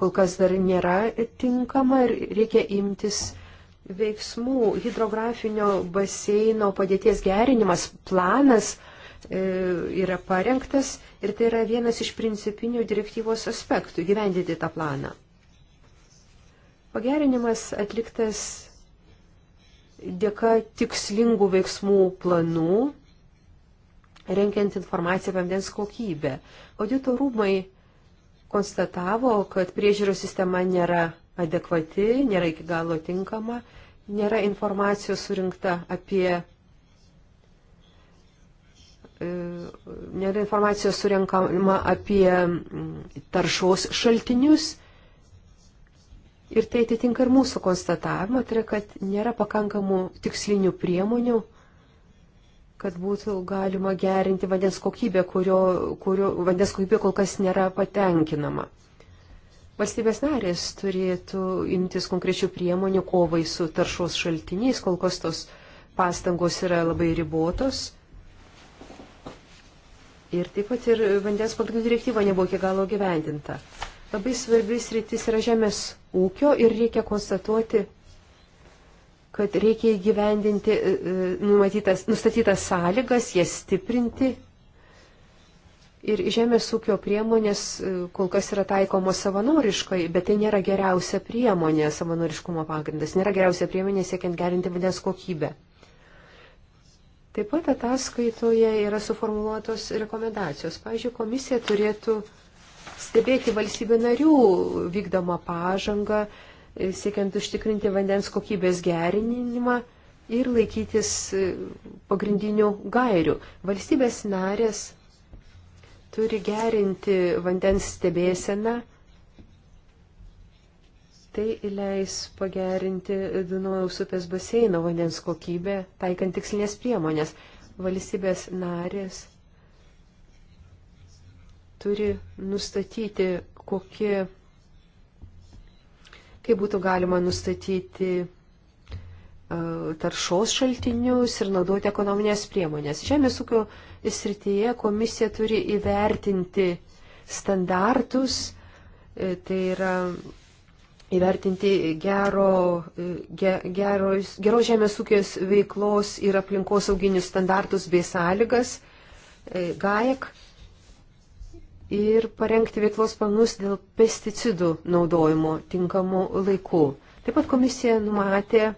kol kas dar nėra tinkama ir reikia imtis veiksmų. Hidrografinio baseino padėties gerinimas, planas e, yra parengtas ir tai yra vienas iš principinių direktyvos aspektų gyvendyti tą planą. Pagerinimas atliktas dėka tikslingų veiksmų planų, renkiant informaciją apie vandens kokybę. Audito rūmai konstatavo, kad priežiūros sistema nėra adekvati, nėra iki galo tinkama, nėra informacijos surinkta apie e, nėra informacijos surinkama apie mm, taršos šaltinius. Ir tai atitinka ir mūsų konstatavimą, tai yra, kad nėra pakankamų tikslinių priemonių kad būtų galima gerinti vandens kokybę, kurio, kurio vandens kokybė kol kas nėra patenkinama. Valstybės narės turėtų imtis konkrečių priemonių kovai su taršos šaltiniais, kol kas tos pastangos yra labai ribotos. Ir taip pat ir vandens pagrindų direktyva nebuvo iki galo gyvendinta. Labai svarbis rytis yra žemės ūkio ir reikia konstatuoti, kad reikia įgyvendinti e, e, nustatytas sąlygas, jas stiprinti. Ir žemės ūkio priemonės e, kol kas yra taikomos savanoriškai, bet tai nėra geriausia priemonė, savanoriškumo pagrindas, nėra geriausia priemonė siekiant gerinti vandens kokybę. Taip pat ataskaitoje yra suformuoluotos rekomendacijos. Pavyzdžiui, komisija turėtų stebėti valstybių narių vykdomą pažangą, siekiant užtikrinti vandens kokybės gerinimą ir laikytis e, pagrindinių gairių. Valstybės narės turi gerinti vandens stebėseną. Tai leis pagerinti Dunojaus upės baseino vandens kokybę, taikant tikslinės priemonės. Valstybės narės turi nustatyti, kokie kaip būtų galima nustatyti e, taršos šaltinius ir naudoti ekonominės priemonės. Žemės ūkio srityje komisija turi įvertinti standartus, e, tai yra įvertinti gero, e, ge, geros, geros žemės ūkės veiklos ir aplinkosauginius standartus bei sąlygas. GAEK ir parengti veiklos planus dėl pesticidų naudojimo tinkamų laikų. Taip pat komisija numatė e,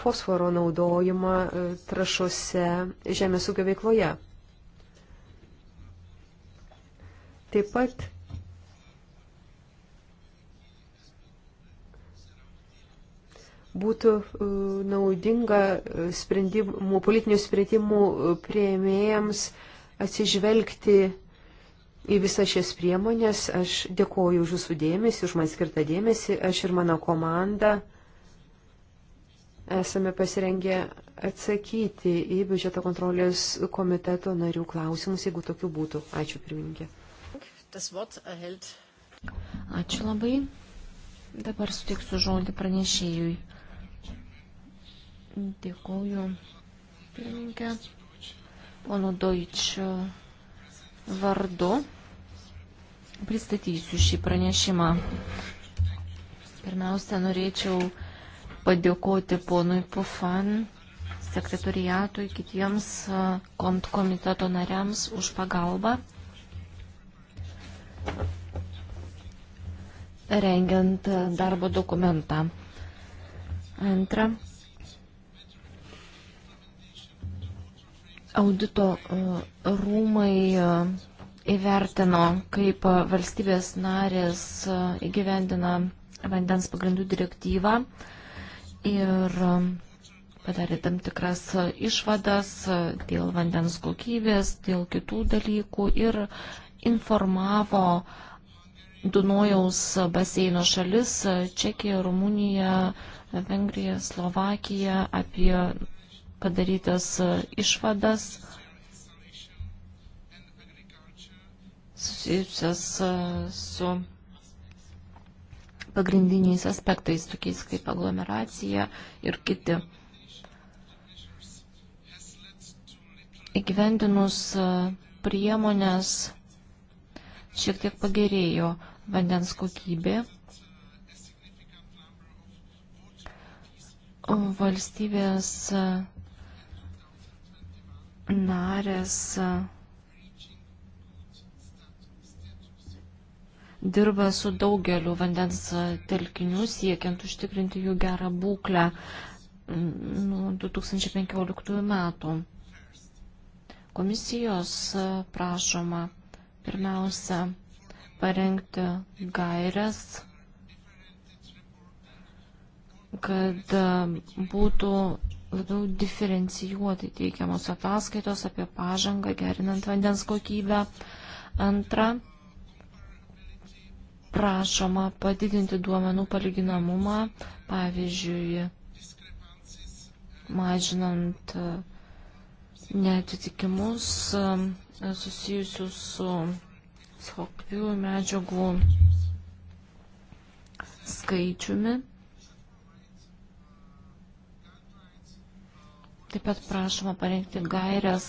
fosforo naudojimą e, trašose žemės ūkio veikloje. Taip pat būtų e, naudinga e, sprendimų, politinių sprendimų e, prieimėjams atsižvelgti į visas šias priemonės. Aš dėkoju už jūsų dėmesį, už man skirtą dėmesį. Aš ir mano komanda esame pasirengę atsakyti į biudžeto kontrolės komiteto narių klausimus, jeigu tokių būtų. Ačiū, pirmininkė. Ačiū labai. Dabar suteiksiu žodį pranešėjui. Dėkuoju pirmininkė pono Deutsche vardu. Pristatysiu šį pranešimą. Pirmiausia, norėčiau padėkoti ponui Pufan, sekretoriatui, kitiems kont komiteto nariams už pagalbą. Rengiant darbo dokumentą. Antra, Audito e, rūmai e, įvertino, kaip valstybės narės e, įgyvendina vandens pagrindų direktyvą ir padarė tam tikras išvadas dėl vandens kokybės, dėl kitų dalykų ir informavo Dunojaus baseino šalis Čekija, Rumunija, Vengrija, Slovakija apie padarytas e, išvadas susijusias e, su pagrindiniais aspektais, tokiais kaip aglomeracija ir kiti. Įgyvendinus e, priemonės šiek tiek pagerėjo vandens kokybė. Valstybės narės dirba su daugeliu vandens telkinių siekiant užtikrinti jų gerą būklę nuo 2015 metų. Komisijos prašoma pirmiausia parengti gairias, kad būtų labiau diferencijuotai teikiamos ataskaitos apie pažangą gerinant vandens kokybę. Antra, prašoma padidinti duomenų palyginamumą, pavyzdžiui, mažinant uh, netitikimus uh, susijusius su schokvių medžiagų skaičiumi. Taip pat prašoma parengti gairias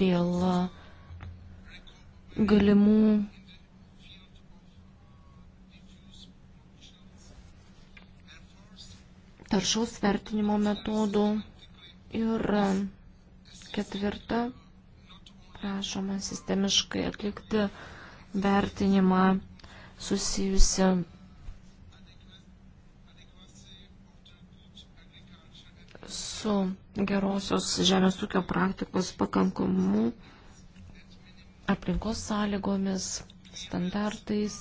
dėl galimų taršaus vertinimo metodų ir ketvirta prašoma sistemiškai atlikti vertinimą susijusi su gerosios žemės ūkio praktikos pakankamumu, aplinkos sąlygomis, standartais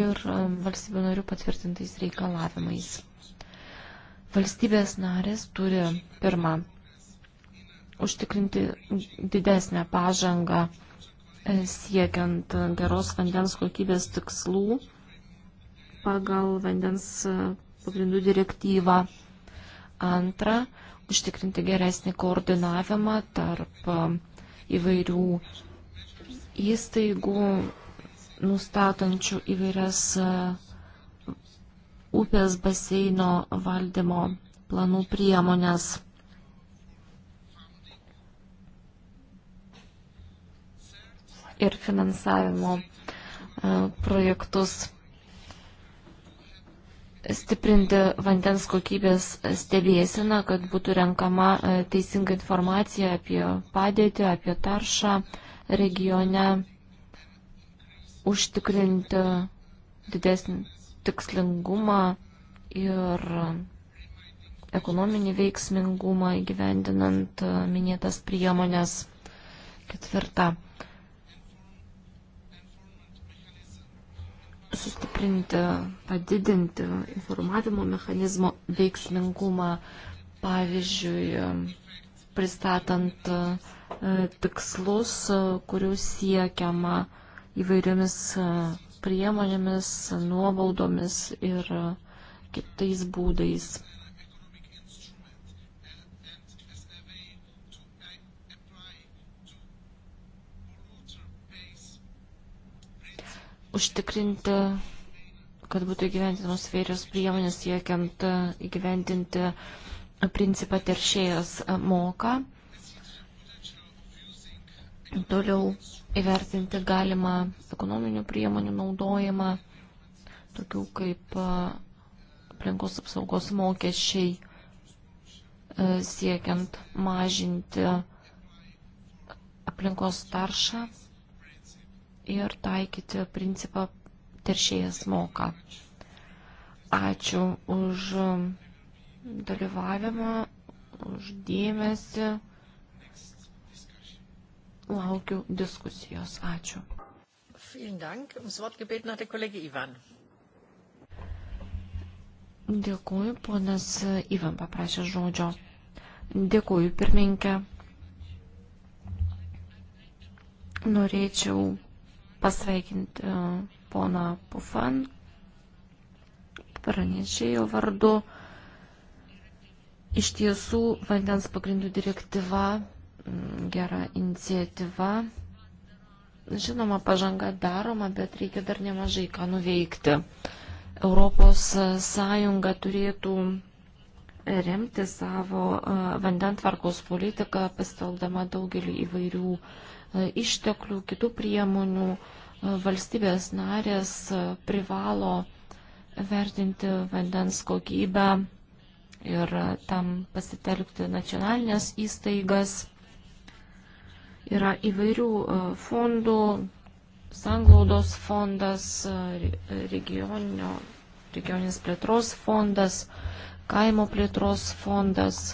ir e, valstybių narių patvirtintais reikalavimais. Valstybės narės turi pirmą užtikrinti didesnę pažangą e, siekiant geros vandens kokybės tikslų pagal vandens pagrindų direktyvą. Antra, užtikrinti geresnį koordinavimą tarp įvairių įstaigų, nustatančių įvairias upės baseino valdymo planų priemonės. ir finansavimo projektus stiprinti vandens kokybės stebėseną, kad būtų renkama e, teisinga informacija apie padėtį, apie taršą regione, užtikrinti didesnį tikslingumą ir ekonominį veiksmingumą įgyvendinant e, minėtas priemonės. Ketvirta. sustiprinti, padidinti informavimo mechanizmo veiksmingumą, pavyzdžiui, pristatant e, tikslus, e, kurių siekiama įvairiomis e, priemonėmis, nuobaudomis ir kitais būdais. užtikrinti, kad būtų įgyventinamos vėrios priemonės siekiant e, įgyventinti principą teršėjas e, moka. Toliau įvertinti galima ekonominių priemonių naudojimą, tokių kaip e, aplinkos apsaugos mokesčiai, siekiant mažinti aplinkos taršą ir taikyti principą teršėjas moka. Ačiū už dalyvavimą, už dėmesį. Laukiu diskusijos. Ačiū. Um Dėkuoju, ponas Ivan paprašė žodžio. Dėkuoju, pirmininkė. Norėčiau pasveikinti e, poną Pufan pranešėjo vardu. Iš tiesų, vandens pagrindų direktyva gera iniciatyva. Žinoma, pažanga daroma, bet reikia dar nemažai ką nuveikti. Europos Sąjunga turėtų remti savo e, vandentvarkos politiką, pasitelkdama daugelį įvairių uh, E, išteklių, kitų priemonių e, valstybės narės e, privalo vertinti vandens kokybę ir tam pasitelkti nacionalinės įstaigas. Yra įvairių fondų, sanglaudos fondas, regioninio, regioninės plėtros fondas, kaimo plėtros fondas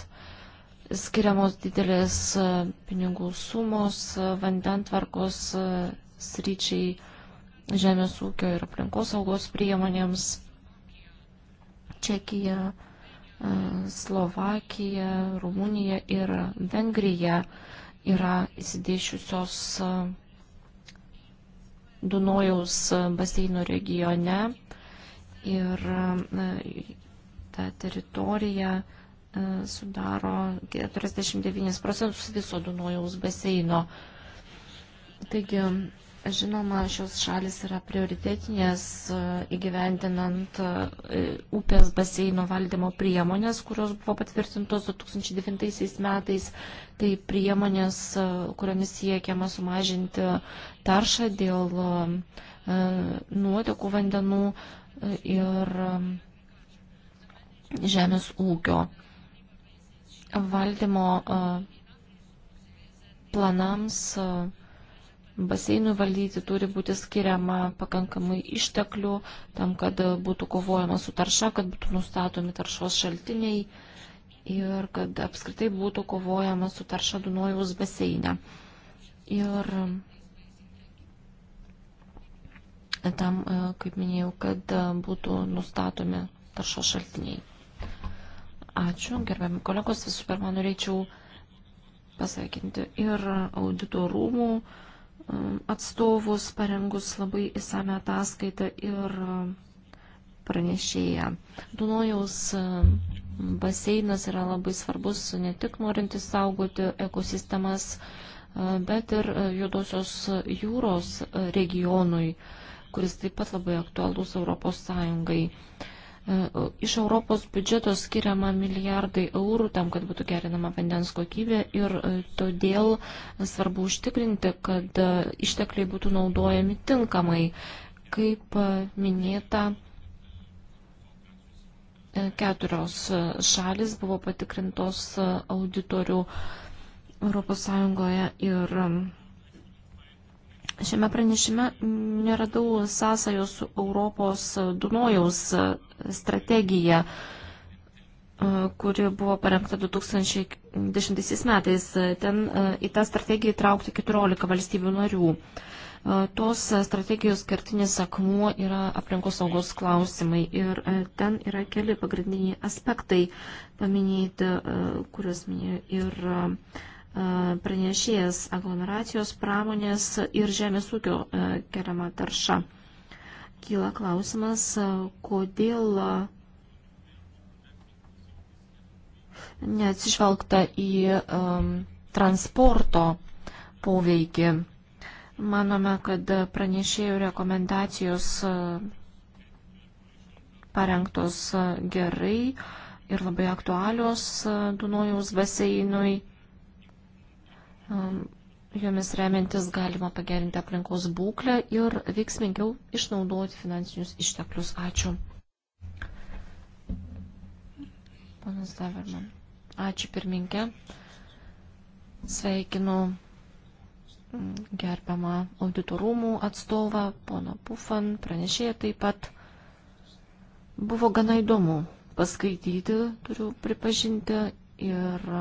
skiriamos didelės e, pinigų sumos e, vandentvarkos e, sryčiai, žemės ūkio ir aplinkosaugos priemonėms. Čekija, Slovakija, Rumunija ir Vengrija yra įsidėšiusios Dunojaus baseino regione ir ta teritorija E, sudaro 49 procentus viso Dunojaus baseino. Taigi, žinoma, šios šalis yra prioritetinės e, įgyvendinant e, upės baseino valdymo priemonės, kurios buvo patvirtintos 2009 metais. Tai priemonės, kuriomis siekiama sumažinti taršą dėl nuotekų vandenų ir žemės ūkio valdymo planams baseinų valdyti turi būti skiriama pakankamai išteklių tam, kad būtų kovojama su tarša, kad būtų nustatomi taršos šaltiniai ir kad apskritai būtų kovojama su tarša Dunojaus baseinė. Ir tam, kaip minėjau, kad būtų nustatomi taršos šaltiniai. Ačiū, gerbiami kolegos. Visų pirma, norėčiau pasveikinti ir audito rūmų um, atstovus, parengus labai įsame ataskaitą ir um, pranešėją. Dunojaus um, baseinas yra labai svarbus ne tik norint įsaugoti ekosistemas, bet ir uh, Judosios jūros regionui, kuris taip pat labai aktualus Europos Sąjungai. E, iš Europos biudžeto skiriama milijardai eurų tam, kad būtų gerinama vandens kokybė ir e, todėl svarbu užtikrinti, kad e, ištekliai būtų naudojami tinkamai. Kaip minėta, keturios šalis buvo patikrintos auditorių Europos Sąjungoje ir Šiame pranešime neradau sąsajos su Europos Dunojaus strategija, kuri buvo parengta 2010 metais. Ten e, į tą strategiją įtraukti 14 valstybių narių. E, tos strategijos kertinis akmuo yra aplinkos saugos klausimai ir e, ten yra keli pagrindiniai aspektai paminėti, kuriuos minėjo ir pranešėjas aglomeracijos pramonės ir žemės ūkio keliama tarša. Kyla klausimas, kodėl neatsižvelgta į um, transporto poveikį. Manome, kad pranešėjų rekomendacijos parengtos gerai ir labai aktualios Dunojaus baseinui. Jomis remiantis galima pagerinti aplinkos būklę ir veiksmingiau išnaudoti finansinius išteklius. Ačiū. Ponas Daverman. Ačiū pirminkė. Sveikinu gerbiamą auditorumų atstovą, pono Pufan, pranešėją taip pat. Buvo gana įdomu paskaityti, turiu pripažinti, ir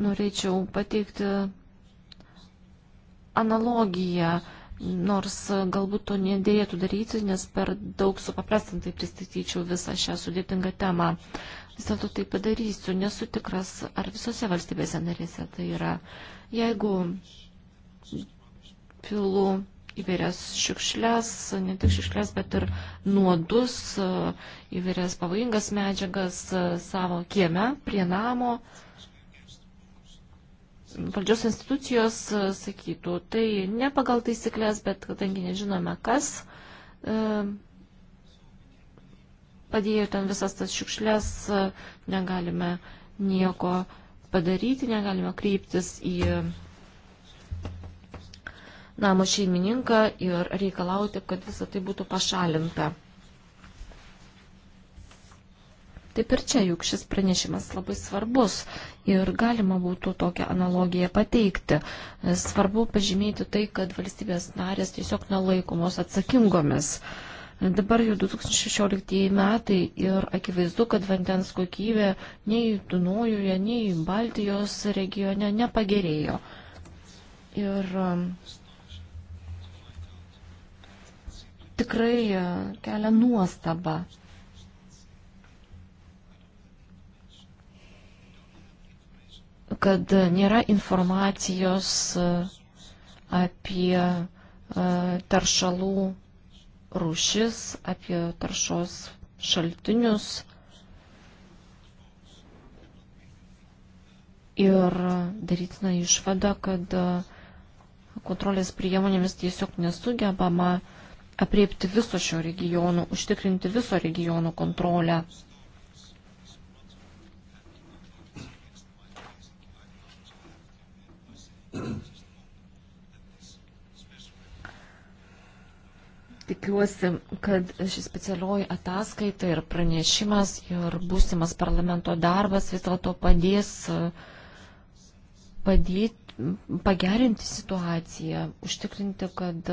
norėčiau pateikti analogiją, nors galbūt to nedėlėtų daryti, nes per daug supaprastintai pristatyčiau visą šią sudėtingą temą. Vis dėlto tai padarysiu, nesu tikras, ar visose valstybėse narėse tai yra. Jeigu pilu įvairias šiukšlės, ne tik šiukšlės, bet ir nuodus, įvairias pavojingas medžiagas savo kieme, prie namo, valdžios institucijos e, sakytų, tai ne pagal taisyklės, bet kadangi nežinome, kas e, padėjo ten visas tas šiukšlės, e, negalime nieko padaryti, negalime kryptis į namo šeimininką ir reikalauti, kad visa tai būtų pašalinta. Taip ir čia juk šis pranešimas labai svarbus ir galima būtų tokią analogiją pateikti. Svarbu pažymėti tai, kad valstybės narės tiesiog nelaikomos atsakingomis. Dabar jau 2016 metai ir akivaizdu, kad vandens kokybė nei Dunojuje, nei Baltijos regione nepagerėjo. Ir um, tikrai uh, kelia nuostaba. kad nėra informacijos e, apie e, taršalų rūšis, apie taršos šaltinius. Ir darytina išvada, kad e, kontrolės priemonėmis tiesiog nesugebama apriepti viso šio regiono, užtikrinti viso regiono kontrolę. Tikiuosi, kad ši specialioji ataskaita ir pranešimas ir būsimas parlamento darbas vis dėlto padės padėti, pagerinti situaciją, užtikrinti, kad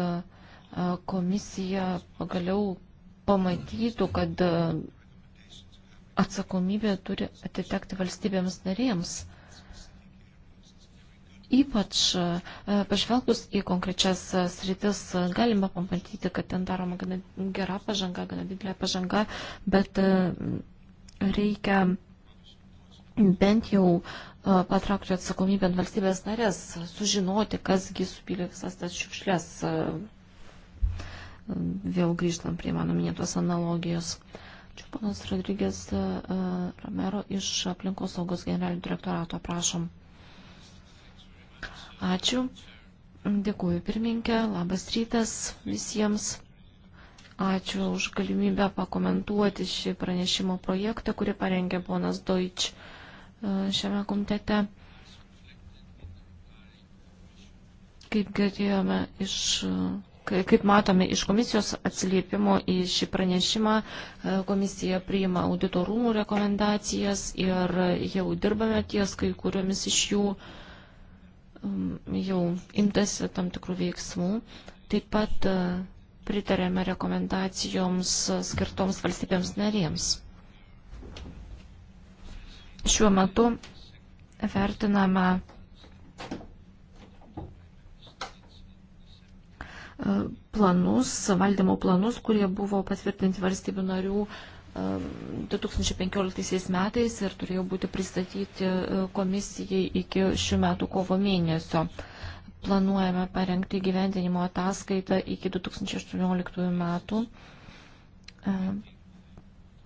komisija pagaliau pamatytų, kad atsakomybė turi atitekti valstybėms narėms. Ypač e, pažvelgus į konkrečias e, sritis e, galima pamatyti, kad ten daroma gana gera pažanga, gana didelė pažanga, bet reikia bent jau patraukti atsakomybę ant valstybės narės, sužinoti, kasgi supylė visas tas šiukšlės. Vėl grįžtam prie mano minėtos analogijos. Čia ponas Rodrygės Romero iš aplinkos saugos generalinio direktorato, prašom. Ačiū. Dėkuoju pirminkė, labas rytas visiems. Ačiū už galimybę pakomentuoti šį pranešimo projektą, kurį parengė ponas Deutsch e, šiame komitete. Kaip girdėjome iš, e, kaip matome iš komisijos atsiliepimo į šį pranešimą, e, komisija priima auditorumų rekomendacijas ir jau dirbame ties kai kuriomis iš jų. Uh, Um, jau imtasi tam tikrų veiksmų. Taip pat uh, pritarėme rekomendacijoms uh, skirtoms valstybėms narėms. Šiuo metu vertiname uh, planus, valdymo planus, kurie buvo patvirtinti valstybių narių 2015 metais ir turėjo būti pristatyti e, komisijai iki šių metų kovo mėnesio. Planuojame parengti gyvendinimo ataskaitą iki 2018 metų e,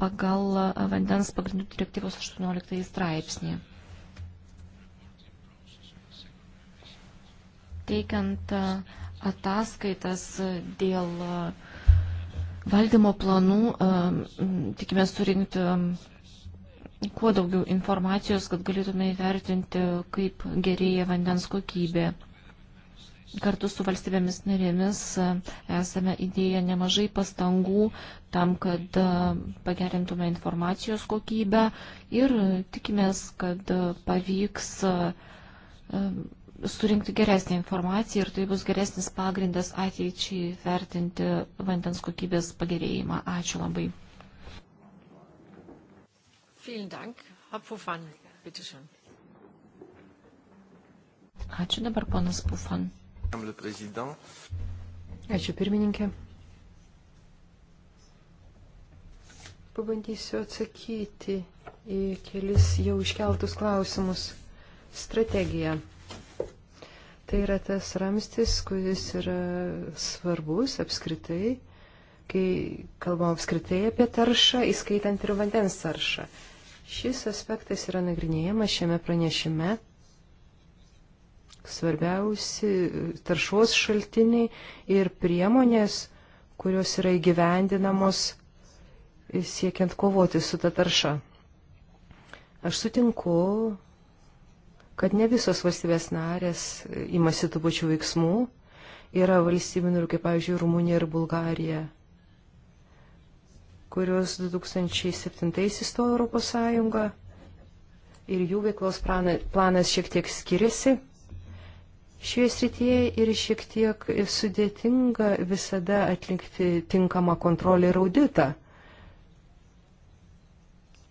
pagal vandens pagrindų direktyvos 18 straipsnį. Teikiant e, ataskaitas dėl uh, valdymo planų tikime surinkti kuo daugiau informacijos, kad galėtume įvertinti, kaip gerėja vandens kokybė. Kartu su valstybėmis narėmis esame įdėję nemažai pastangų tam, kad pagerintume informacijos kokybę ir tikimės, kad pavyks surinkti geresnį informaciją ir tai bus geresnis pagrindas ateičiai vertinti vandens kokybės pagerėjimą. Ačiū labai. Ačiū dabar ponas Pufan. Ačiū pirmininkė. Pabandysiu atsakyti į kelis jau iškeltus klausimus. Strategija. Tai yra tas ramstis, kuris yra svarbus apskritai, kai kalbam apskritai apie taršą, įskaitant ir vandens taršą. Šis aspektas yra nagrinėjamas šiame pranešime. Svarbiausi taršos šaltiniai ir priemonės, kurios yra įgyvendinamos siekiant kovoti su ta tarša. Aš sutinku kad ne visos valstybės narės imasi tų pačių veiksmų. Yra valstybių narių, kaip pavyzdžiui, Rumunija ir Bulgarija, kurios 2007 įstojo Europos Sąjungą ir jų veiklos planas šiek tiek skiriasi. Šioje srityje ir šiek tiek sudėtinga visada atlikti tinkamą kontrolę ir auditą.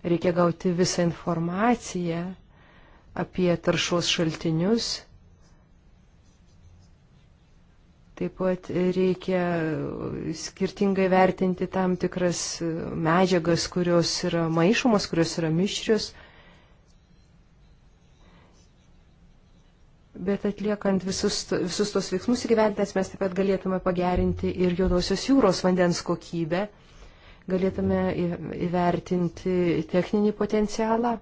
Reikia gauti visą informaciją apie taršos šaltinius. Taip pat reikia skirtingai vertinti tam tikras medžiagas, kurios yra maišomos, kurios yra mišrios. Bet atliekant visus, visus tos veiksmus įgyventinės, mes taip pat galėtume pagerinti ir juodosios jūros vandens kokybę, galėtume įvertinti techninį potencialą.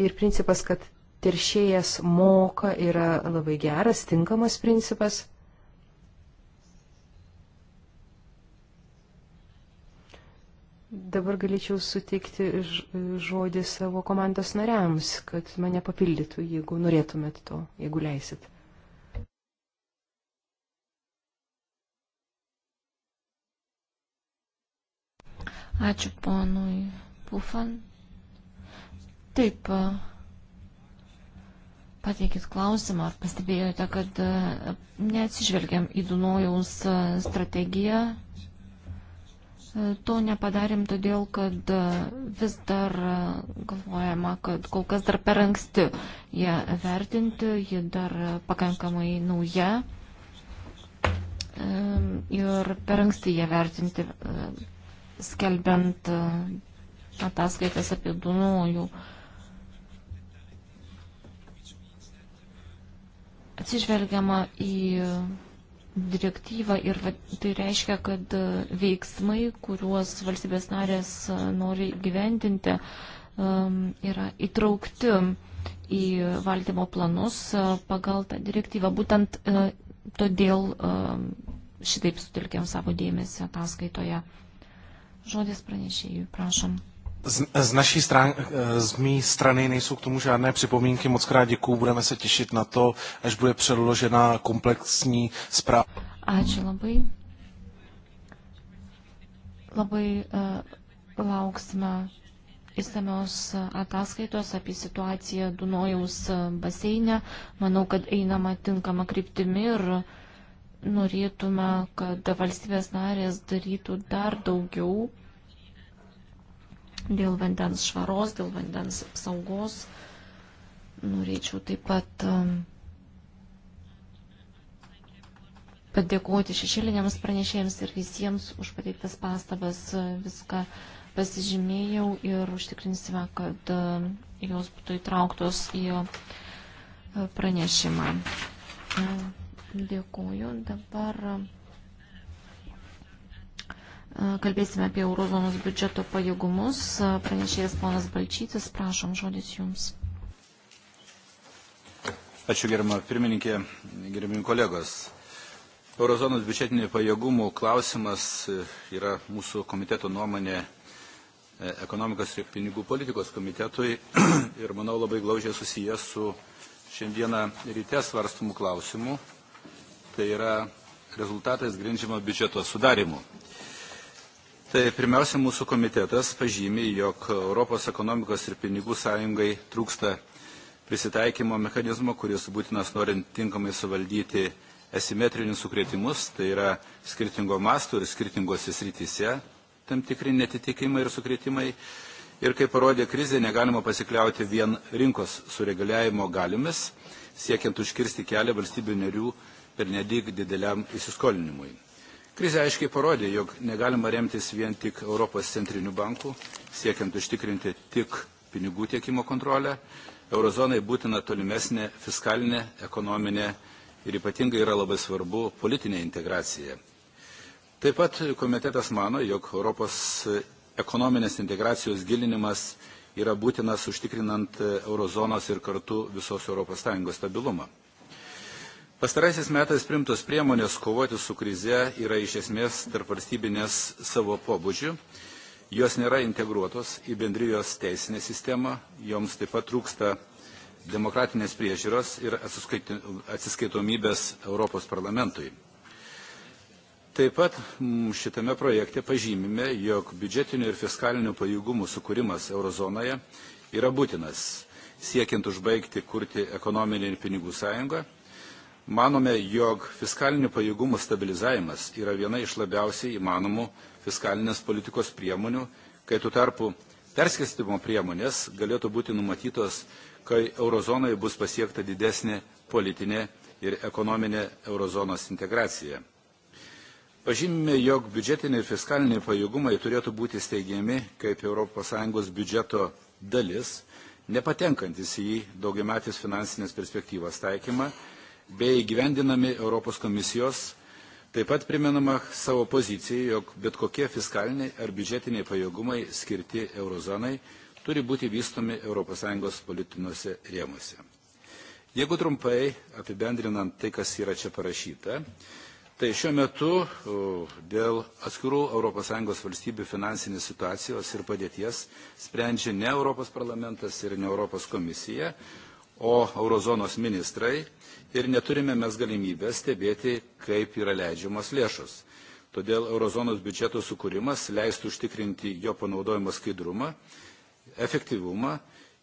Ir principas, kad teršėjas moka yra labai geras, tinkamas principas. Dabar galėčiau suteikti žodį savo komandos nariams, kad mane papildytų, jeigu norėtumėt to, jeigu leisit. Ačiū ponui Pufan. Taip, pateikit klausimą, ar pastebėjote, kad e, neatsižvelgiam į Dunojaus e, strategiją. E, to nepadarėm todėl, kad vis dar galvojama, kad kol kas dar per anksti ją vertinti, ji dar pakankamai nauja ir per anksti ją vertinti, skelbiant ataskaitas apie Dunojų. Nu, atsižvelgiama į direktyvą ir tai reiškia, kad e, veiksmai, kuriuos valstybės narės e, nori gyvendinti, yra įtraukti į valdymo planus e, pagal tą direktyvą. Būtent todėl šitaip sutelkėm savo dėmesį ataskaitoje. Žodis pranešėjų, prašom. Z, z naší strán, z mý strany nejsou k tomu žádné připomínky. Moc krát děkuju, budeme se těšit na to, až bude předložena komplexní zpráva. Ačiū labai. Labai uh, eh, lauksime įsamios ataskaitos eh, apie situaciją Dunojaus eh, baseinė. Manau, kad einama tinkama kryptimi ir norėtume, kad valstybės narės darytų dar daugiau dėl vandens švaros, dėl vandens apsaugos. Norėčiau taip pat um, padėkoti šešėliniams pranešėjams ir visiems už pateiktas pastabas. Viską pasižymėjau ir užtikrinsime, kad um, jos būtų įtrauktos į uh, pranešimą. Dėkuoju. Dabar um, Kalbėsime apie eurozonos biudžeto pajėgumus. Pranešėjas ponas Balčytis, prašom žodis jums. Ačiū gerima pirmininkė, gerimi kolegos. Eurozonos biudžetinių pajėgumų klausimas e, yra mūsų komiteto nuomonė e, ekonomikos ir pinigų politikos komitetui *clears throat* ir manau labai glaužiai susijęs su šiandieną ryte svarstumų klausimų. Tai yra rezultatais grindžiamo biudžeto sudarimu. Tai pirmiausia, mūsų komitetas pažymi, jog Europos ekonomikos ir pinigų sąjungai trūksta prisitaikymo mechanizmo, kuris būtinas norint tinkamai suvaldyti asimetrinius sukretimus, tai yra skirtingo masto ir skirtingose srityse tam tikri netitikimai ir sukretimai. Ir kaip parodė krizė, negalima pasikliauti vien rinkos sureguliavimo galimis, siekiant užkirsti kelią valstybių narių per nedik dideliam įsiskolinimui. Krizė aiškiai parodė, jog negalima remtis vien tik Europos centrinių bankų, siekiant užtikrinti tik pinigų tiekimo kontrolę. Eurozonai būtina tolimesnė fiskalinė, ekonominė ir ypatingai yra labai svarbu politinė integracija. Taip pat komitetas mano, jog Europos ekonominės integracijos gilinimas yra būtinas užtikrinant eurozonos ir kartu visos ES stabilumą. Pastaraisiais metais primtos priemonės kovoti su krize yra iš esmės tarp valstybinės savo pobūdžių. Jos nėra integruotos į bendrijos teisinę sistemą, joms taip pat trūksta demokratinės priežiūros ir atsiskaitomybės Europos parlamentui. Taip pat mm, šitame projekte pažymime, jog biudžetinių ir fiskalinių pajėgumų sukūrimas eurozonoje yra būtinas, siekiant užbaigti kurti ekonominį ir pinigų sąjungą Manome, jog fiskalinių pajėgumų stabilizavimas yra viena iš labiausiai įmanomų fiskalinės politikos priemonių, kai tu tarpu perskistimo priemonės galėtų būti numatytos, kai eurozonoje bus pasiekta didesnė politinė ir ekonominė eurozonos integracija. Pažymime, jog biudžetiniai ir fiskaliniai pajėgumai turėtų būti steigiami kaip ES biudžeto dalis, nepatenkantis į jį daugiametės finansinės perspektyvos taikymą bei gyvendinami Europos komisijos. Taip pat primenama savo pozicijai, jog bet kokie fiskaliniai ar biudžetiniai pajėgumai skirti eurozonai turi būti vystomi ES politiniuose rėmuose. Jeigu trumpai apibendrinant tai, kas yra čia parašyta, Tai šiuo metu dėl atskirų ES valstybių finansinės situacijos ir padėties sprendžia ne Europos parlamentas ir ne Europos komisija, o eurozonos ministrai ir neturime mes galimybę stebėti, kaip yra leidžiamos lėšos. Todėl eurozonos biudžeto sukūrimas leistų užtikrinti jo panaudojimo skaidrumą, efektyvumą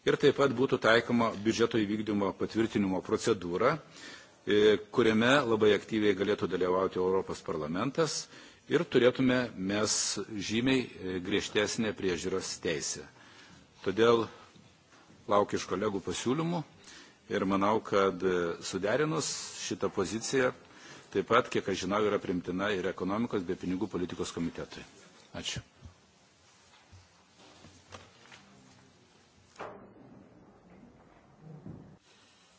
ir taip pat būtų taikoma biudžeto įvykdymo patvirtinimo procedūra, e, kuriame labai aktyviai galėtų dalyvauti Europos parlamentas ir turėtume mes žymiai e, griežtesnę priežiūros teisę. Todėl laukiu iš kolegų pasiūlymų ir manau, kad e, suderinus šitą poziciją taip pat, kiek aš žinau, yra primtina ir ekonomikos bei pinigų politikos komitetui. Ačiū.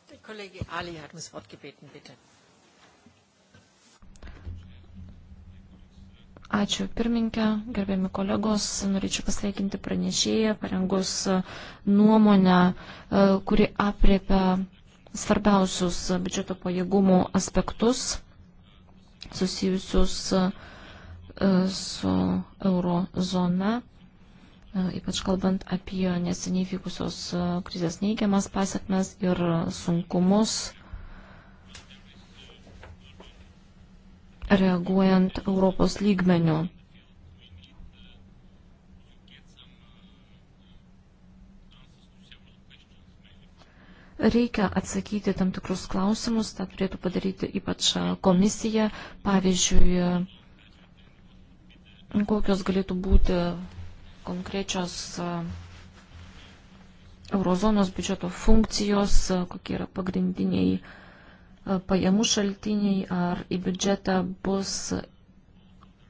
Der Kollege Ali hat ums Wort gebeten, bitte. Ačiū pirmininkė, gerbėmi kolegos, norėčiau pasveikinti pranešėją, parengus nuomonę, e, kuri apriepia svarbiausius biudžeto pajėgumų aspektus susijusius e, su eurozona, e, ypač kalbant apie neseniai vykusios krizės neigiamas pasiekmes ir sunkumus reaguojant Europos lygmeniu. Reikia atsakyti tam tikrus klausimus, tą turėtų padaryti ypač komisija. Pavyzdžiui, kokios galėtų būti konkrečios eurozonos biudžeto funkcijos, kokie yra pagrindiniai uh, pajamų šaltiniai, ar į biudžetą bus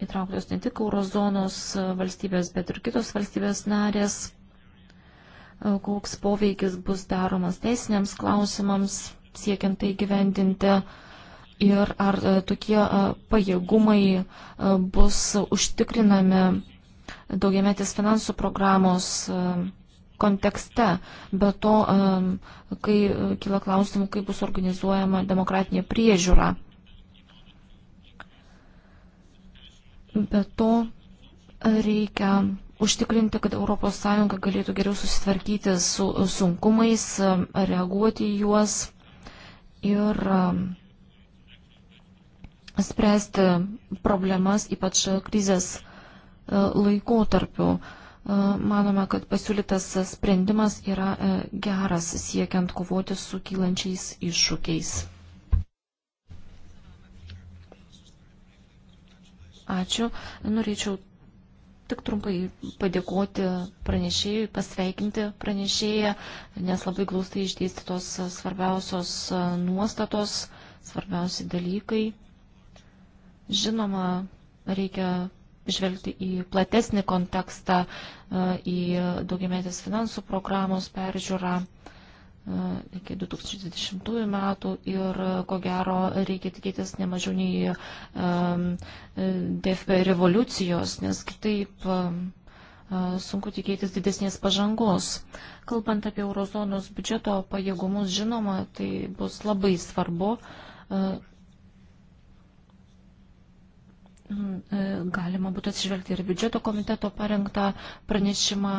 įtrauktos ne tik eurozonos valstybės, bet ir kitos valstybės narės, koks poveikis bus daromas teisiniams klausimams, siekiant tai gyvendinti ir ar e, tokie e, pajėgumai e, bus užtikrinami daugiametės finansų programos kontekste. Be to, kai kyla klausimų, kaip bus organizuojama demokratinė priežiūra. Be to, reikia užtikrinti, kad ES galėtų geriau susitvarkyti su sunkumais, reaguoti į juos ir spręsti problemas, ypač krizės e, laikotarpiu. Manome, kad pasiūlytas sprendimas yra e, geras siekiant kovoti su kylančiais iššūkiais. Ačiū. Norėčiau tik trumpai padėkoti pranešėjui, pasveikinti pranešėją, nes labai glaustai išdėstytos svarbiausios nuostatos, svarbiausi dalykai. Žinoma, reikia žvelgti į platesnį kontekstą, e, į daugiametės finansų programos peržiūrą e, iki 2020 metų ir e, ko gero reikia tikėtis nemažiau nei DFP revoliucijos, nes kitaip sunku tikėtis didesnės pažangos. Kalbant apie eurozonos biudžeto pajėgumus, žinoma, tai bus labai svarbu Mm, e, galima būtų atsižvelgti ir biudžeto komiteto parengtą pranešimą.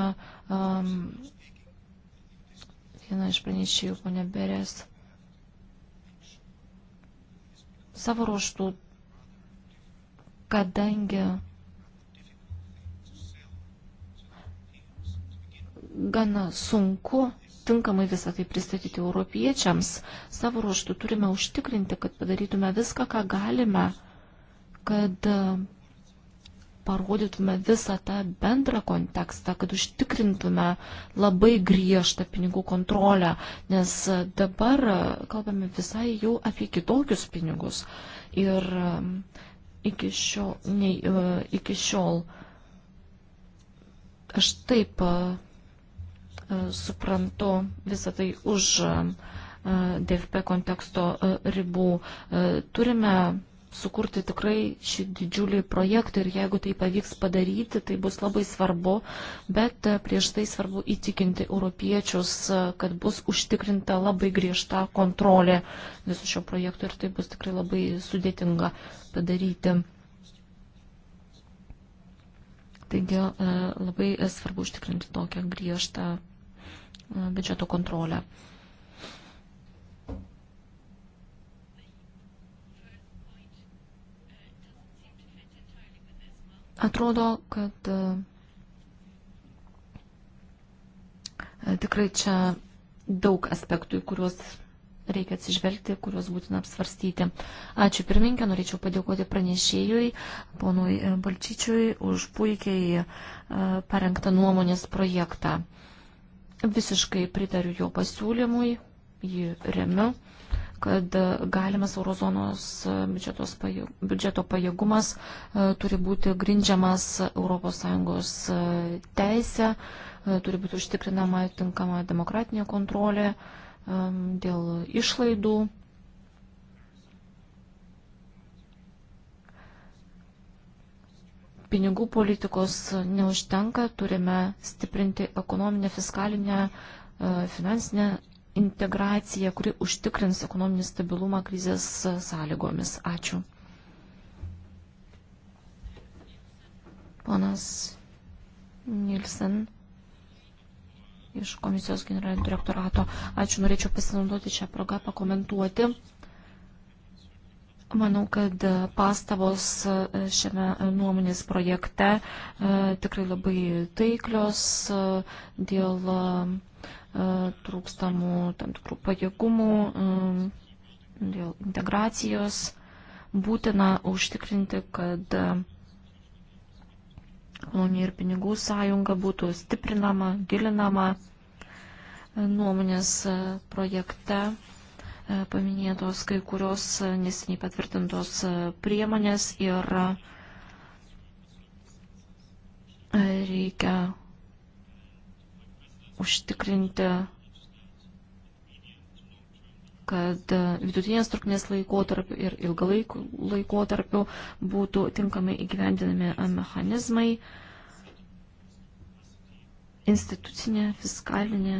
Viena iš pranešėjų, ponė Berės, savo ruoštų, kadangi gana sunku tinkamai visą tai pristatyti europiečiams, savo ruoštų turime užtikrinti, kad padarytume viską, ką galime kad e, parodytume visą tą bendrą kontekstą, kad užtikrintume labai griežtą pinigų kontrolę, nes e, dabar e, kalbame visai jau apie kitokius pinigus. Ir iki šiol, nei, iki šiol aš taip suprantu visą tai už DFP konteksto ribų. Turime sukurti tikrai šį didžiulį projektą ir jeigu tai pavyks padaryti, tai bus labai svarbu, bet e, prieš tai svarbu įtikinti europiečius, e, kad bus užtikrinta labai griežta kontrolė viso šio projekto ir tai bus tikrai labai sudėtinga padaryti. Taigi e, labai svarbu užtikrinti tokią griežtą biudžeto kontrolę. Atrodo, kad e, tikrai čia daug aspektų, į kuriuos reikia atsižvelgti, kuriuos būtina apsvarstyti. Ačiū pirminkė, norėčiau padėkoti pranešėjui, ponui e, Balčyčiui, už puikiai e, parengtą nuomonės projektą. Visiškai pritariu jo pasiūlymui, jį remiu kad galimas eurozonos pajėg, biudžeto pajėgumas e, turi būti grindžiamas ES teisė, e, turi būti užtikrinama tinkama demokratinė kontrolė e, dėl išlaidų. Pinigų politikos neužtenka, turime stiprinti ekonominę, fiskalinę, finansinę integracija, kuri užtikrins ekonominį stabilumą krizės sąlygomis. Ačiū. Ponas Nilsen iš Komisijos generalinio direktorato. Ačiū, norėčiau pasinaudoti šią progą pakomentuoti. Manau, kad pastabos šiame nuomonės projekte e, tikrai labai taiklios e, dėl E, trūkstamų tam tikrų pajėgumų, e, dėl integracijos būtina užtikrinti, kad kolonijų ir pinigų sąjunga būtų stiprinama, gilinama nuomonės projekte e, paminėtos kai kurios nesiniai patvirtintos priemonės ir reikia užtikrinti, kad vidutinės trukmės laikotarpiu ir ilgalaikų laikotarpiu būtų tinkamai įgyvendinami mechanizmai, institucinė, fiskalinė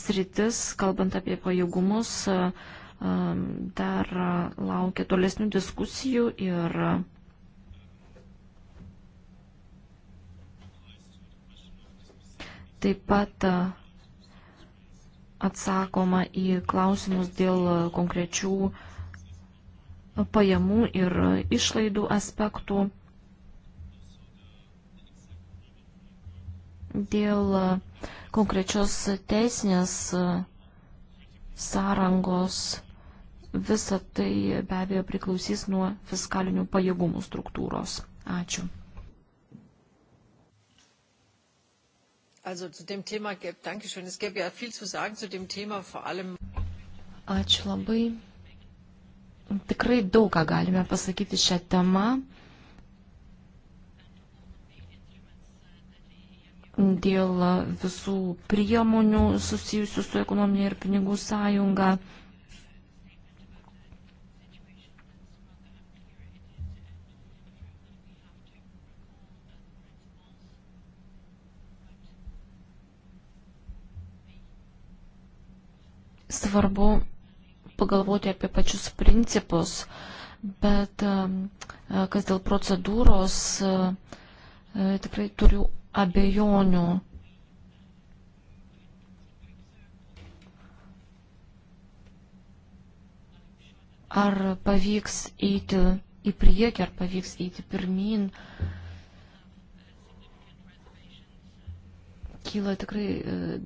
sritis, kalbant apie pajėgumus, dar laukia tolesnių diskusijų ir Taip pat e, atsakoma į klausimus dėl konkrečių pajamų ir išlaidų aspektų. Dėl konkrečios teisinės sąrangos visa tai be abejo priklausys nuo fiskalinių pajėgumų struktūros. Ačiū. Also zu dem Thema, Dankeschön, es gäbe ja viel zu sagen zu dem Thema, vor allem. Ačiū labai. Tikrai daug ką galime pasakyti šią temą. Dėl visų priemonių susijusių su ekonominė ir pinigų sąjunga. svarbu pagalvoti apie pačius principus, bet e, kas dėl procedūros, e, e, tikrai turiu abejonių. Ar pavyks eiti į priekį, ar pavyks eiti pirmin. Kyla tikrai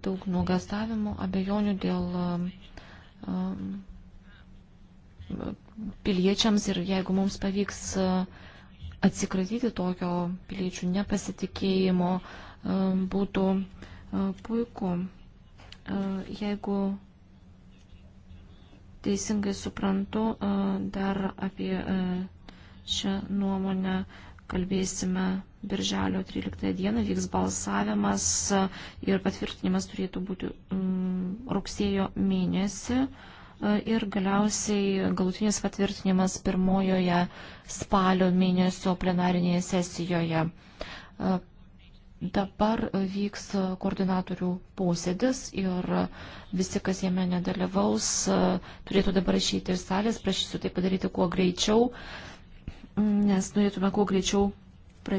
daug nuogastavimų, abejonių dėl uh, piliečiams ir jeigu mums pavyks e, atsikratyti tokio piliečių nepasitikėjimo, e, būtų e, puiku. Jeigu teisingai suprantu, dar apie šią nuomonę kalbėsime Birželio 13 dieną vyks balsavimas ir patvirtinimas turėtų būti mm, rugsėjo mėnesį ir galiausiai galutinis patvirtinimas pirmojoje spalio mėnesio plenarinėje sesijoje. Dabar vyks koordinatorių posėdis ir visi, kas jame nedalyvaus, turėtų dabar išeiti iš salės, prašysiu tai padaryti kuo greičiau, nes norėtume kuo greičiau